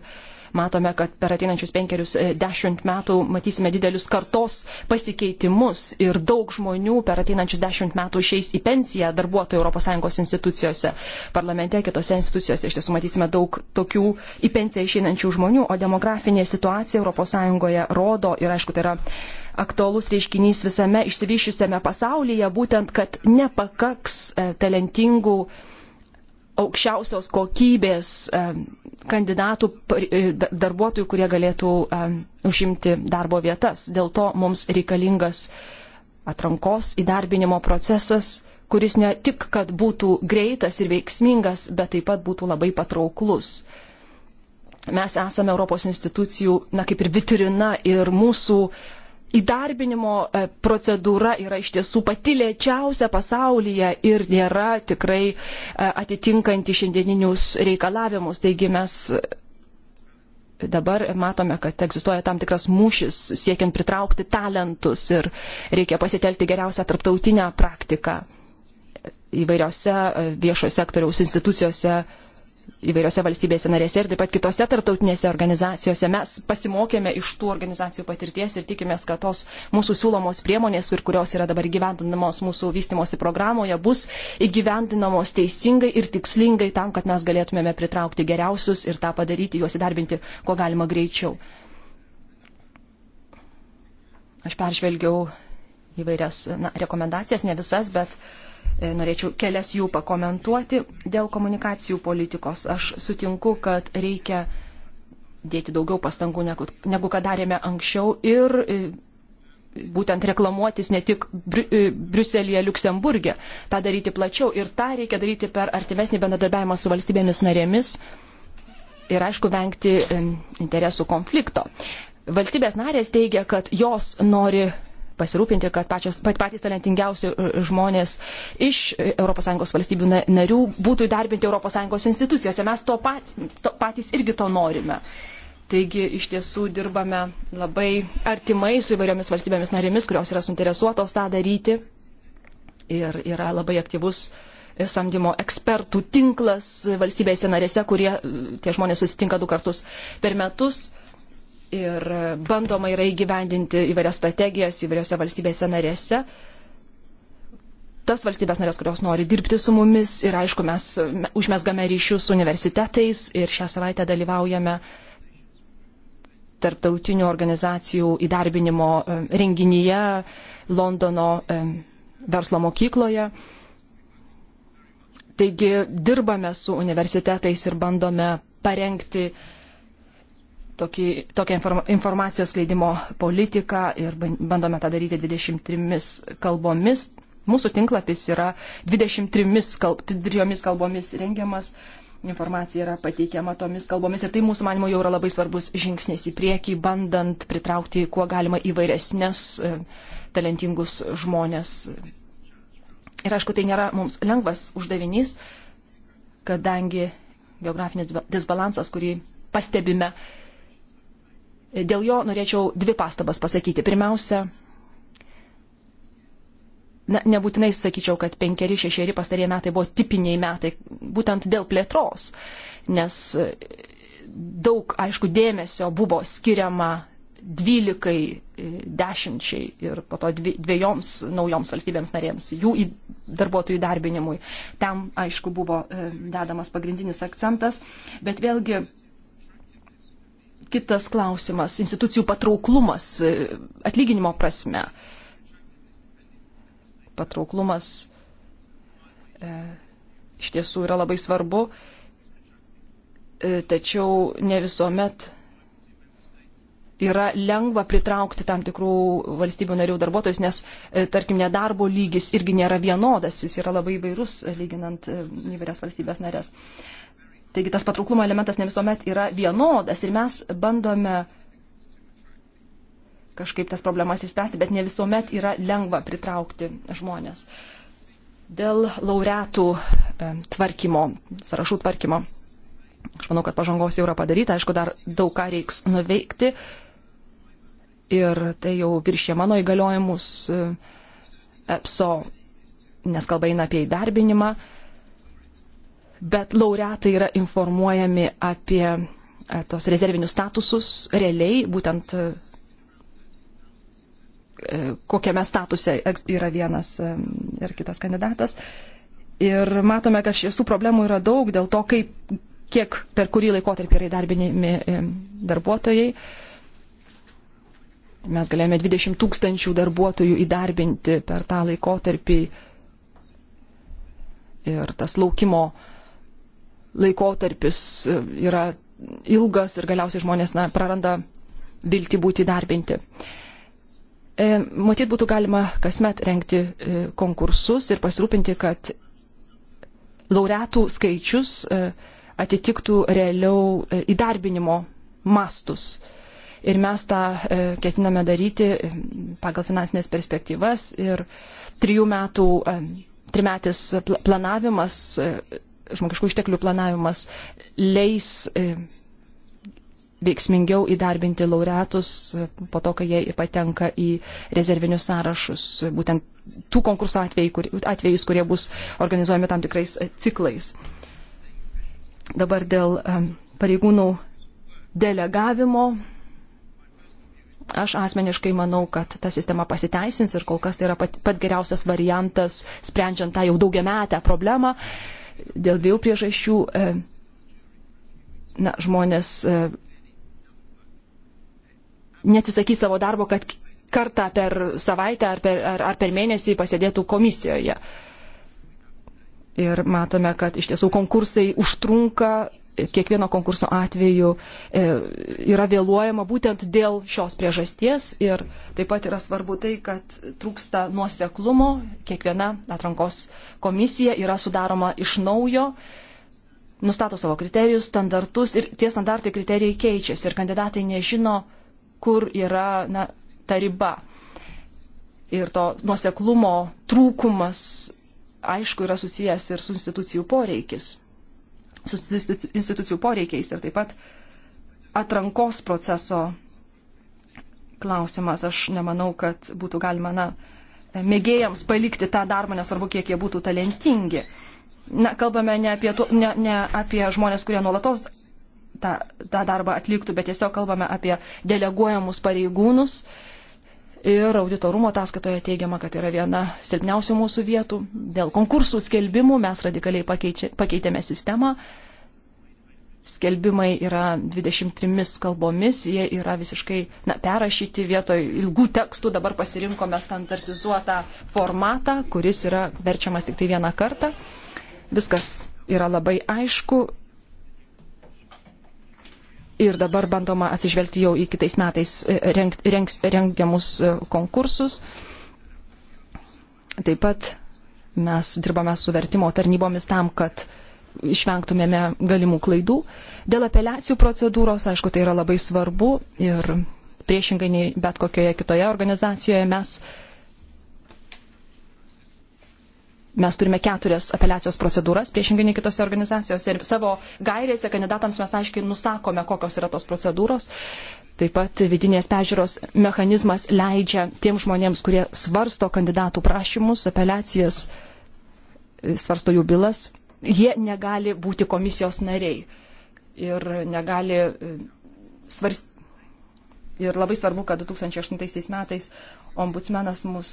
matome, kad per ateinančius penkerius e, dešimt metų matysime didelius kartos pasikeitimus ir daug žmonių per ateinančius dešimt metų išeis į pensiją darbuotojų ES institucijose, parlamente, kitose institucijose. Iš tiesų matysime daug tokių į pensiją išeinančių žmonių, o demografinė situacija ES rodo ir aišku, tai yra aktualus reiškinys visame išsivyščiusiame pasaulyje, būtent, kad nepakaks e, talentingų aukščiausios kokybės e, kandidatų e, darbuotojų, kurie galėtų užimti darbo vietas. Dėl to mums reikalingas atrankos įdarbinimo procesas, kuris ne tik, kad būtų greitas ir veiksmingas, bet taip pat būtų labai patrauklus. Mes esame Europos institucijų, na kaip ir vitrina ir mūsų uh, įdarbinimo e, procedūra yra iš tiesų pati lėčiausia pasaulyje ir nėra tikrai e, atitinkanti šiandieninius reikalavimus. Taigi mes e, dabar matome, kad egzistuoja tam tikras mūšis siekiant pritraukti talentus ir reikia pasitelti geriausią tarptautinę praktiką įvairiose viešo sektoriaus institucijose įvairiose valstybėse narėse ir taip pat kitose tarptautinėse organizacijose. Mes pasimokėme iš tų organizacijų patirties ir tikimės, kad tos mūsų siūlomos priemonės, ir kurios yra dabar gyvendinamos mūsų vystimosi programoje, bus įgyvendinamos teisingai ir tikslingai tam, kad mes galėtumėme pritraukti geriausius ir tą padaryti, juos įdarbinti, ko galima greičiau. Aš peržvelgiau įvairias na, rekomendacijas, ne visas, bet uh, E, norėčiau kelias jų pakomentuoti. Dėl komunikacijų politikos aš sutinku, kad reikia dėti daugiau pastangų, negu, negu kad darėme anksčiau ir e, būtent reklamuotis ne tik Bri e, Briuselėje, Luksemburgė, tą daryti plačiau ir tą reikia daryti per artimesnį bendradarbiavimą su valstybėmis narėmis ir aišku vengti interesų konflikto. Valstybės narės teigia, kad jos nori pasirūpinti, kad pačios, patys talentingiausi e, žmonės iš ES valstybių narių būtų įdarbinti ES institucijose. Mes to, pat, to patys irgi to norime. Taigi iš tiesų dirbame labai artimai su įvairiomis valstybėmis narėmis, kurios yra suinteresuotos tą daryti. Ir yra labai aktyvus e, samdymo ekspertų tinklas valstybėse narėse, kurie e, tie žmonės susitinka du kartus per metus ir bandoma yra įgyvendinti įvairias strategijas įvairiose valstybėse narėse. Tas valstybės narės, kurios nori dirbti su mumis ir aišku, mes užmesgame ryšius su universitetais ir šią savaitę dalyvaujame tarptautinių organizacijų įdarbinimo e, renginyje Londono e, verslo mokykloje. Taigi dirbame su universitetais ir bandome parengti uh, tokį, tokią informacijos leidimo politiką ir bandome tą daryti 23 kalbomis. Mūsų tinklapis yra 23 kalb, kalbomis rengiamas, informacija yra pateikiama tomis kalbomis ir tai mūsų manimo jau yra labai svarbus žingsnis į priekį, bandant pritraukti kuo galima įvairesnės e, talentingus žmonės. Ir aišku, tai nėra mums lengvas uždavinys, kadangi geografinis disbalansas, kurį pastebime, Dėl jo norėčiau dvi pastabas pasakyti. Pirmiausia, na, nebūtinai sakyčiau, kad penkeri, šešeri pastarėjai metai buvo tipiniai metai, būtent dėl plėtros, nes e, daug, aišku, dėmesio buvo skiriama dvylikai, e, dešimčiai ir po to dviejoms naujoms valstybėms narėms, jų darbuotojų darbinimui. Tam, aišku, buvo e, dedamas pagrindinis akcentas, bet vėlgi Kitas klausimas - institucijų patrauklumas e, atlyginimo prasme. Patrauklumas e, iš tiesų yra labai svarbu, e, tačiau ne visuomet yra lengva pritraukti tam tikrų valstybių narių darbuotojus, nes, e, tarkim, nedarbo lygis irgi nėra vienodas, jis yra labai vairus, lyginant e, įvairias valstybės narės. Taigi tas patrauklumo elementas ne visuomet yra vienodas ir mes bandome kažkaip tas problemas išspręsti, bet ne visuomet yra lengva pritraukti žmonės. Dėl laureatų e, tvarkymo, sąrašų tvarkymo. Aš manau, kad pažangos jau yra padaryta, aišku, dar daug ką reiks nuveikti. Ir tai jau viršė mano įgaliojimus e, EPSO, nes kalba eina apie įdarbinimą bet laureatai yra informuojami apie e, tos rezervinius statusus realiai, būtent e, e, kokiame statuse yra vienas ir kitas kandidatas. Ir matome, kad šių problemų yra daug dėl to, kaip, kiek per kurį laikotarpį yra įdarbinimi darbuotojai. Mes galėjome 20 tūkstančių darbuotojų įdarbinti per tą laikotarpį ir tas laukimo uh, laikotarpis e, yra ilgas ir galiausiai žmonės na, praranda viltį būti darbinti. E, matyt, būtų galima kasmet renkti e, konkursus ir pasirūpinti, kad laureatų skaičius e, atitiktų realiau e, įdarbinimo mastus. Ir mes tą e, ketiname daryti e, pagal finansinės perspektyvas ir trijų metų e, trimetis planavimas. E, žmogiškų išteklių planavimas leis e, veiksmingiau įdarbinti laureatus e, po to, kai jie patenka į rezervinius sąrašus, e, būtent tų konkursų atvejai, kur, atvejais, kurie bus organizuojami tam tikrais ciklais. Dabar dėl pareigūnų delegavimo. Aš asmeniškai manau, kad ta sistema pasiteisins ir kol kas tai yra pat, pat geriausias variantas, sprendžiant tą jau daugiametę problemą. Uh, Dėl dviejų priežasčių e, na, žmonės e, neatsisakys savo darbo, kad kartą per savaitę ar per, ar, ar per mėnesį pasėdėtų komisijoje. Ir matome, kad iš tiesų konkursai užtrunka kiekvieno konkurso atveju e, yra vėluojama būtent dėl šios priežasties ir taip pat yra svarbu tai, kad trūksta nuoseklumo, kiekviena atrankos komisija yra sudaroma iš naujo nustato savo kriterijus, standartus ir tie standartai kriterijai keičiasi ir kandidatai nežino, kur yra na, ta riba. Ir to nuoseklumo trūkumas, aišku, yra susijęs ir su institucijų poreikis institucijų poreikiais ir taip pat atrankos proceso klausimas. Aš nemanau, kad būtų galima, na, mėgėjams palikti tą darbą, nesvarbu, kiek jie būtų talentingi. Na, kalbame ne apie, tu, ne, ne apie žmonės, kurie nuolatos tą, tą darbą atliktų, bet tiesiog kalbame apie deleguojamus pareigūnus. Uh, Ir auditorumo ataskaitoje teigiama, kad yra viena silpniausių mūsų vietų. Dėl konkursų skelbimų mes radikaliai pakeičia, pakeitėme sistemą. Skelbimai yra 23 kalbomis, jie yra visiškai na, perrašyti vietoj ilgų tekstų, dabar pasirinkome standartizuotą formatą, kuris yra verčiamas tik tai vieną kartą. Viskas yra labai aišku, ir dabar bandoma atsižvelgti jau į kitais metais renk, renk, rengiamus e, konkursus. Taip pat mes dirbame su vertimo tarnybomis tam, kad išvengtumėme galimų klaidų. Dėl apeliacijų procedūros, aišku, tai yra labai svarbu ir priešingai nei bet kokioje kitoje organizacijoje mes mes turime keturias apeliacijos procedūras, priešingai nei kitose organizacijose. Ir savo gairėse kandidatams mes aiškiai nusakome, kokios yra tos procedūros. Taip pat vidinės pežiūros mechanizmas leidžia tiem žmonėms, kurie svarsto kandidatų prašymus, apeliacijas, svarsto jų bylas, jie negali būti komisijos nariai. Ir negali e, svarstyti. Ir labai svarbu, kad 2008 metais ombudsmenas mus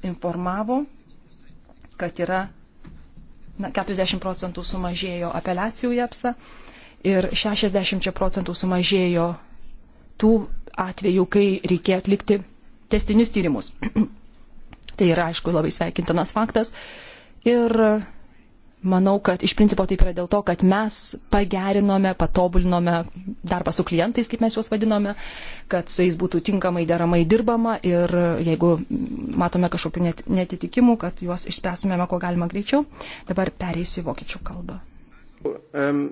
informavo kad yra na, 40 procentų sumažėjo apeliacijų į EPSA ir 60 procentų sumažėjo tų atvejų, kai reikėjo atlikti testinius tyrimus. tai yra, aišku, labai sveikintinas faktas. Ir Manau, kad iš principo taip yra dėl to, kad mes pagerinome, patobulinome darbą su klientais, kaip mes juos vadinome, kad su jais būtų tinkamai deramai dirbama ir jeigu matome kažkokių net, netitikimų, kad juos išspręstumėme kuo galima greičiau. Dabar pereisiu į vokiečių kalbą. Um,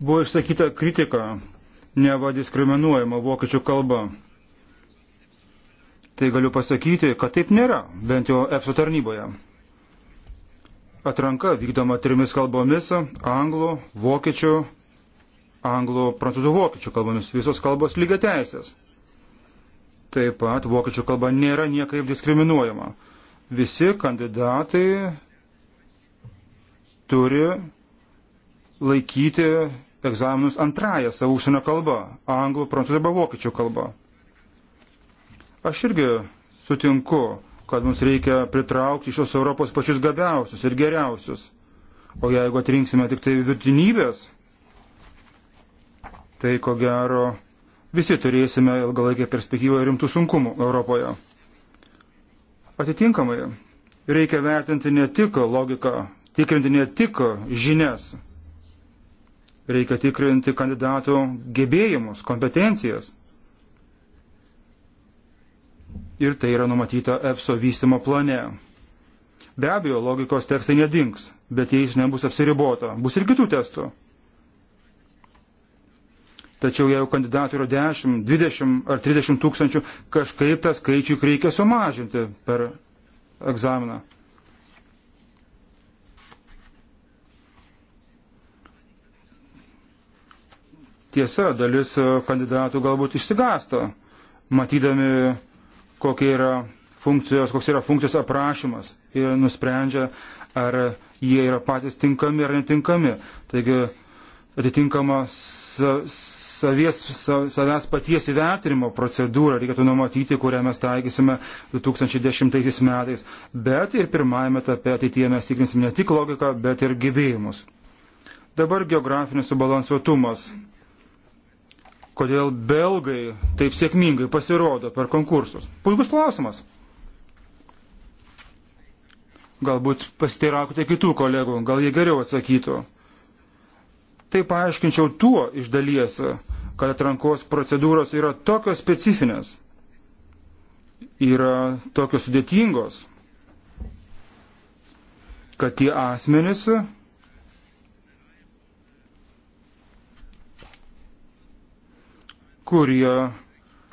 Buvo išsakyta kritika, neva diskriminuojama vokiečių kalba tai galiu pasakyti, kad taip nėra, bent jau EFSO tarnyboje. Atranka vykdoma trimis kalbomis - anglų, vokiečių, anglų, prancūzų, vokiečių kalbomis. Visos kalbos lygia teisės. Taip pat vokiečių kalba nėra niekaip diskriminuojama. Visi kandidatai turi laikyti egzaminus antrąją savo užsienio kalbą - anglų, prancūzų arba vokiečių kalbą. Aš irgi sutinku, kad mums reikia pritraukti iš šios Europos pačius gabiausius ir geriausius. O jeigu atrinksime tik tai vidutinybės, tai ko gero visi turėsime ilgalaikį perspektyvą rimtų sunkumų Europoje. Atitinkamai reikia vertinti ne tik logiką, tikrinti ne tik žinias, reikia tikrinti kandidatų gebėjimus, kompetencijas ir tai yra numatyta EFSO vystimo plane. Be abejo, logikos tekstai nedings, bet jais nebus apsiribota, bus ir kitų testų. Tačiau jeigu kandidatų yra 10, 20 ar 30 tūkstančių, kažkaip tą skaičių reikia sumažinti per egzaminą. Tiesa, dalis e, kandidatų galbūt išsigasta, matydami kokia yra funkcijos, koks yra funkcijos aprašymas ir nusprendžia, ar jie yra patys tinkami ar netinkami. Taigi atitinkama savies, savęs paties įvertinimo procedūrą reikėtų numatyti, kurią mes taikysime 2010 metais. Bet ir pirmajame etape ateityje mes tikrinsim ne tik logiką, bet ir gyvėjimus. Dabar geografinis subalansuotumas kodėl belgai taip sėkmingai pasirodo per konkursus? Puikus klausimas. Galbūt pasteiraukite kitų kolegų, gal jie geriau atsakytų. Tai paaiškinčiau tuo iš dalies, kad atrankos procedūros yra tokios specifinės, yra tokios sudėtingos, kad tie asmenys kurie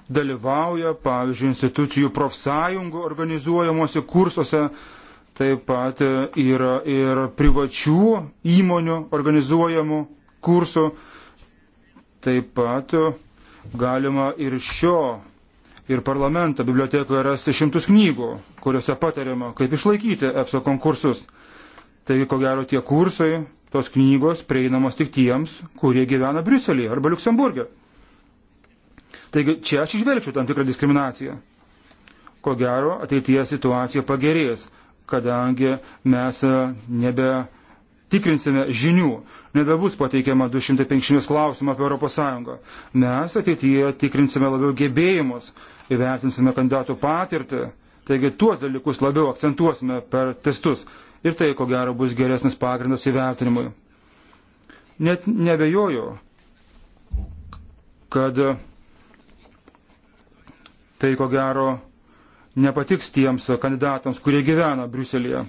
dalyvauja, pavyzdžiui, institucijų profsąjungų organizuojamuose kursuose, taip pat yra ir privačių įmonių organizuojamų kursų, taip pat galima ir šio, ir parlamento bibliotekoje rasti šimtus knygų, kuriuose patariama, kaip išlaikyti EPSO konkursus. Taigi, ko gero, tie kursai, tos knygos prieinamos tik tiems, kurie gyvena Briuselėje arba Luksemburgė. Taigi čia aš išvelgčiau tam tikrą diskriminaciją. Ko gero, ateityje situacija pagerės, kadangi mes e, nebe tikrinsime žinių, nebebus pateikiama 250 klausimų apie ES. Mes ateityje tikrinsime labiau gebėjimus, įvertinsime kandidatų patirtį, taigi tuos dalykus labiau akcentuosime per testus ir tai ko gero bus geresnis pagrindas įvertinimui. Net nebejoju, kad tai ko gero nepatiks tiems kandidatams, kurie gyvena Briuselėje.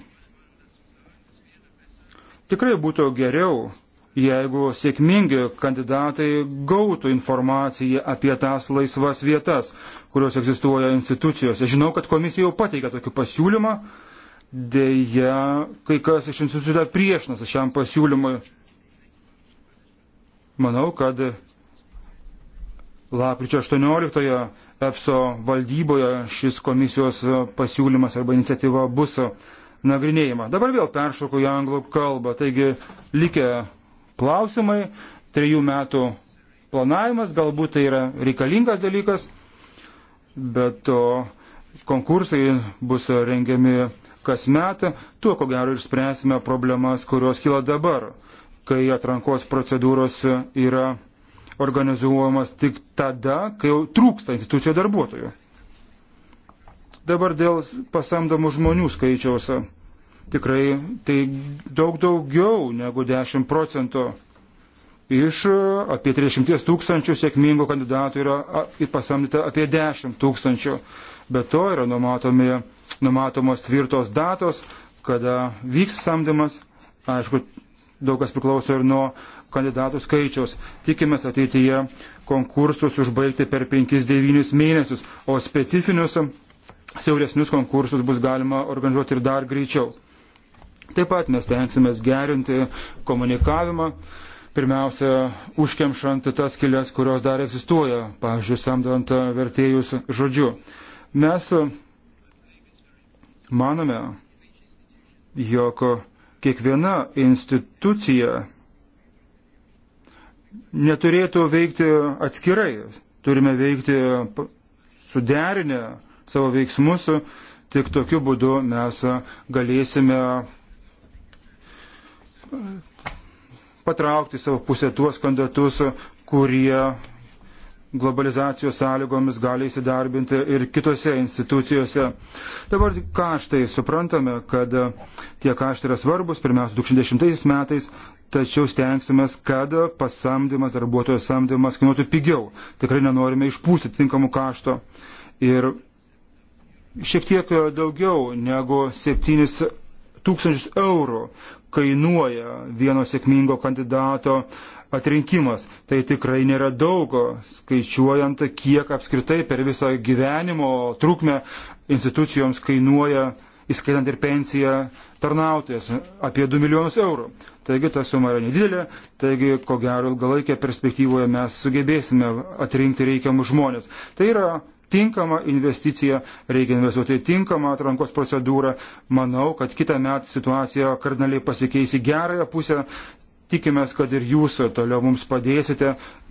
Tikrai būtų geriau, jeigu sėkmingi kandidatai gautų informaciją apie tas laisvas vietas, kurios egzistuoja institucijose. Žinau, kad komisija jau pateikė tokį pasiūlymą, dėja, kai kas iš institucijų dar priešinasi šiam pasiūlymui. Manau, kad lapkričio 18-oje EPSO valdyboje šis komisijos pasiūlymas arba iniciatyva bus nagrinėjama. Dabar vėl peršoku į anglų kalbą. Taigi likę klausimai, trejų metų planavimas, galbūt tai yra reikalingas dalykas, bet to konkursai bus rengiami kasmet, tuo ko gero ir spręsime problemas, kurios kyla dabar, kai atrankos procedūros yra organizuojamas tik tada, kai jau trūksta institucijų darbuotojų. Dabar dėl pasamdomų žmonių skaičiaus tikrai tai daug daugiau negu 10 procentų. Iš apie 30 tūkstančių sėkmingų kandidatų yra pasamdyta apie 10 tūkstančių. Be to yra numatomi, numatomos tvirtos datos, kada vyks samdymas. Aišku, daug kas priklauso ir nuo kandidatų skaičiaus. Tikimės ateityje konkursus užbaigti per 5-9 mėnesius, o specifinius siauresnius konkursus bus galima organizuoti ir dar greičiau. Taip pat mes tenksime gerinti komunikavimą, pirmiausia, užkemšant tas kelias, kurios dar egzistuoja, pavyzdžiui, samdant vertėjus žodžiu. Mes manome, jog kiekviena institucija neturėtų veikti atskirai. Turime veikti suderinę savo veiksmus, tik tokiu būdu mes galėsime e, patraukti savo pusę tuos kandidatus, kurie globalizacijos sąlygomis gali įsidarbinti ir kitose institucijose. Dabar kaštai suprantame, kad tie kaštai yra svarbus, pirmiausia, 2010 metais, tačiau stengsimės, kad pasamdymas, darbuotojo samdymas kainuotų pigiau. Tikrai nenorime išpūsti tinkamų kašto. Ir šiek tiek daugiau negu 7 tūkstančius eurų kainuoja vieno sėkmingo kandidato uh, atrinkimas. Tai tikrai nėra daug, skaičiuojant, kiek apskritai per visą gyvenimo trukmę institucijoms kainuoja, įskaitant ir pensiją, tarnautojas apie 2 milijonus eurų. Taigi ta suma yra nedidelė, taigi ko gero ilgalaikėje perspektyvoje mes sugebėsime atrinkti reikiamus žmonės. Tai yra tinkamą investiciją, reikia investuoti į tinkamą atrankos procedūrą. Manau, kad kitą metą situacija kardinaliai pasikeis į gerąją pusę, Tikimės, kad ir jūs toliau mums padėsite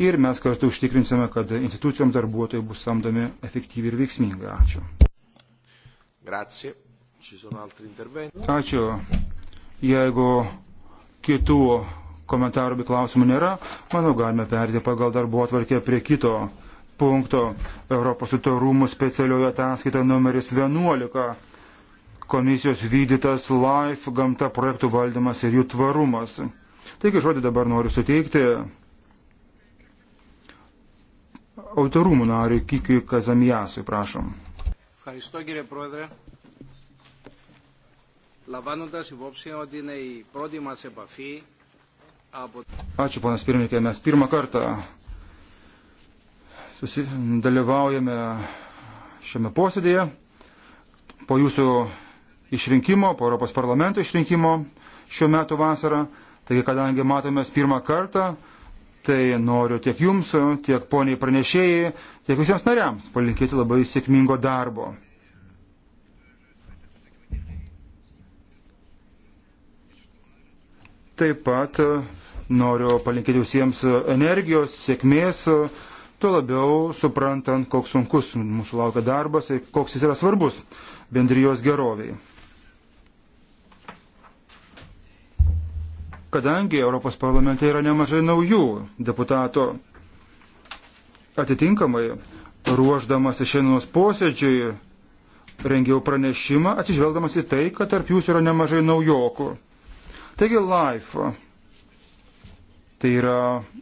ir mes kartu užtikrinsime, kad institucijom darbuotojai bus samdomi efektyviai ir veiksmingai. Ačiū. Grazie. Ačiū. Jeigu kitų komentarų bei klausimų nėra, manau, galime perėti pagal darbo atvarkę prie kito punkto Europos sutarumų specialioje ataskaita numeris 11. Komisijos vykdytas LIFE gamta projektų valdymas ir jų tvarumas. Taigi žodį dabar noriu suteikti autorumų nariui Kikiui Kazamijasui, prašom. Ευχαριστώ κύριε Πρόεδρε. Λαμβάνοντας υπόψη ότι είναι η πρώτη μας επαφή από... Ačiū, ponas pirmininkė, mes pirmą kartą susidalyvaujame šiame posėdėje po jūsų išrinkimo, po Europos parlamento išrinkimo šiuo metu vasarą. Taigi, kadangi matomės pirmą kartą, tai noriu tiek jums, tiek poniai pranešėjai, tiek visiems nariams palinkėti labai sėkmingo darbo. Taip pat e, noriu palinkėti visiems energijos, sėkmės, e, tuo labiau suprantant, koks sunkus mūsų laukia darbas ir koks jis yra svarbus bendrijos geroviai. kadangi Europos parlamente yra nemažai naujų deputatų. Atitinkamai, ruoždamas šiandienos posėdžiui, rengiau pranešimą, atsižvelgdamas į tai, kad tarp jūsų yra nemažai naujokų. Taigi, LIFE tai yra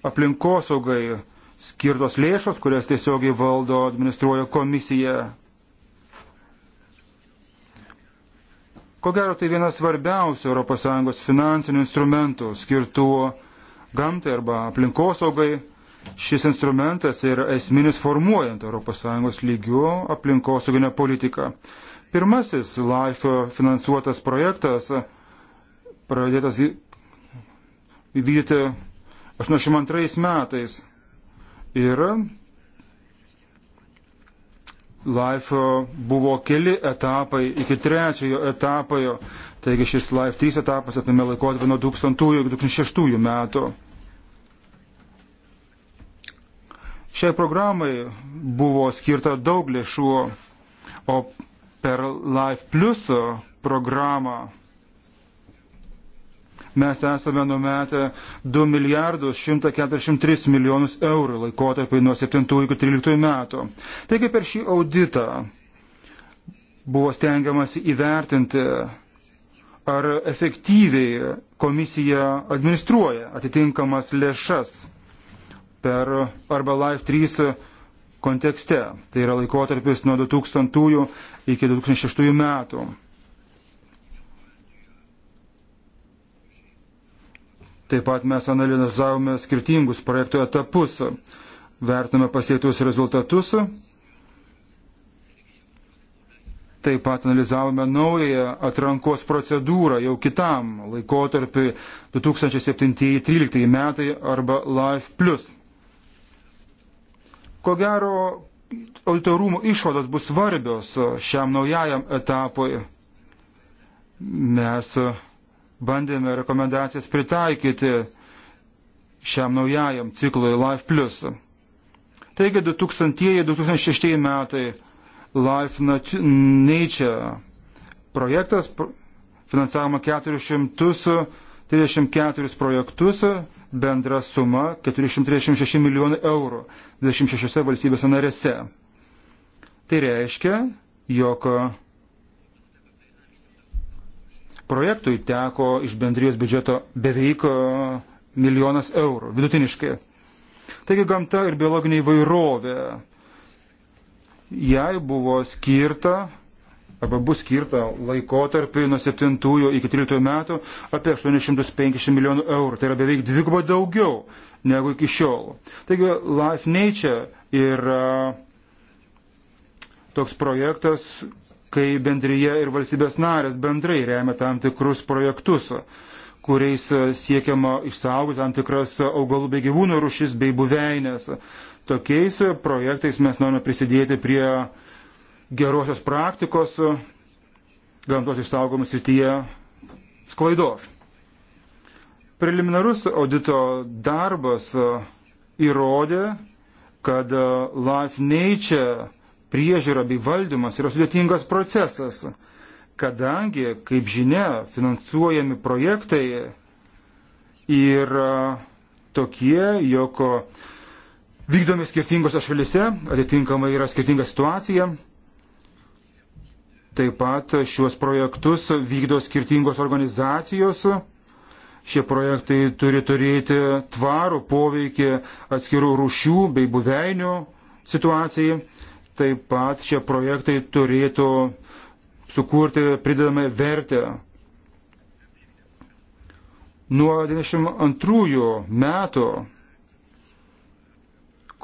aplinkosaugai skirtos lėšos, kurias tiesiogiai valdo administruoja komisija Ko gero, tai vienas svarbiausių ES finansinių instrumentų skirtų gamtai arba aplinkosaugai. Šis instrumentas yra esminis formuojant ES lygių aplinkosauginę politiką. Pirmasis LIFE finansuotas projektas pradėtas vykdyti 82 metais ir LIFE buvo keli etapai iki trečiojo etapojo. Taigi šis LIFE 3 etapas apėmė laikotarpį nuo 2000 iki 2006 metų. Šiai programai buvo skirta daug lėšų, o per Life Plus programą mes esame numetę 2 milijardus 143 milijonus eurų laikotarpį nuo 7 iki 13 metų. Taigi per šį auditą buvo stengiamasi įvertinti, ar efektyviai komisija administruoja atitinkamas lėšas per arba Life 3 kontekste. Tai yra laikotarpis nuo 2000 iki 2006 metų. Taip pat mes analizavome skirtingus projekto etapus, vertame pasiektus rezultatus, taip pat analizavome naują atrankos procedūrą jau kitam laikotarpiu 2007-2013 metai arba Life Plus. Ko gero, auditorumų išvados bus svarbios šiam naujajam etapui. Mes bandėme rekomendacijas pritaikyti šiam naujajam ciklui Life Plus. Taigi 2000-2006 metai Life Nature projektas finansavimo 434 projektus, bendra suma 436 milijonai eurų 26 valstybėse narėse. Tai reiškia, jog Projektui teko iš bendrijos biudžeto beveik e, milijonas eurų vidutiniškai. Taigi gamta ir biologinė įvairovė. Jai buvo skirta arba bus skirta laikotarpiu nuo 7 iki 13 metų apie 850 milijonų eurų. Tai yra beveik dvigubai daugiau negu iki šiol. Taigi Life Nature yra e, toks projektas, kai bendryje ir valstybės narės bendrai remia tam tikrus projektus, kuriais siekiama išsaugoti tam tikras augalų bei gyvūnų rušis bei buveinės. Tokiais projektais mes norime prisidėti prie gerosios praktikos gamtos išsaugomų srityje sklaidos. Preliminarus audito darbas įrodė, kad Life Nature priežiūra bei valdymas yra sudėtingas procesas, kadangi, kaip žinia, finansuojami projektai yra tokie, jog vykdomi skirtingose šalise, atitinkamai yra skirtinga situacija. Taip pat šiuos projektus vykdo skirtingos organizacijos. Šie projektai turi turėti tvarų poveikį atskirų rūšių bei buveinių situacijai taip pat šie projektai turėtų sukurti pridedamą vertę. Nuo 92 metų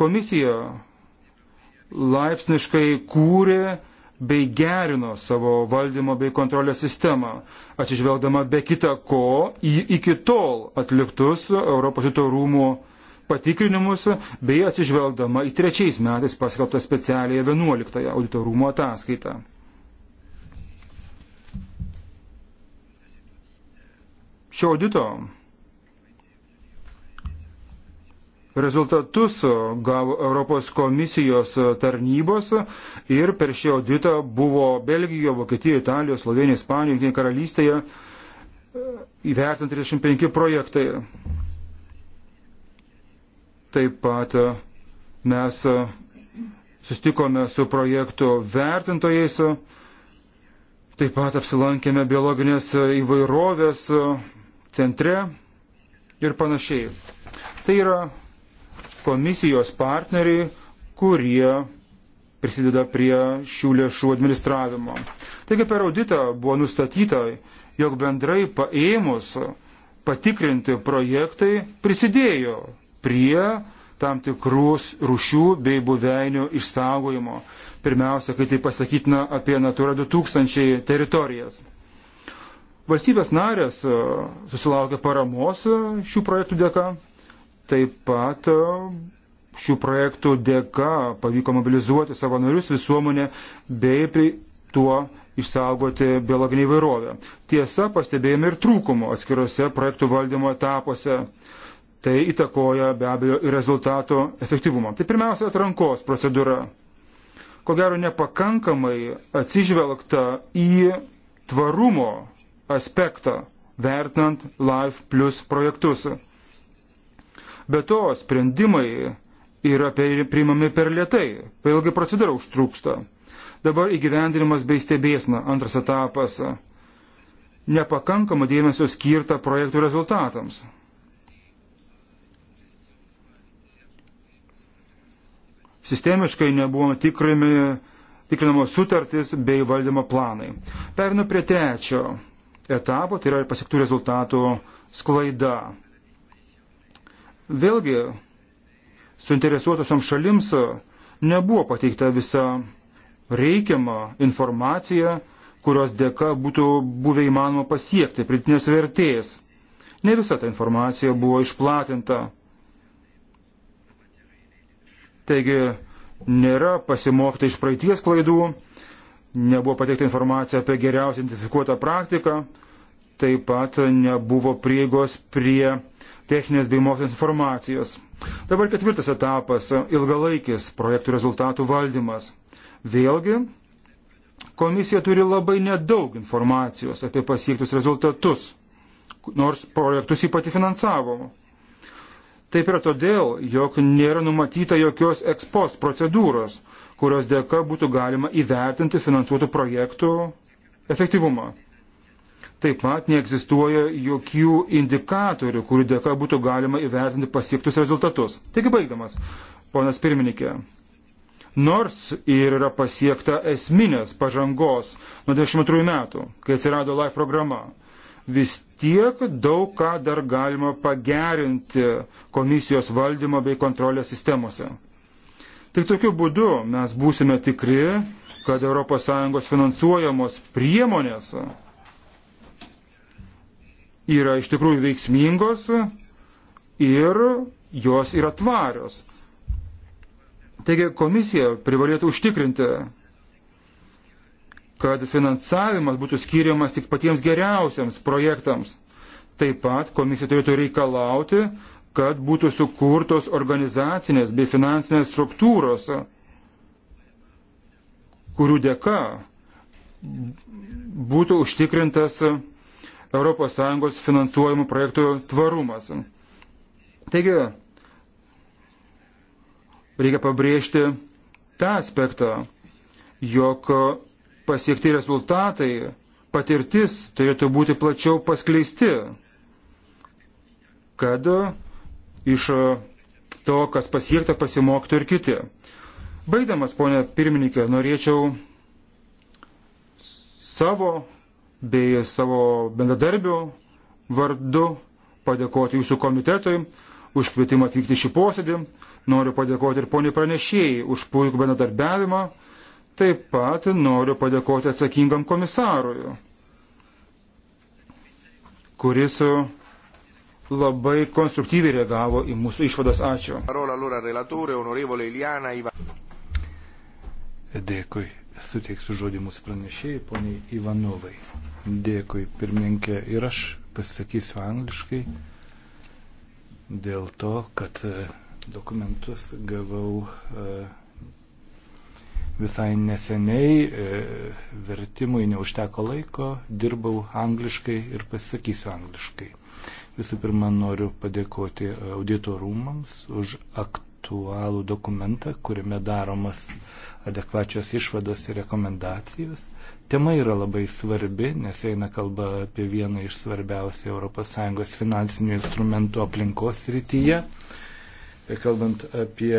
komisija laipsniškai kūrė bei gerino savo valdymo bei kontrolės sistemą, atsižvelgdama be kita ko į iki tol atliktus Europos šito rūmų patikrinimus bei atsižvelgdama į trečiais metais paskelbtą specialiąją 11 auditorumo ataskaitą. Šio audito Rezultatus gavo Europos komisijos tarnybos ir per šį auditą buvo Belgijoje, Vokietijoje, Italijoje, Slovenijoje, Ispanijoje, Junktinėje karalystėje e, įvertinti 35 projektai. Taip pat e, mes e, sustikome su projektų vertintojais, e, taip pat apsilankėme biologinės įvairovės centre ir panašiai. Tai yra komisijos partneriai, kurie prisideda prie šių lėšų administravimo. Taigi per auditą buvo nustatyta, jog bendrai paėmus patikrinti projektai prisidėjo prie tam tikrus rušių bei buveinių išsaugojimo. Pirmiausia, kai tai pasakytina apie Natura 2000 teritorijas. Valstybės narės e, susilaukia paramos e, šių projektų dėka. Taip pat e, šių projektų dėka pavyko mobilizuoti savanorius visuomenę bei tuo išsaugoti biologinį įvairovę. Tiesa, pastebėjome ir trūkumų atskiruose projektų valdymo etapuose tai įtakoja be abejo ir rezultato efektyvumą. Tai pirmiausia, atrankos procedūra. Ko gero nepakankamai atsižvelgta į tvarumo aspektą, vertinant Life Plus projektus. Be to, sprendimai yra priimami per lietai, per ilgai procedūra užtrūksta. Dabar įgyvendinimas bei stebėsna, antras etapas. Nepakankama dėmesio skirta projektų rezultatams. sistemiškai nebuvo tikrimi, tikrinamos sutartys bei valdymo planai. Perinu prie trečio etapo, tai yra pasiektų rezultatų sklaida. Vėlgi, suinteresuotosiam šalims nebuvo pateikta visa reikiama informacija, kurios dėka būtų buvę įmanoma pasiekti pritinės vertės. Ne visa ta informacija buvo išplatinta Taigi nėra pasimokta iš praeities klaidų, nebuvo pateikta informacija apie geriausiai identifikuotą praktiką, taip pat nebuvo prieigos prie techninės bei mokslinės informacijos. Dabar ketvirtas etapas - ilgalaikis projektų rezultatų valdymas. Vėlgi, komisija turi labai nedaug informacijos apie pasiektus rezultatus, nors projektus jį pati finansavo. Taip yra todėl, jog nėra numatyta jokios ekspos procedūros, kurios dėka būtų galima įvertinti finansuotų projektų efektyvumą. Taip pat neegzistuoja jokių indikatorių, kurių dėka būtų galima įvertinti pasiektus rezultatus. Taigi baigdamas, ponas pirmininkė, nors ir yra pasiekta esminės pažangos nuo 22 metų, kai atsirado LIFE programa, vis tiek daug ką dar galima pagerinti komisijos valdymo bei kontrolės sistemose. Tik tokiu būdu mes būsime tikri, kad ES finansuojamos priemonės yra iš tikrųjų veiksmingos ir jos yra tvarios. Taigi komisija privalėtų užtikrinti, kad finansavimas būtų skiriamas tik patiems geriausiams projektams. Taip pat komisija turėtų reikalauti, kad būtų sukurtos organizacinės bei finansinės struktūros, kurių dėka būtų užtikrintas ES finansuojamų projektų tvarumas. Taigi, reikia pabrėžti tą aspektą, jog pasiekti rezultatai, patirtis turėtų būti plačiau paskleisti, kad e, iš e, to, kas pasiekta, pasimoktų ir kiti. Baigdamas, ponė pirmininkė, norėčiau savo bei savo bendradarbių vardu padėkoti jūsų komitetui už kvietimą atvykti šį posėdį. Noriu padėkoti ir poniai pranešėjai už puikų bendradarbiavimą Taip pat noriu padėkoti atsakingam komisarui, kuris labai konstruktyviai reagavo į mūsų išvadas. Ačiū. Dėkui. Suteiksiu žodį mūsų pranešėjai, poniai Ivanovai. Dėkui, pirmininkė. Ir aš pasisakysiu angliškai dėl to, kad e, dokumentus gavau. Uh, Visai neseniai e, vertimui neužteko laiko, dirbau angliškai ir pasisakysiu angliškai. Visų pirma, noriu padėkoti auditorumams už aktualų dokumentą, kuriame daromas adekvačios išvados ir rekomendacijos. Tema yra labai svarbi, nes eina kalba apie vieną iš svarbiausių ES finansinių instrumentų aplinkos rytyje. Kalbant apie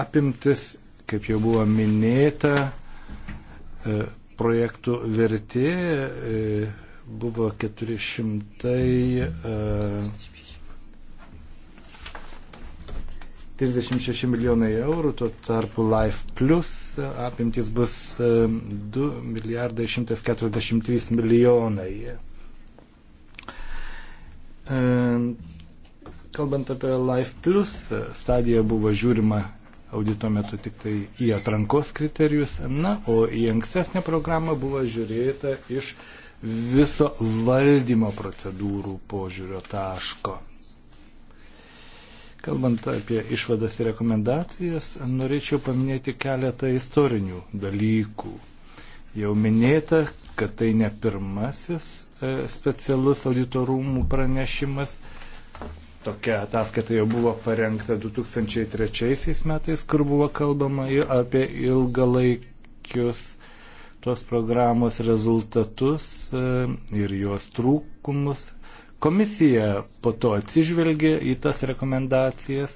apimtis Kaip jau buvo minėta, e, projektų vertė e, buvo 436 e, milijonai eurų, tuo tarpu Life Plus apimtis bus 2 milijardai 143 milijonai. Kalbant apie Life Plus, stadija buvo žiūrima audito metu tik tai į atrankos kriterijus, na, o į ankstesnę programą buvo žiūrėta iš viso valdymo procedūrų požiūrio taško. Kalbant apie išvadas ir rekomendacijas, norėčiau paminėti keletą istorinių dalykų. Jau minėta, kad tai ne pirmasis e, specialus auditorumų pranešimas, Tokia ataskaita jau buvo parengta 2003 metais, kur buvo kalbama apie ilgalaikius tos programos rezultatus e, ir jos trūkumus. Komisija po to atsižvelgė į tas rekomendacijas,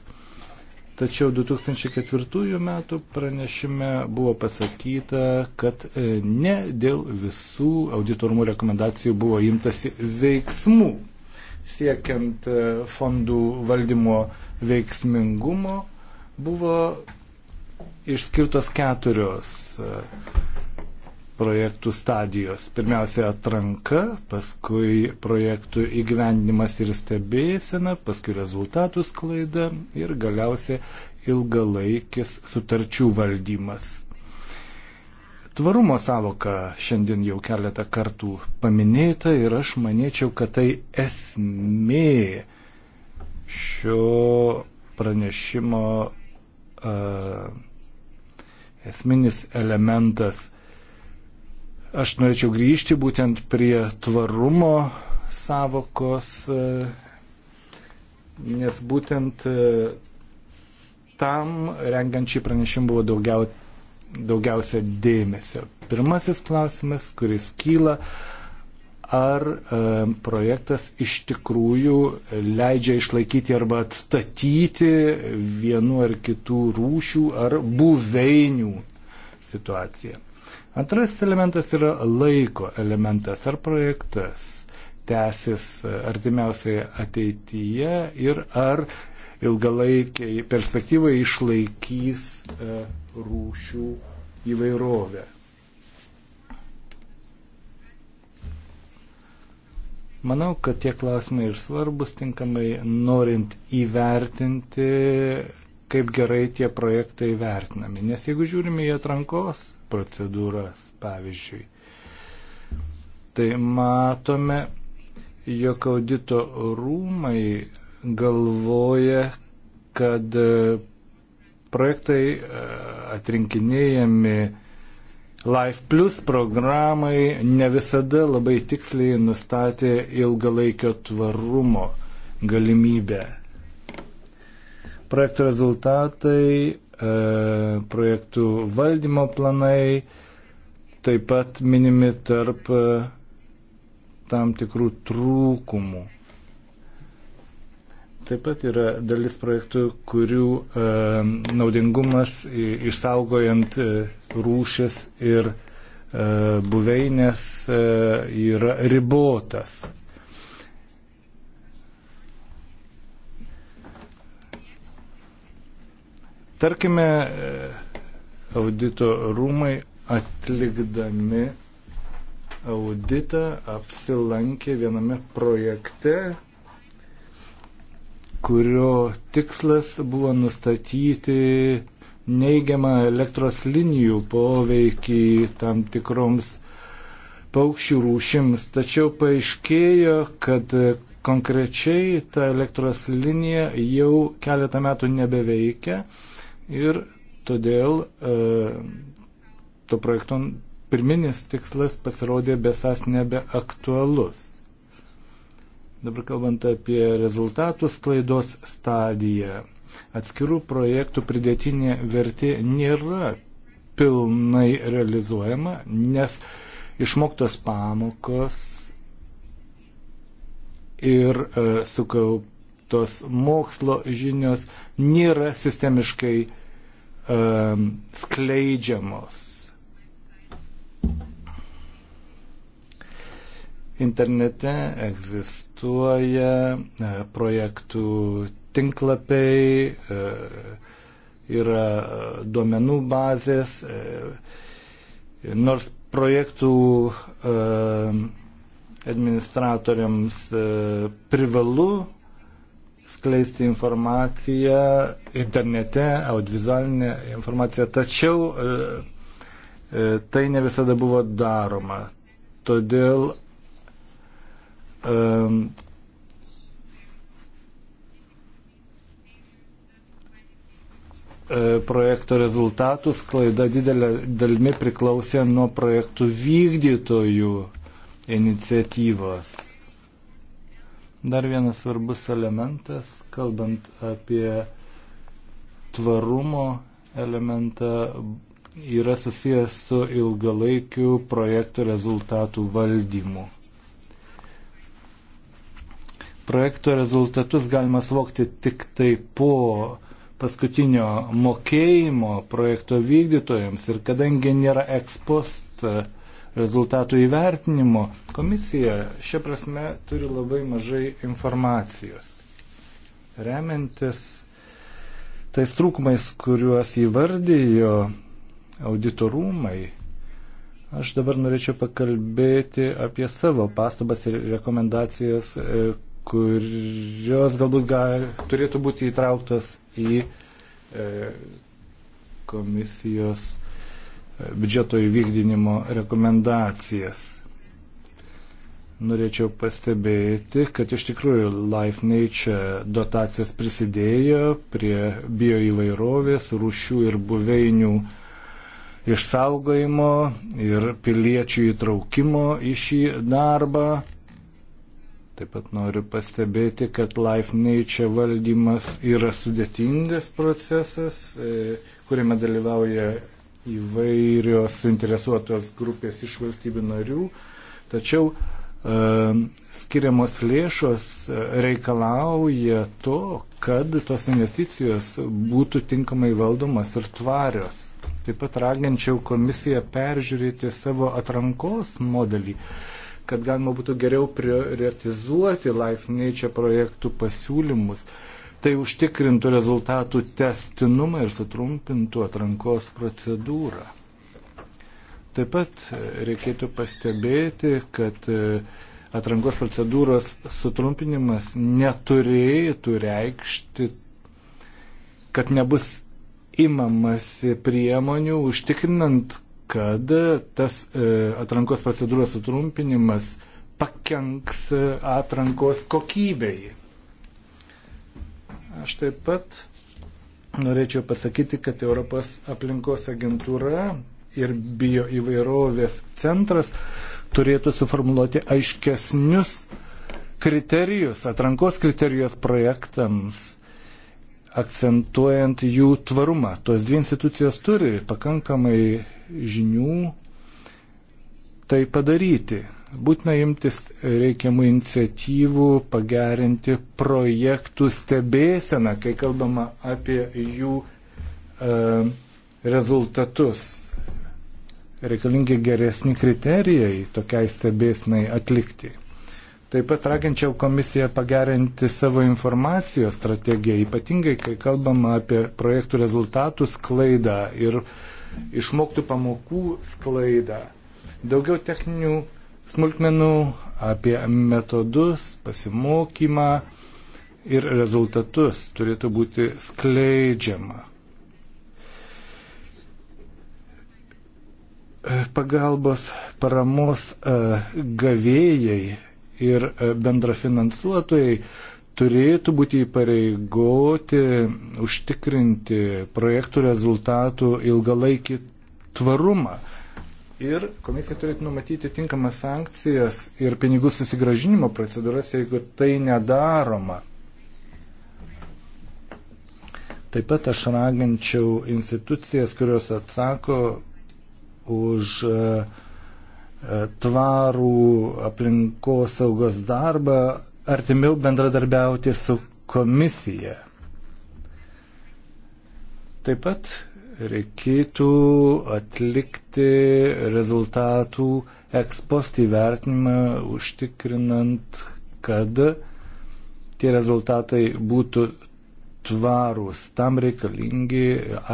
tačiau 2004 metų pranešime buvo pasakyta, kad e, ne dėl visų auditorumų rekomendacijų buvo imtasi veiksmų siekiant e, fondų valdymo veiksmingumo buvo išskirtos keturios e, projektų stadijos. Pirmiausia atranka, paskui projektų įgyvendinimas ir stebėsena, paskui rezultatų sklaida ir galiausiai ilgalaikis sutarčių valdymas. Tvarumo savoka šiandien jau keletą kartų paminėta ir aš manėčiau, kad tai esmė šio pranešimo uh, esminis elementas. Aš norėčiau grįžti būtent prie tvarumo savokos, uh, nes būtent uh, tam rengiant šį pranešimą buvo daugiau daugiausia dėmesio. Pirmasis klausimas, kuris kyla, ar e, projektas iš tikrųjų leidžia išlaikyti arba atstatyti vienu ar kitų rūšių ar buveinių situaciją. Antrasis elementas yra laiko elementas ar projektas tęsis e, artimiausioje ateityje ir ar ilgalaikiai perspektyvai išlaikys e, rūšių įvairovę. Manau, kad tie klausimai ir svarbus tinkamai, norint įvertinti, kaip gerai tie projektai vertinami. Nes jeigu žiūrime į atrankos procedūras, pavyzdžiui, tai matome, jog audito rūmai galvoja, kad projektai e, atrinkinėjami Life Plus programai ne visada labai tiksliai nustatė ilgalaikio tvarumo galimybę. Projektų rezultatai, e, projektų valdymo planai taip pat minimi tarp e, tam tikrų trūkumų. Taip pat yra dalis projektų, kurių e, naudingumas išsaugojant e, rūšis ir e, buveinės e, yra ribotas. Tarkime, e, audito rūmai atlikdami auditą apsilankė viename projekte, kurio tikslas buvo nustatyti neigiamą elektros linijų poveikį tam tikroms paukščių rūšims. Tačiau paaiškėjo, kad konkrečiai ta elektros linija jau keletą metų nebeveikia ir todėl e, to projekto pirminis tikslas pasirodė besas nebeaktualus. Dabar kalbant apie rezultatų sklaidos stadiją, atskirų projektų pridėtinė vertė nėra pilnai realizuojama, nes išmoktos pamokos ir e, sukauptos mokslo žinios nėra sistemiškai e, skleidžiamos. Internete egzistuoja e, projektų tinklapiai, e, yra e, duomenų bazės, nors projektų administratoriams privalu skleisti informaciją internete, audiovizualinę informaciją, tačiau tai ne visada buvo daroma. Todėl um, projekto rezultatų sklaida didelė dalimi priklausė nuo projektų vykdytojų iniciatyvos. Dar vienas svarbus elementas, kalbant apie tvarumo elementą, yra susijęs su ilgalaikiu projektų rezultatų valdymu. Projekto rezultatus galima svokti tik tai po paskutinio mokėjimo projekto vykdytojams ir kadangi nėra ekspost e, rezultatų įvertinimo, komisija šia prasme turi labai mažai informacijos. Remiantis tais trūkumais, kuriuos įvardijo auditorumai, aš dabar norėčiau pakalbėti apie savo pastabas ir rekomendacijas e, kurios galbūt gal, turėtų būti įtrauktos į e, komisijos e, biudžeto įvykdinimo rekomendacijas. Norėčiau pastebėti, kad iš tikrųjų Life Nature dotacijas prisidėjo prie bioįvairovės, rūšių ir buveinių išsaugojimo ir piliečių įtraukimo į šį darbą. Taip pat noriu pastebėti, kad Life Nature valdymas yra sudėtingas procesas, e, kuriame dalyvauja įvairios suinteresuotos grupės iš valstybių narių. Tačiau e, skiriamos lėšos e, reikalauja to, kad tos investicijos būtų tinkamai valdomas ir tvarios. Taip pat raginčiau komisiją peržiūrėti savo atrankos modelį. Uh, kad galima būtų geriau prioritizuoti Life Nature projektų pasiūlymus. Tai užtikrintų rezultatų testinumą ir sutrumpintų atrankos procedūrą. Taip pat reikėtų pastebėti, kad e, atrankos procedūros sutrumpinimas neturėtų reikšti, kad nebus imamasi priemonių užtikrinant, kad tas e, atrankos procedūros sutrumpinimas pakenks e, atrankos kokybei. Aš taip pat norėčiau pasakyti, kad Europos aplinkos agentūra ir bio įvairovės centras turėtų suformuoluoti aiškesnius kriterijus, atrankos kriterijus projektams akcentuojant jų tvarumą. Tos dvi institucijos turi pakankamai žinių tai padaryti. Būtina imtis reikiamų iniciatyvų, pagerinti projektų stebėseną, kai kalbama apie jų e, rezultatus. Reikalingi geresni kriterijai tokiai stebėsnai atlikti. Taip pat raginčiau komisiją pagerinti savo informacijos strategiją, ypatingai kai kalbama apie projektų rezultatų sklaidą ir išmoktų pamokų sklaidą. Daugiau techninių smulkmenų apie metodus, pasimokymą ir rezultatus turėtų būti skleidžiama. Pagalbos paramos e, gavėjai ir e, bendrafinansuotojai turėtų būti įpareigoti užtikrinti projektų rezultatų ilgalaikį tvarumą. Ir komisija turėtų numatyti tinkamas sankcijas ir pinigų susigražinimo procedūras, jeigu tai nedaroma. Taip pat aš raginčiau institucijas, kurios atsako už uh, E, tvarų aplinkosaugos darbą artimiau bendradarbiauti su komisija. Taip pat reikėtų atlikti rezultatų ekspost įvertinimą, užtikrinant, kad tie rezultatai būtų tvarūs. Tam reikalingi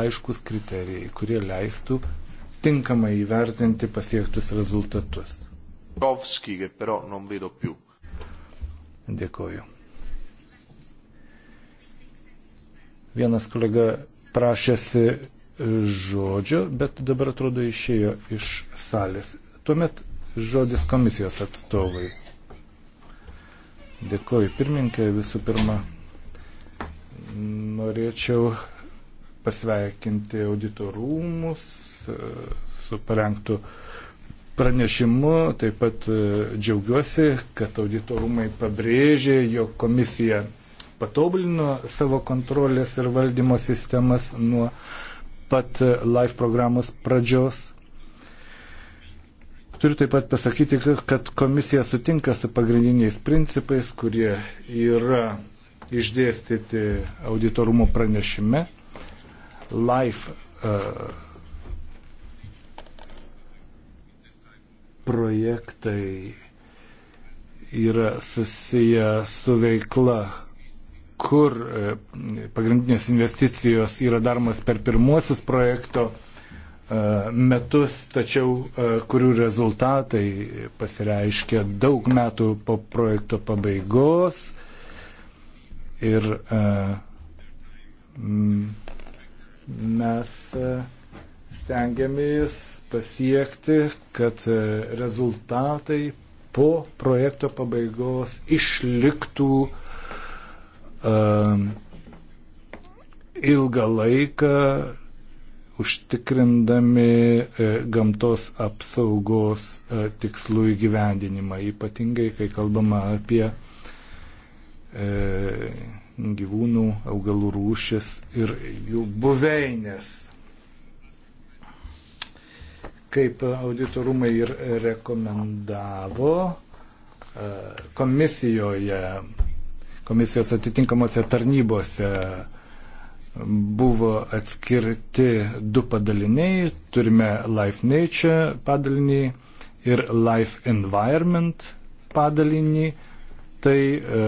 aiškus kriterijai, kurie leistų tinkamai įvertinti pasiektus rezultatus. Kovski, però non vedo più. Dėkoju. Vienas kolega prašėsi e, žodžio, bet dabar atrodo išėjo iš salės. Tuomet žodis komisijos atstovai. Dėkoju pirmininkai visų pirma. Norėčiau pasveikinti auditorumus E, su parengtu pranešimu. Taip pat e, džiaugiuosi, kad auditorumai pabrėžė, jog komisija patobulino savo kontrolės ir valdymo sistemas nuo pat e, live programos pradžios. Turiu taip pat pasakyti, kad komisija sutinka su pagrindiniais principais, kurie yra išdėstyti auditorumo pranešime. LIFE uh, projektai yra susiję su veikla, kur e, pagrindinės investicijos yra daromas per pirmuosius projekto e, metus, tačiau e, kurių rezultatai pasireiškia daug metų po projekto pabaigos. Ir mes stengiamės pasiekti, kad e, rezultatai po projekto pabaigos išliktų uh, ilgą laiką užtikrindami e, gamtos apsaugos tikslų įgyvendinimą, ypatingai kai kalbama apie gyvūnų, augalų rūšis ir jų buveinės kaip auditorumai ir rekomendavo e, komisijoje, komisijos atitinkamose tarnybose buvo atskirti du padaliniai. Turime Life Nature padalinį ir Life Environment padalinį. Tai e,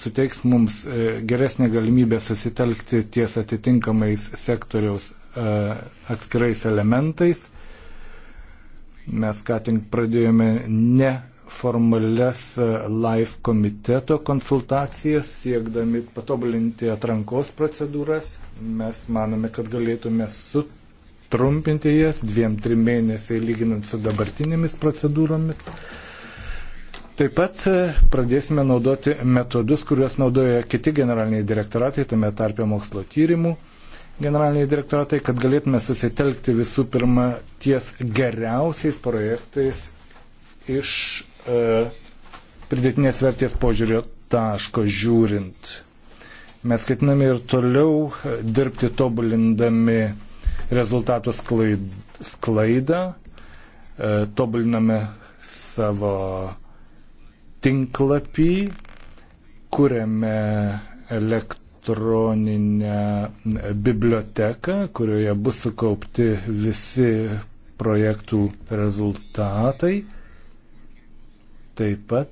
suteiks mums e, geresnę galimybę susitelkti ties atitinkamais sektoriaus e, atskirais elementais Mes ką tik pradėjome neformales e, LIFE komiteto konsultacijas, siekdami patobulinti atrankos procedūras. Mes manome, kad galėtume sutrumpinti jas dviem, trim mėnesiai lyginant su dabartinėmis procedūromis. Taip pat e, pradėsime naudoti metodus, kuriuos naudoja kiti generaliniai direktoratai, tame tarpe mokslo tyrimų generaliniai direktoratai, kad galėtume susitelkti visų pirma ties geriausiais projektais iš e, pridėtinės vertės požiūrio taško žiūrint. Mes ketiname ir toliau e, dirbti tobulindami rezultatų sklaid, sklaidą, e, tobuliname savo tinklapį, kuriame elektroninį elektroninę biblioteką, kurioje bus sukaupti visi projektų rezultatai. Taip pat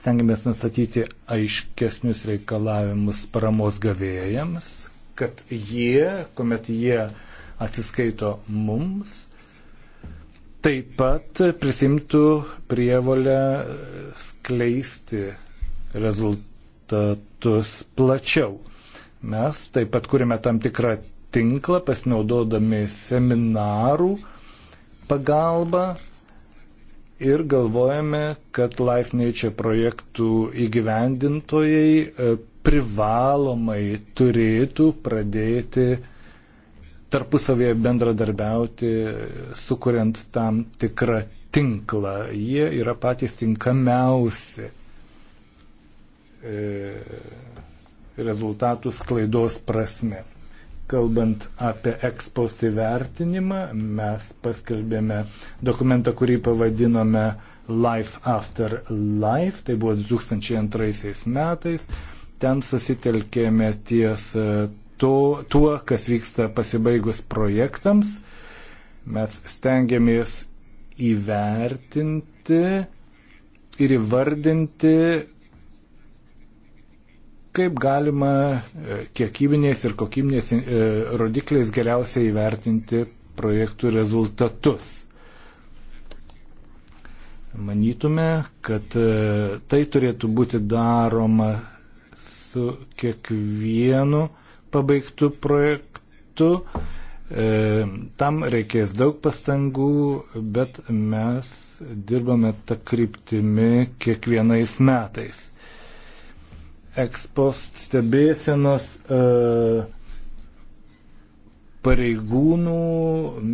stengiamės nustatyti aiškesnius reikalavimus paramos gavėjams, kad jie, kuomet jie atsiskaito mums, taip pat prisimtų prievolę skleisti rezultatus rezultatus plačiau. Mes taip pat kūrėme tam tikrą tinklą, pasinaudodami seminarų pagalbą ir galvojame, kad Life Nature projektų įgyvendintojai e, privalomai turėtų pradėti tarpusavėje bendradarbiauti, sukuriant tam tikrą tinklą. Jie yra patys tinkamiausi E, rezultatų sklaidos prasme. Kalbant apie ekspostį vertinimą, mes paskelbėme dokumentą, kurį pavadinome Life After Life, tai buvo 2002 metais. Ten susitelkėme ties e, to, tuo, kas vyksta pasibaigus projektams. Mes stengiamės įvertinti ir įvardinti kaip galima e, kiekybiniais ir kokybiniais e, rodikliais geriausiai įvertinti projektų rezultatus. Manytume, kad e, tai turėtų būti daroma su kiekvienu pabaigtu projektu. Tam reikės daug pastangų, bet mes dirbame tą kryptimį kiekvienais metais ekspost stebėsenos e, pareigūnų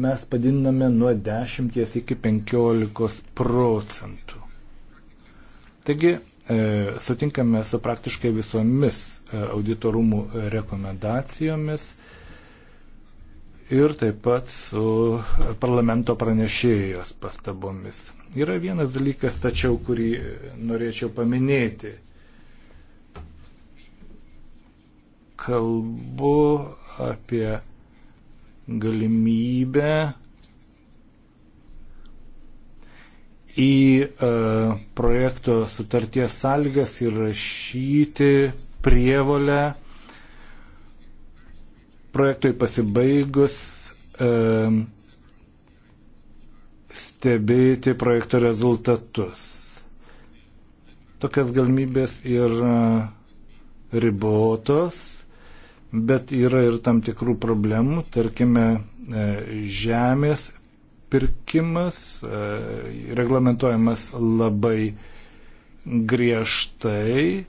mes padidiname nuo 10 iki 15 procentų. Taigi, e, sutinkame su praktiškai visomis e, auditorumų rekomendacijomis ir taip pat su parlamento pranešėjos pastabomis. Yra vienas dalykas, tačiau, kurį norėčiau paminėti – kalbu apie galimybę į e, projekto sutarties sąlygas įrašyti prievolę projektui pasibaigus e, stebėti projekto rezultatus. Tokias galimybės yra e, ribotos bet yra ir tam tikrų problemų, tarkime, e, žemės pirkimas e, reglamentojamas labai griežtai.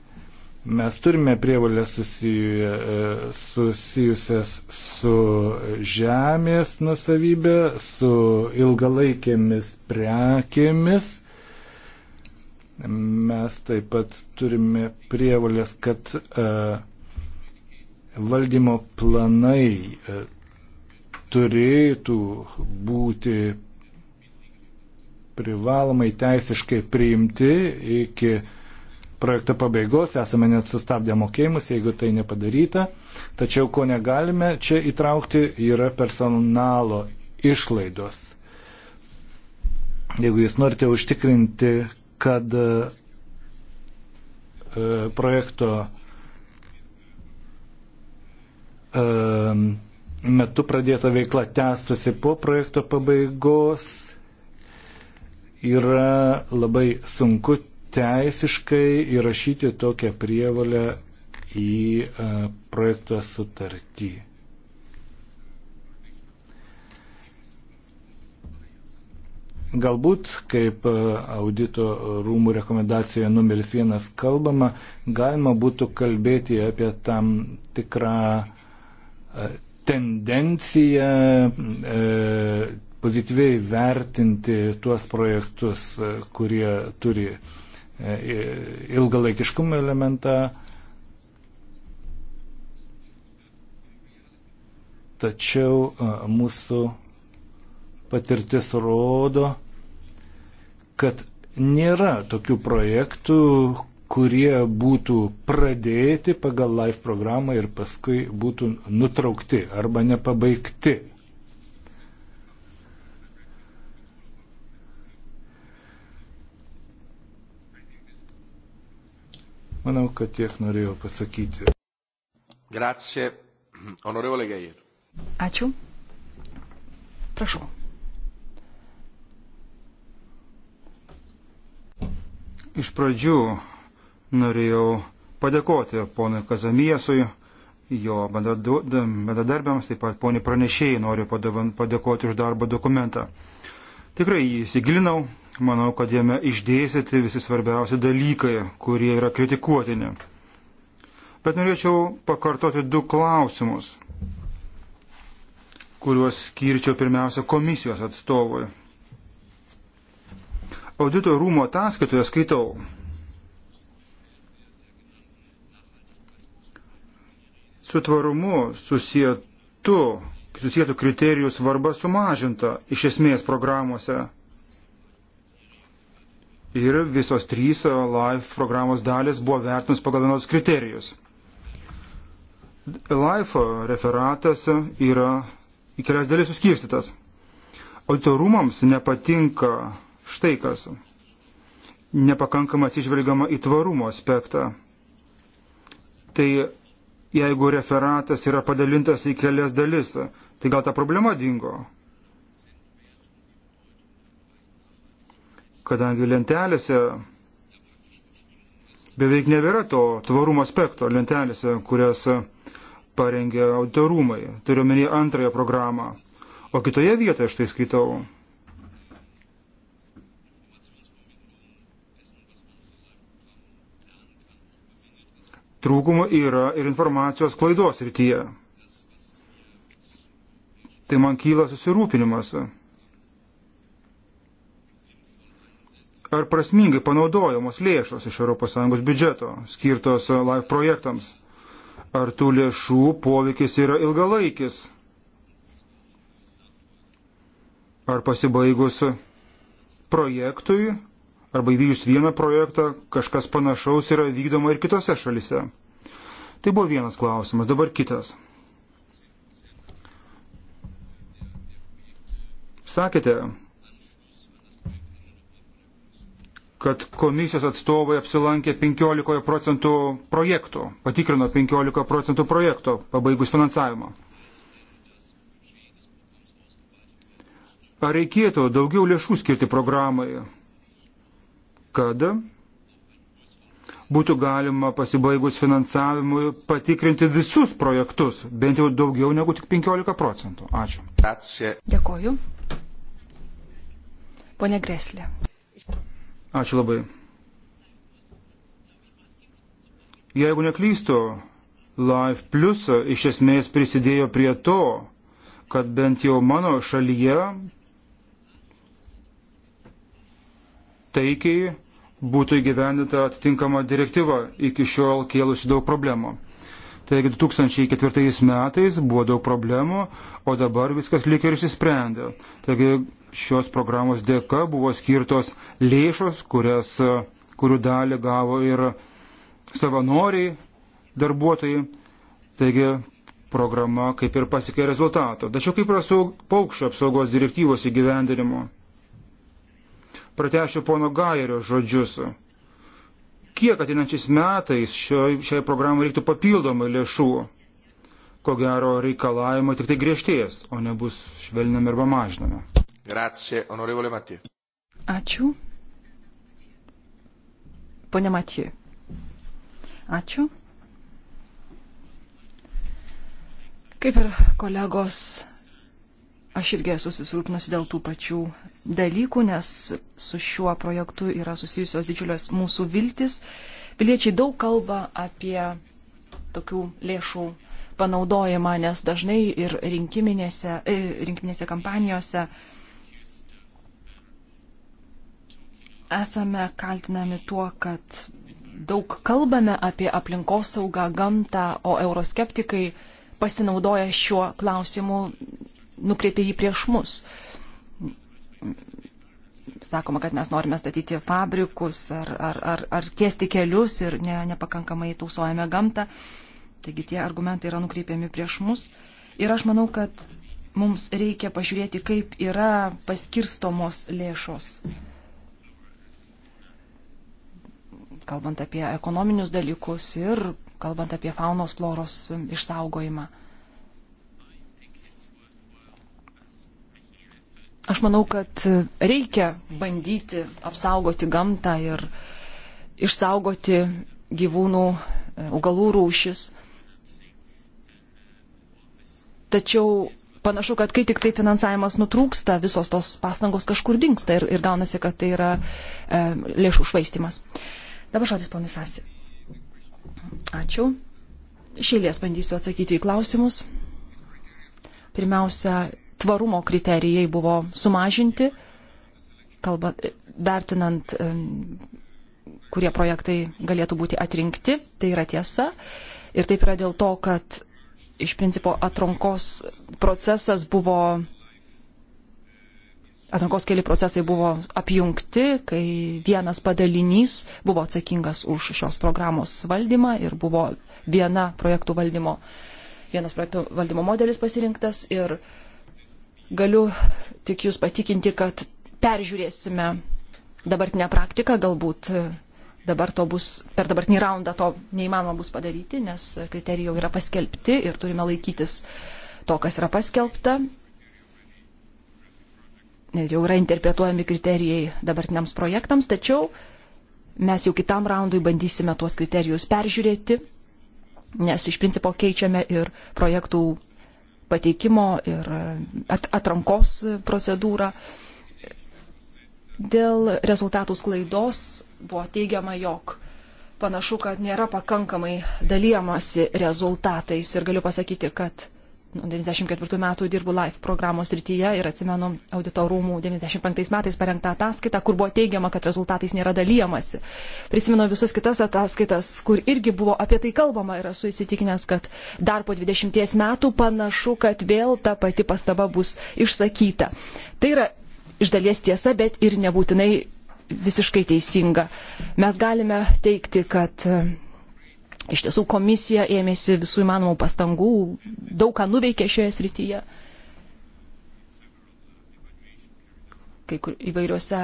Mes turime prievalę e, susijusias su žemės nusavybė, su ilgalaikėmis prekėmis. Mes taip pat turime prievalės, kad uh, valdymo planai e, turėtų būti privalomai teisiškai priimti iki projekto pabaigos, esame net sustabdę mokėjimus, jeigu tai nepadaryta. Tačiau ko negalime čia įtraukti yra personalo išlaidos. Jeigu jūs norite užtikrinti, kad e, projekto Ehm, metu pradėta veikla tęstusi po projekto pabaigos, yra labai sunku teisiškai įrašyti tokią prievalę į e, projekto sutartį. Galbūt, kaip e, audito rūmų rekomendacijoje numeris vienas kalbama, galima būtų kalbėti apie tam tikrą E, tendencija e, pozityviai vertinti tuos projektus, e, kurie turi ilgalaikiškumo elementą. Tačiau mūsų patirtis rodo, kad nėra tokių projektų, kurie būtų pradėti pagal LIFE programą ir paskui būtų nutraukti arba nepabaigti. Manau, kad tiek norėjau pasakyti. Grazie, onorevole Gajer. Ačiū. Prašau. Iš pradžių norėjau padėkoti ponui Kazamiesui, jo bendradarbiams, taip pat poniai pranešėjai noriu padėkoti už darbo dokumentą. Tikrai jį įsigilinau, manau, kad jame išdėstyti visi svarbiausi dalykai, kurie yra kritikuotini. Bet norėčiau pakartoti du klausimus, kuriuos skirčiau pirmiausia komisijos atstovui. Audito rūmo ataskaitoje skaitau, su tvarumu susijėtų, susijėtų kriterijų svarba sumažinta iš esmės programuose. Ir visos trys LIFE programos dalis buvo vertinus pagal vienodus kriterijus. LIFE referatas yra į kelias dalis suskirstytas. Autorumams nepatinka štai kas. Nepakankamai atsižvelgiama į tvarumo aspektą. Tai jeigu referatas yra padalintas į kelias dalis, tai gal ta problema dingo. Kadangi lentelėse beveik nebėra to tvarumo aspekto lentelėse, kurias parengė auditorumai, turiu menį antrąją programą, o kitoje vietoje aš tai skaitau trūkumų yra ir informacijos klaidos rytyje. Tai man kyla susirūpinimas. Ar prasmingai panaudojamos lėšos iš ES biudžeto skirtos LIFE projektams? Ar tų lėšų poveikis yra ilgalaikis? Ar pasibaigus projektui arba įvykdžius vieną projektą, kažkas panašaus yra vykdoma ir kitose šalise. Tai buvo vienas klausimas, dabar kitas. Sakėte, kad komisijos atstovai apsilankė 15 procentų projektų, patikrino 15 procentų projektų pabaigus finansavimą. Ar reikėtų daugiau lėšų skirti programai, kad būtų galima pasibaigus finansavimui patikrinti visus projektus, bent jau daugiau negu tik 15 procentų. Ačiū. Atsė. Dėkoju. Pone Greslė. Ačiū labai. Jeigu neklystu, Life Plus iš esmės prisidėjo prie to, kad bent jau mano šalyje taikiai būtų įgyvendinta atitinkama direktyva iki šiol kėlusi daug problemų. Taigi 2004 metais buvo daug problemų, o dabar viskas lyg ir išsisprendė. Taigi šios programos dėka buvo skirtos lėšos, kurias, kurių dalį gavo ir savanoriai, darbuotojai. Taigi programa kaip ir pasiekė rezultato. Tačiau kaip yra su paukščio apsaugos direktyvos įgyvendinimu? pratešiu pono Gairio žodžius. Kiek ateinančiais metais šio, šiai programai reiktų papildomai lėšų? Ko gero reikalavimai tik tai griežtės, o nebus švelninami arba mažinami. Grazie, onorevole Matė. Ačiū. Pone Matė. Ačiū. Kaip ir kolegos, aš irgi esu susirūpinusi dėl tų pačių dalykų, nes su šiuo projektu yra susijusios didžiulės mūsų viltis. Piliečiai daug kalba apie tokių lėšų panaudojimą, nes dažnai ir rinkiminėse, e, rinkiminėse kampanijose esame kaltinami tuo, kad daug kalbame apie aplinkosaugą, gamtą, o euroskeptikai pasinaudoja šiuo klausimu, nukreipia jį prieš mus sakoma, kad mes norime statyti fabrikus ar, ar, ar, ar tiesti kelius ir ne, nepakankamai tausojame gamtą. Taigi tie argumentai yra nukreipiami prieš mus. Ir aš manau, kad mums reikia pažiūrėti, kaip yra paskirstomos lėšos. Kalbant apie ekonominius dalykus ir kalbant apie faunos floros išsaugojimą. Aš manau, kad reikia bandyti apsaugoti gamtą ir išsaugoti gyvūnų, e, augalų rūšis. Tačiau panašu, kad kai tik tai finansavimas nutrūksta, visos tos pastangos kažkur dinksta ir, ir gaunasi, kad tai yra e, lėšų švaistimas. Dabar žodis ponis Asi. Ačiū. Šėlės bandysiu atsakyti į klausimus. Pirmiausia, tvarumo kriterijai buvo sumažinti, kalba, vertinant, kurie projektai galėtų būti atrinkti, tai yra tiesa. Ir taip yra dėl to, kad iš principo atrankos procesas buvo, atrankos keli procesai buvo apjungti, kai vienas padalinys buvo atsakingas už šios programos valdymą ir buvo viena projektų valdymo, vienas projektų valdymo modelis pasirinktas ir uh, Galiu tik jūs patikinti, kad peržiūrėsime dabartinę praktiką, galbūt dabar to bus, per dabartinį raundą to neįmanoma bus padaryti, nes kriterijai jau yra paskelbti ir turime laikytis to, kas yra paskelbta. Ir jau yra interpretuojami kriterijai dabartiniams projektams, tačiau mes jau kitam raundui bandysime tuos kriterijus peržiūrėti, nes iš principo keičiame ir projektų pateikimo ir at atrankos procedūrą. Dėl rezultatų sklaidos buvo teigiama, jog panašu, kad nėra pakankamai dalyjamasi rezultatais ir galiu pasakyti, kad 94 nu, metų dirbu LIFE programos rytyje ir atsimenu audito rūmų 95 metais parengtą ataskaitą, kur buvo teigiama, kad rezultatais nėra dalyjamasi. Prisimenu visas kitas ataskaitas, kur irgi buvo apie tai kalbama ir esu įsitikinęs, kad dar po 20 metų panašu, kad vėl ta pati pastaba bus išsakyta. Tai yra iš dalies tiesa, bet ir nebūtinai visiškai teisinga. Mes galime teikti, kad Iš tiesų komisija ėmėsi visų įmanomų pastangų, daug ką nuveikė šioje srityje. Kai kur įvairiuose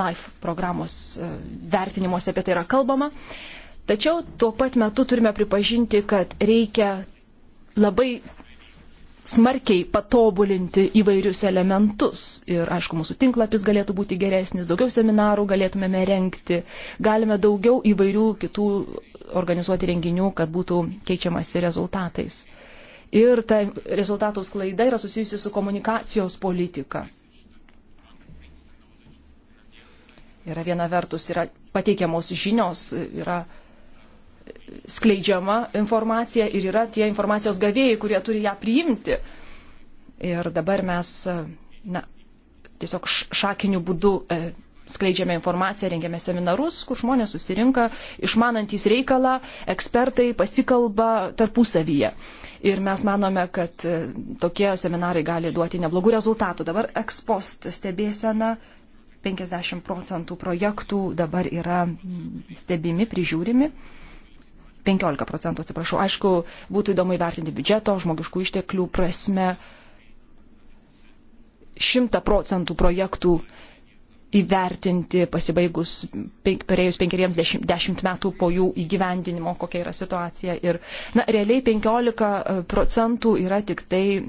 LIFE programos e, vertinimuose apie tai yra kalbama. Tačiau tuo pat metu turime pripažinti, kad reikia labai smarkiai patobulinti įvairius elementus. Ir aišku, mūsų tinklapis galėtų būti geresnis, daugiau seminarų galėtumėme renkti, galime daugiau įvairių kitų organizuoti renginių, kad būtų keičiamasi rezultatais. Ir ta rezultatų sklaida yra susijusi su komunikacijos politika. Yra viena vertus, yra pateikiamos žinios, yra skleidžiama informacija ir yra tie informacijos gavėjai, kurie turi ją priimti. Ir dabar mes e, na, tiesiog šakiniu būdu e, skleidžiame informaciją, rengiame seminarus, kur žmonės susirinka, išmanantis reikalą, ekspertai pasikalba tarpusavyje. Ir mes manome, kad e, tokie seminarai gali duoti neblogų rezultatų. Dabar ekspost stebėsena 50 procentų projektų dabar yra stebimi, prižiūrimi. 15 procentų, atsiprašau. Aišku, būtų įdomu įvertinti biudžeto, žmogiškų išteklių prasme. 100 procentų projektų įvertinti pasibaigus perėjus penkeriems dešimt, dešimt metų po jų įgyvendinimo, kokia yra situacija. Ir na, realiai 15 e, procentų yra tik tai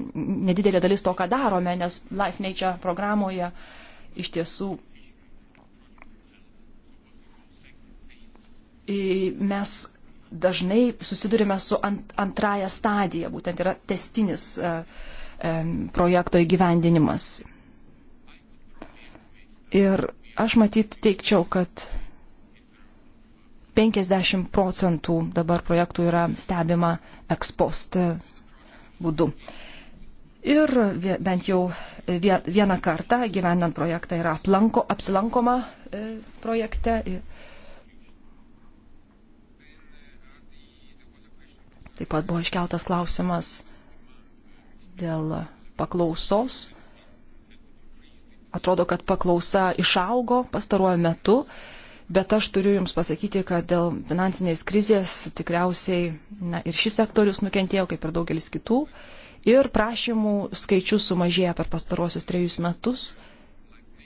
nedidelė dalis to, ką darome, nes Life Nature programoje iš tiesų mes dažnai susidurime su ant, antraja stadija, būtent yra testinis e, e, projekto įgyvendinimas. Ir aš matyt teikčiau, kad 50 procentų dabar projektų yra stebima ekspost būdu. Ir bent jau vieną kartą gyvenant projektą yra aplanko, apsilankoma e, projekte. Ir Taip pat buvo iškeltas klausimas dėl paklausos. Atrodo, kad paklausa išaugo pastaruoju metu, bet aš turiu Jums pasakyti, kad dėl finansinės krizės tikriausiai na, ir šis sektorius nukentėjo, kaip ir daugelis kitų. Ir prašymų skaičius sumažėjo per pastarosius trejus metus.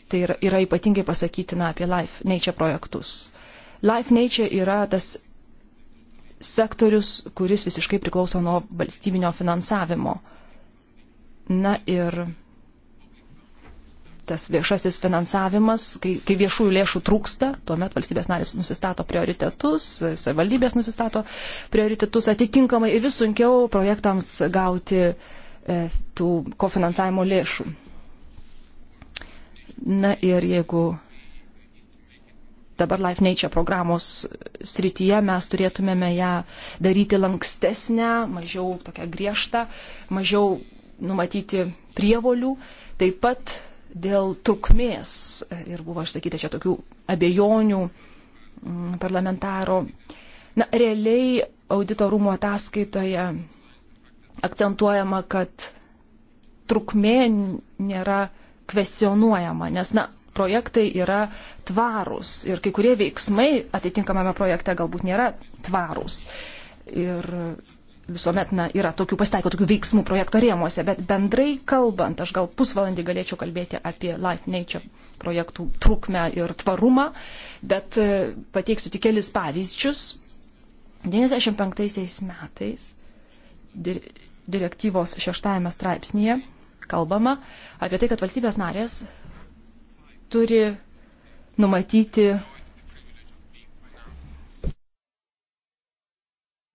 Tai yra, yra ypatingai pasakytina apie Life Nature projektus. Life Nature yra tas sektorius, kuris visiškai priklauso nuo valstybinio finansavimo. Na ir tas viešasis finansavimas, kai, kai viešųjų lėšų trūksta, tuomet valstybės narės nusistato prioritetus, savivaldybės nusistato prioritetus atitinkamai ir vis sunkiau projektams gauti e, tų kofinansavimo lėšų. Na ir jeigu dabar Life Nature programos srityje mes turėtumėme ją daryti lankstesnę, mažiau tokią griežtą, mažiau numatyti prievolių. Taip pat dėl trukmės ir buvo išsakyta čia tokių abejonių mm, parlamentaro. Na, realiai audito rūmų ataskaitoje akcentuojama, kad trukmė nėra kvestionuojama, nes, na, projektai yra tvarūs ir kai kurie veiksmai atitinkamame projekte galbūt nėra tvarūs. Ir visuomet na, yra tokių pasitaiko tokių veiksmų projekto rėmuose, bet bendrai kalbant, aš gal pusvalandį galėčiau kalbėti apie Light Nature projektų trukmę ir tvarumą, bet e, pateiksiu tik kelis pavyzdžius. 95 metais dir direktyvos šeštajame straipsnėje kalbama apie tai, kad valstybės narės turi numatyti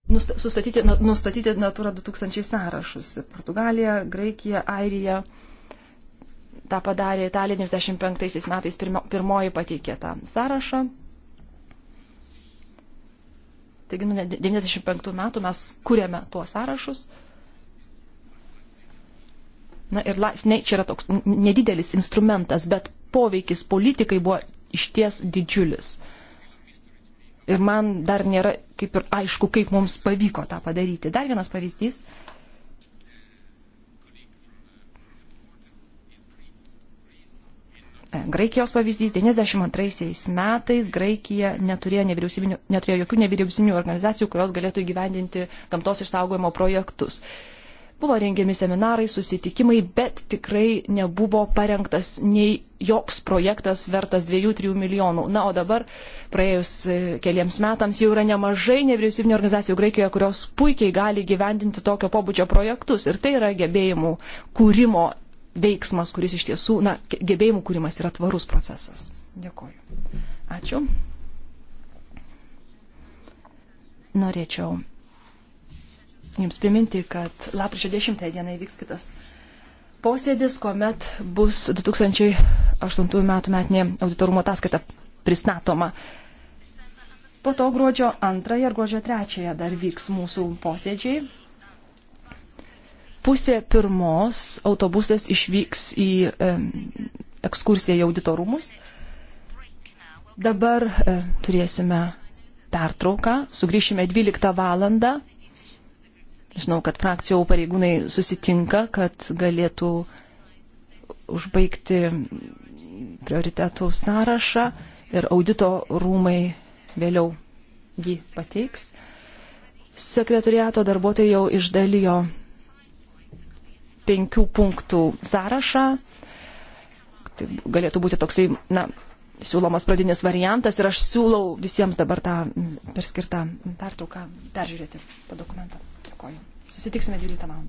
Nustatyti, nustatyti Natura 2000 sąrašus. Portugalija, Graikija, Airija tą padarė, Italija 95 metais pirmo, pirmoji pateikė tą sąrašą. Taigi nuo 95 metų mes kūrėme tuos sąrašus. Na ir Life Nature yra toks nedidelis instrumentas, bet poveikis politikai buvo išties didžiulis. Ir man dar nėra kaip ir aišku, kaip mums pavyko tą padaryti. Dar vienas pavyzdys. E, Graikijos pavyzdys, 92 metais Graikija neturėjo, neturėjo jokių nevyriausybinių organizacijų, kurios galėtų įgyvendinti gamtos išsaugojimo projektus. Buvo rengiami seminarai, susitikimai, bet tikrai nebuvo parengtas nei joks projektas vertas 2-3 milijonų. Na, o dabar, praėjus e, keliems metams, jau yra nemažai nevyriausybinio organizacijų Graikijoje, kurios puikiai gali gyvendinti tokio pobūdžio projektus. Ir tai yra gebėjimų kūrimo veiksmas, kuris iš tiesų, na, gebėjimų kūrimas yra tvarus procesas. Dėkoju. Ačiū. Norėčiau Jums priminti, kad lapkričio 10 dieną įvyks kitas posėdis, kuomet bus 2008 metų metinė auditorumo ataskaita pristatoma. Po to gruodžio 2 ir gruodžio 3 dar vyks mūsų posėdžiai. Pusė pirmos autobusas išvyks į e, ekskursiją į auditorumus. Dabar e, turėsime pertrauką, sugrįšime 12 valandą. Žinau, kad frakcijų pareigūnai susitinka, kad galėtų užbaigti prioritetų sąrašą ir audito rūmai vėliau jį pateiks. Sekretariato darbuotojai jau išdalijo penkių punktų sąrašą. Tai galėtų būti toksai, na, siūlomas pradinis variantas ir aš siūlau visiems dabar tą perskirtą pertrauką peržiūrėti tą dokumentą. Dėkoju. Susitiksime 12 val.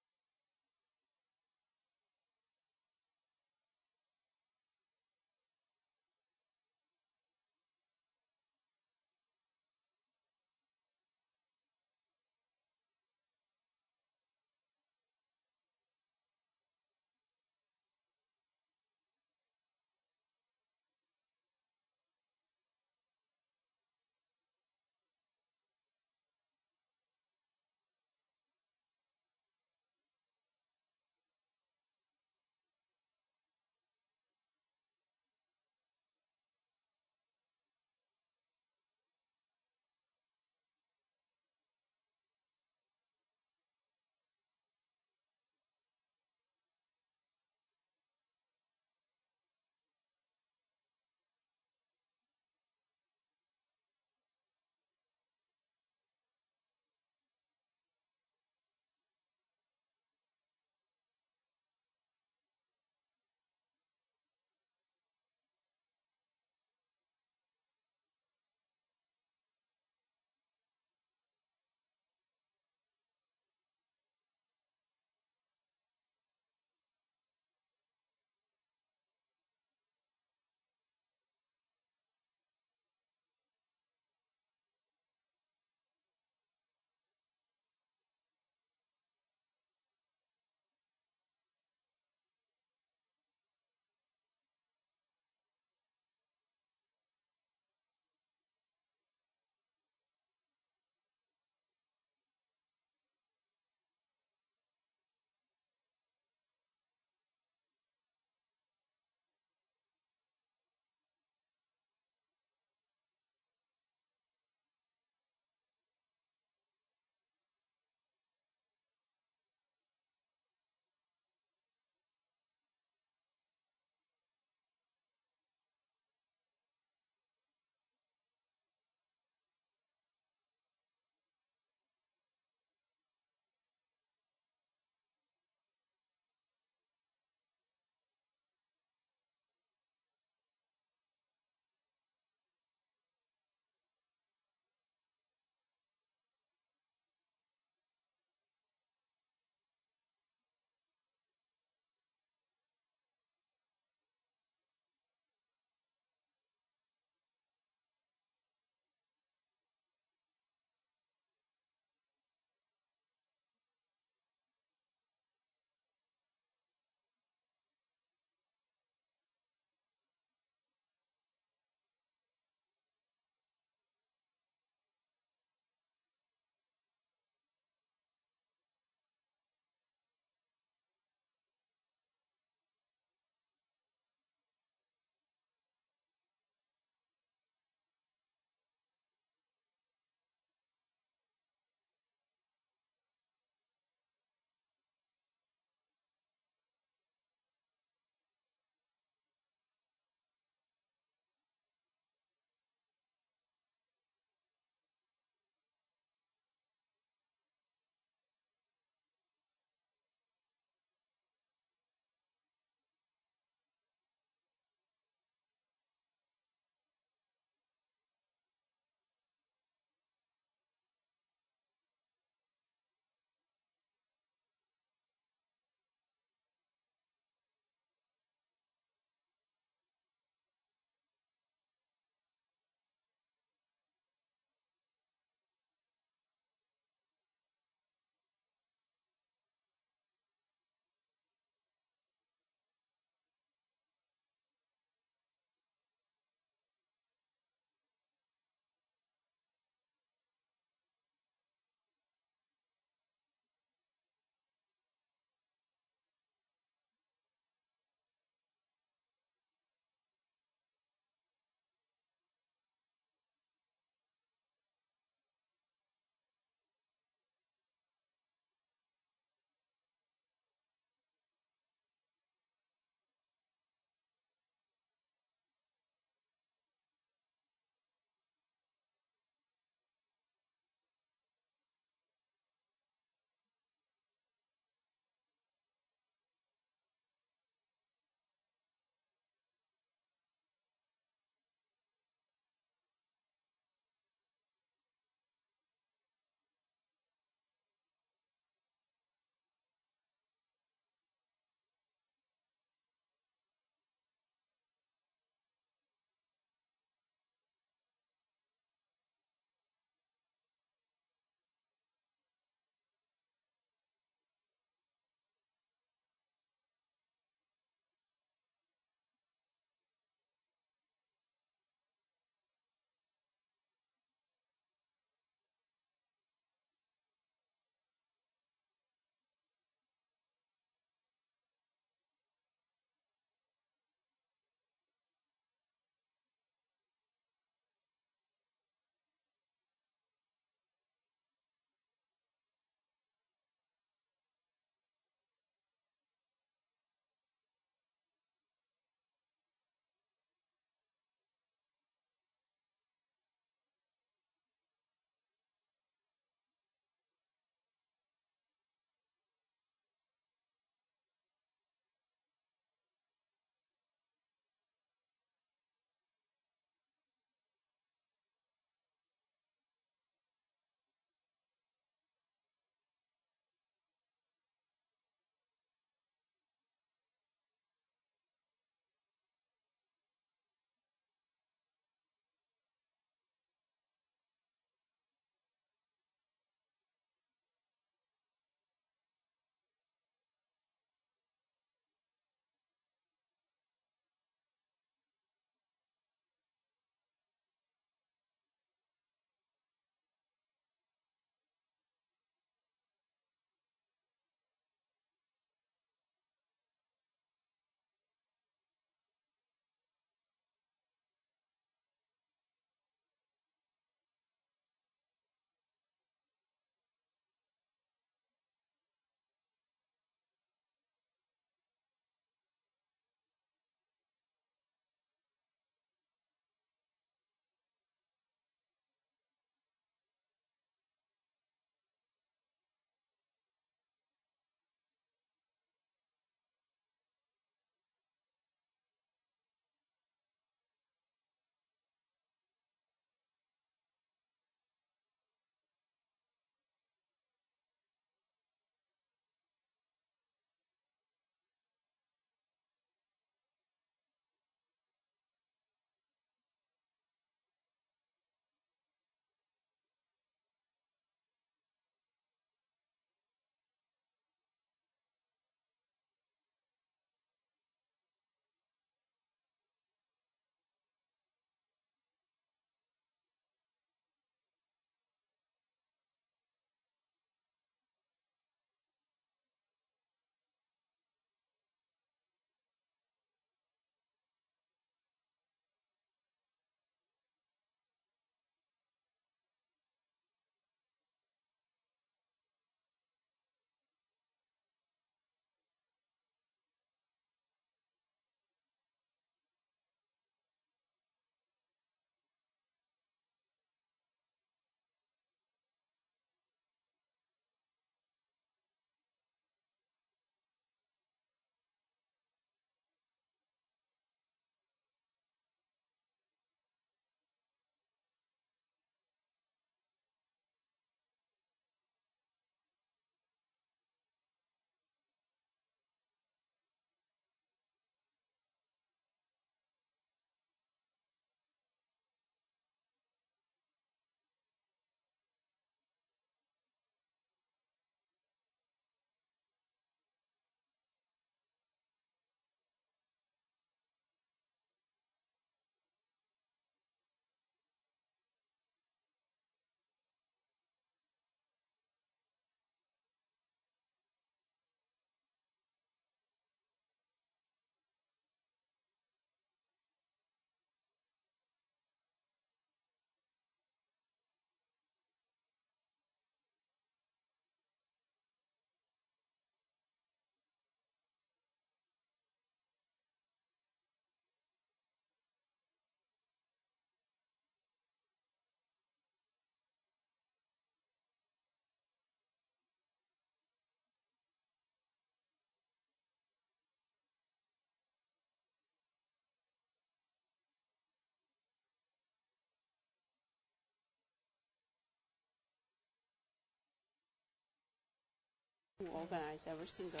who organize every single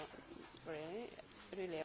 relay, relay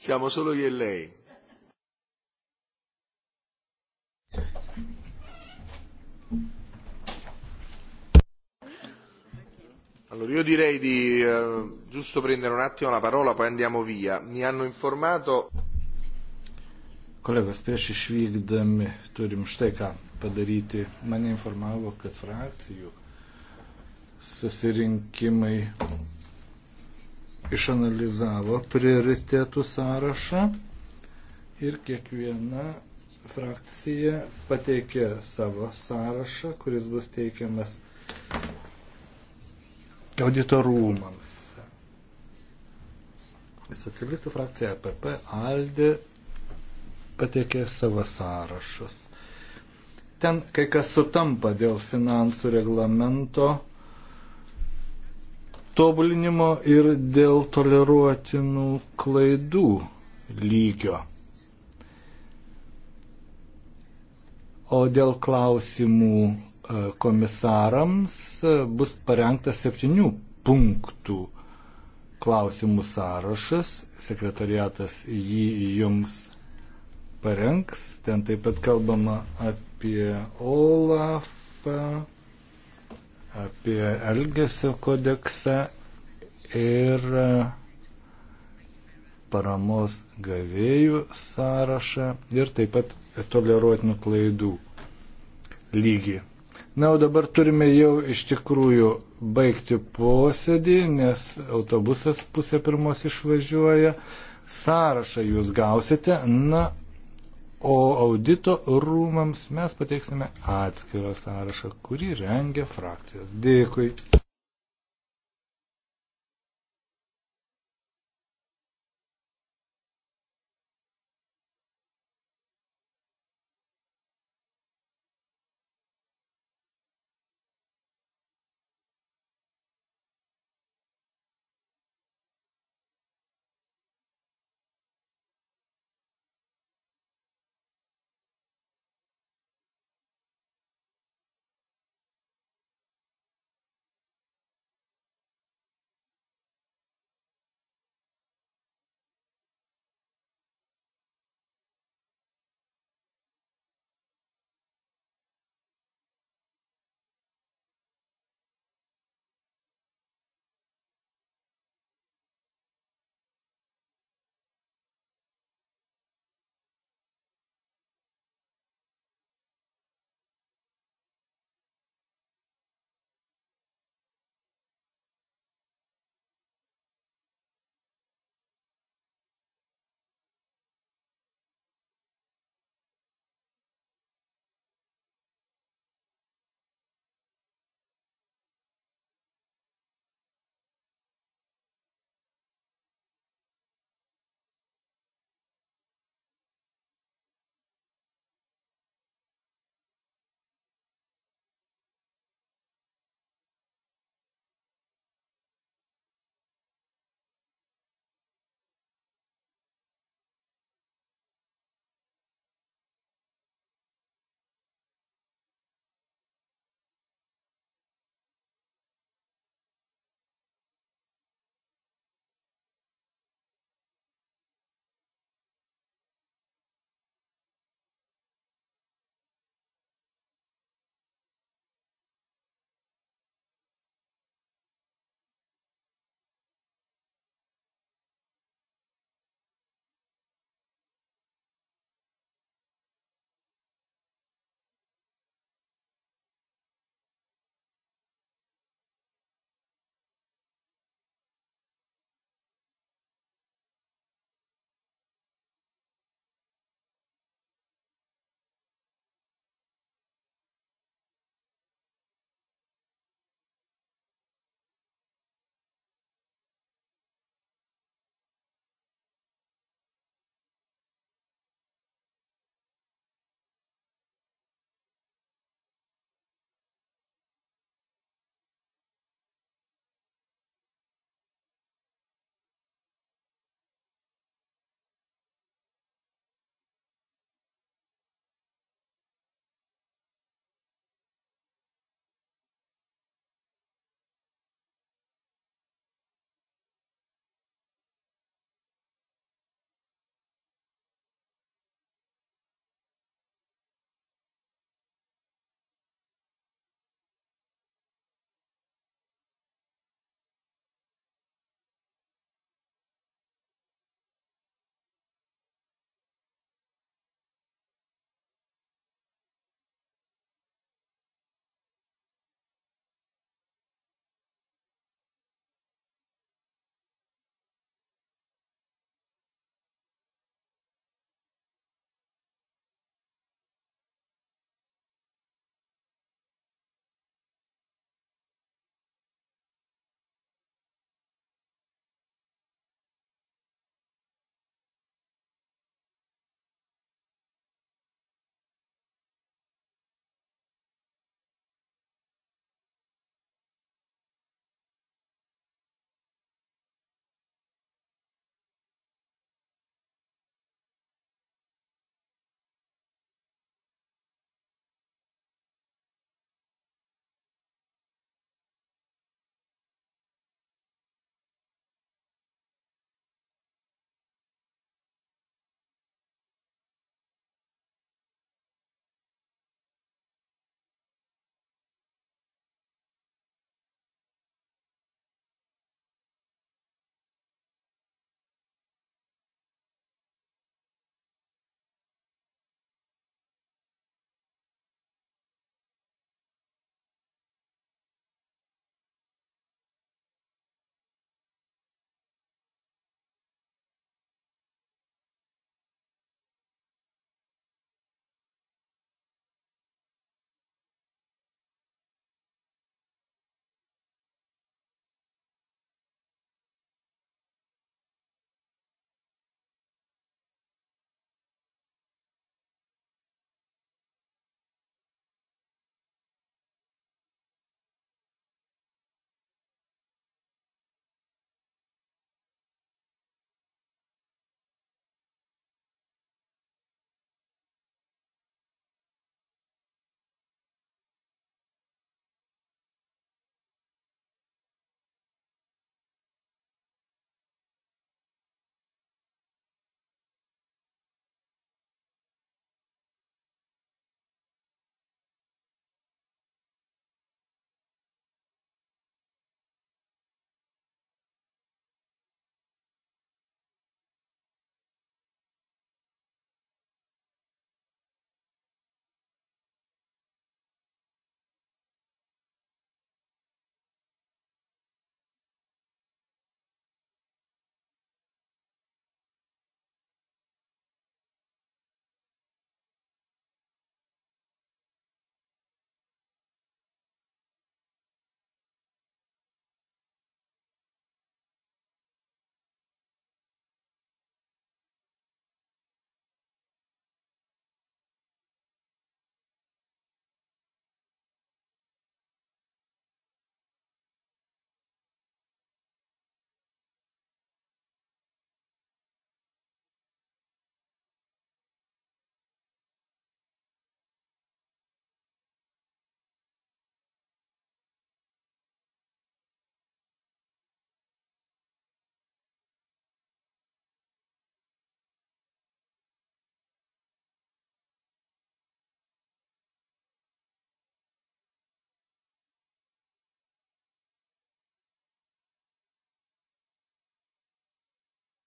Siamo solo io e lei. Allora io direi di eh, giusto prendere un attimo la parola, poi andiamo via. Mi hanno informato. Kolegos, prieš išvykdami turim štai ką padaryti. Mane informavo, kad frakcijų susirinkimai išanalizavo prioritėtų sąrašą ir kiekviena frakcija pateikė savo sąrašą, kuris bus teikiamas auditorumams. Socialistų frakcija APP Aldė pateikė savo sąrašus. Ten kai kas sutampa dėl finansų reglamento tobulinimo ir dėl toleruotinų klaidų lygio. O dėl klausimų e, komisarams e, bus parengtas septynių punktų klausimų sąrašas. Sekretariatas jį jums parengs. Ten taip pat kalbama apie Olafą apie Elgesio kodeksą ir e, paramos gavėjų sąrašą ir taip pat toleruotinų klaidų lygį. Na, o dabar turime jau iš tikrųjų baigti posėdį, nes autobusas pusė pirmos išvažiuoja. Sąrašą jūs gausite. Na, O audito rūmams mes pateiksime atskirą sąrašą, kurį rengia frakcijos. Dėkui.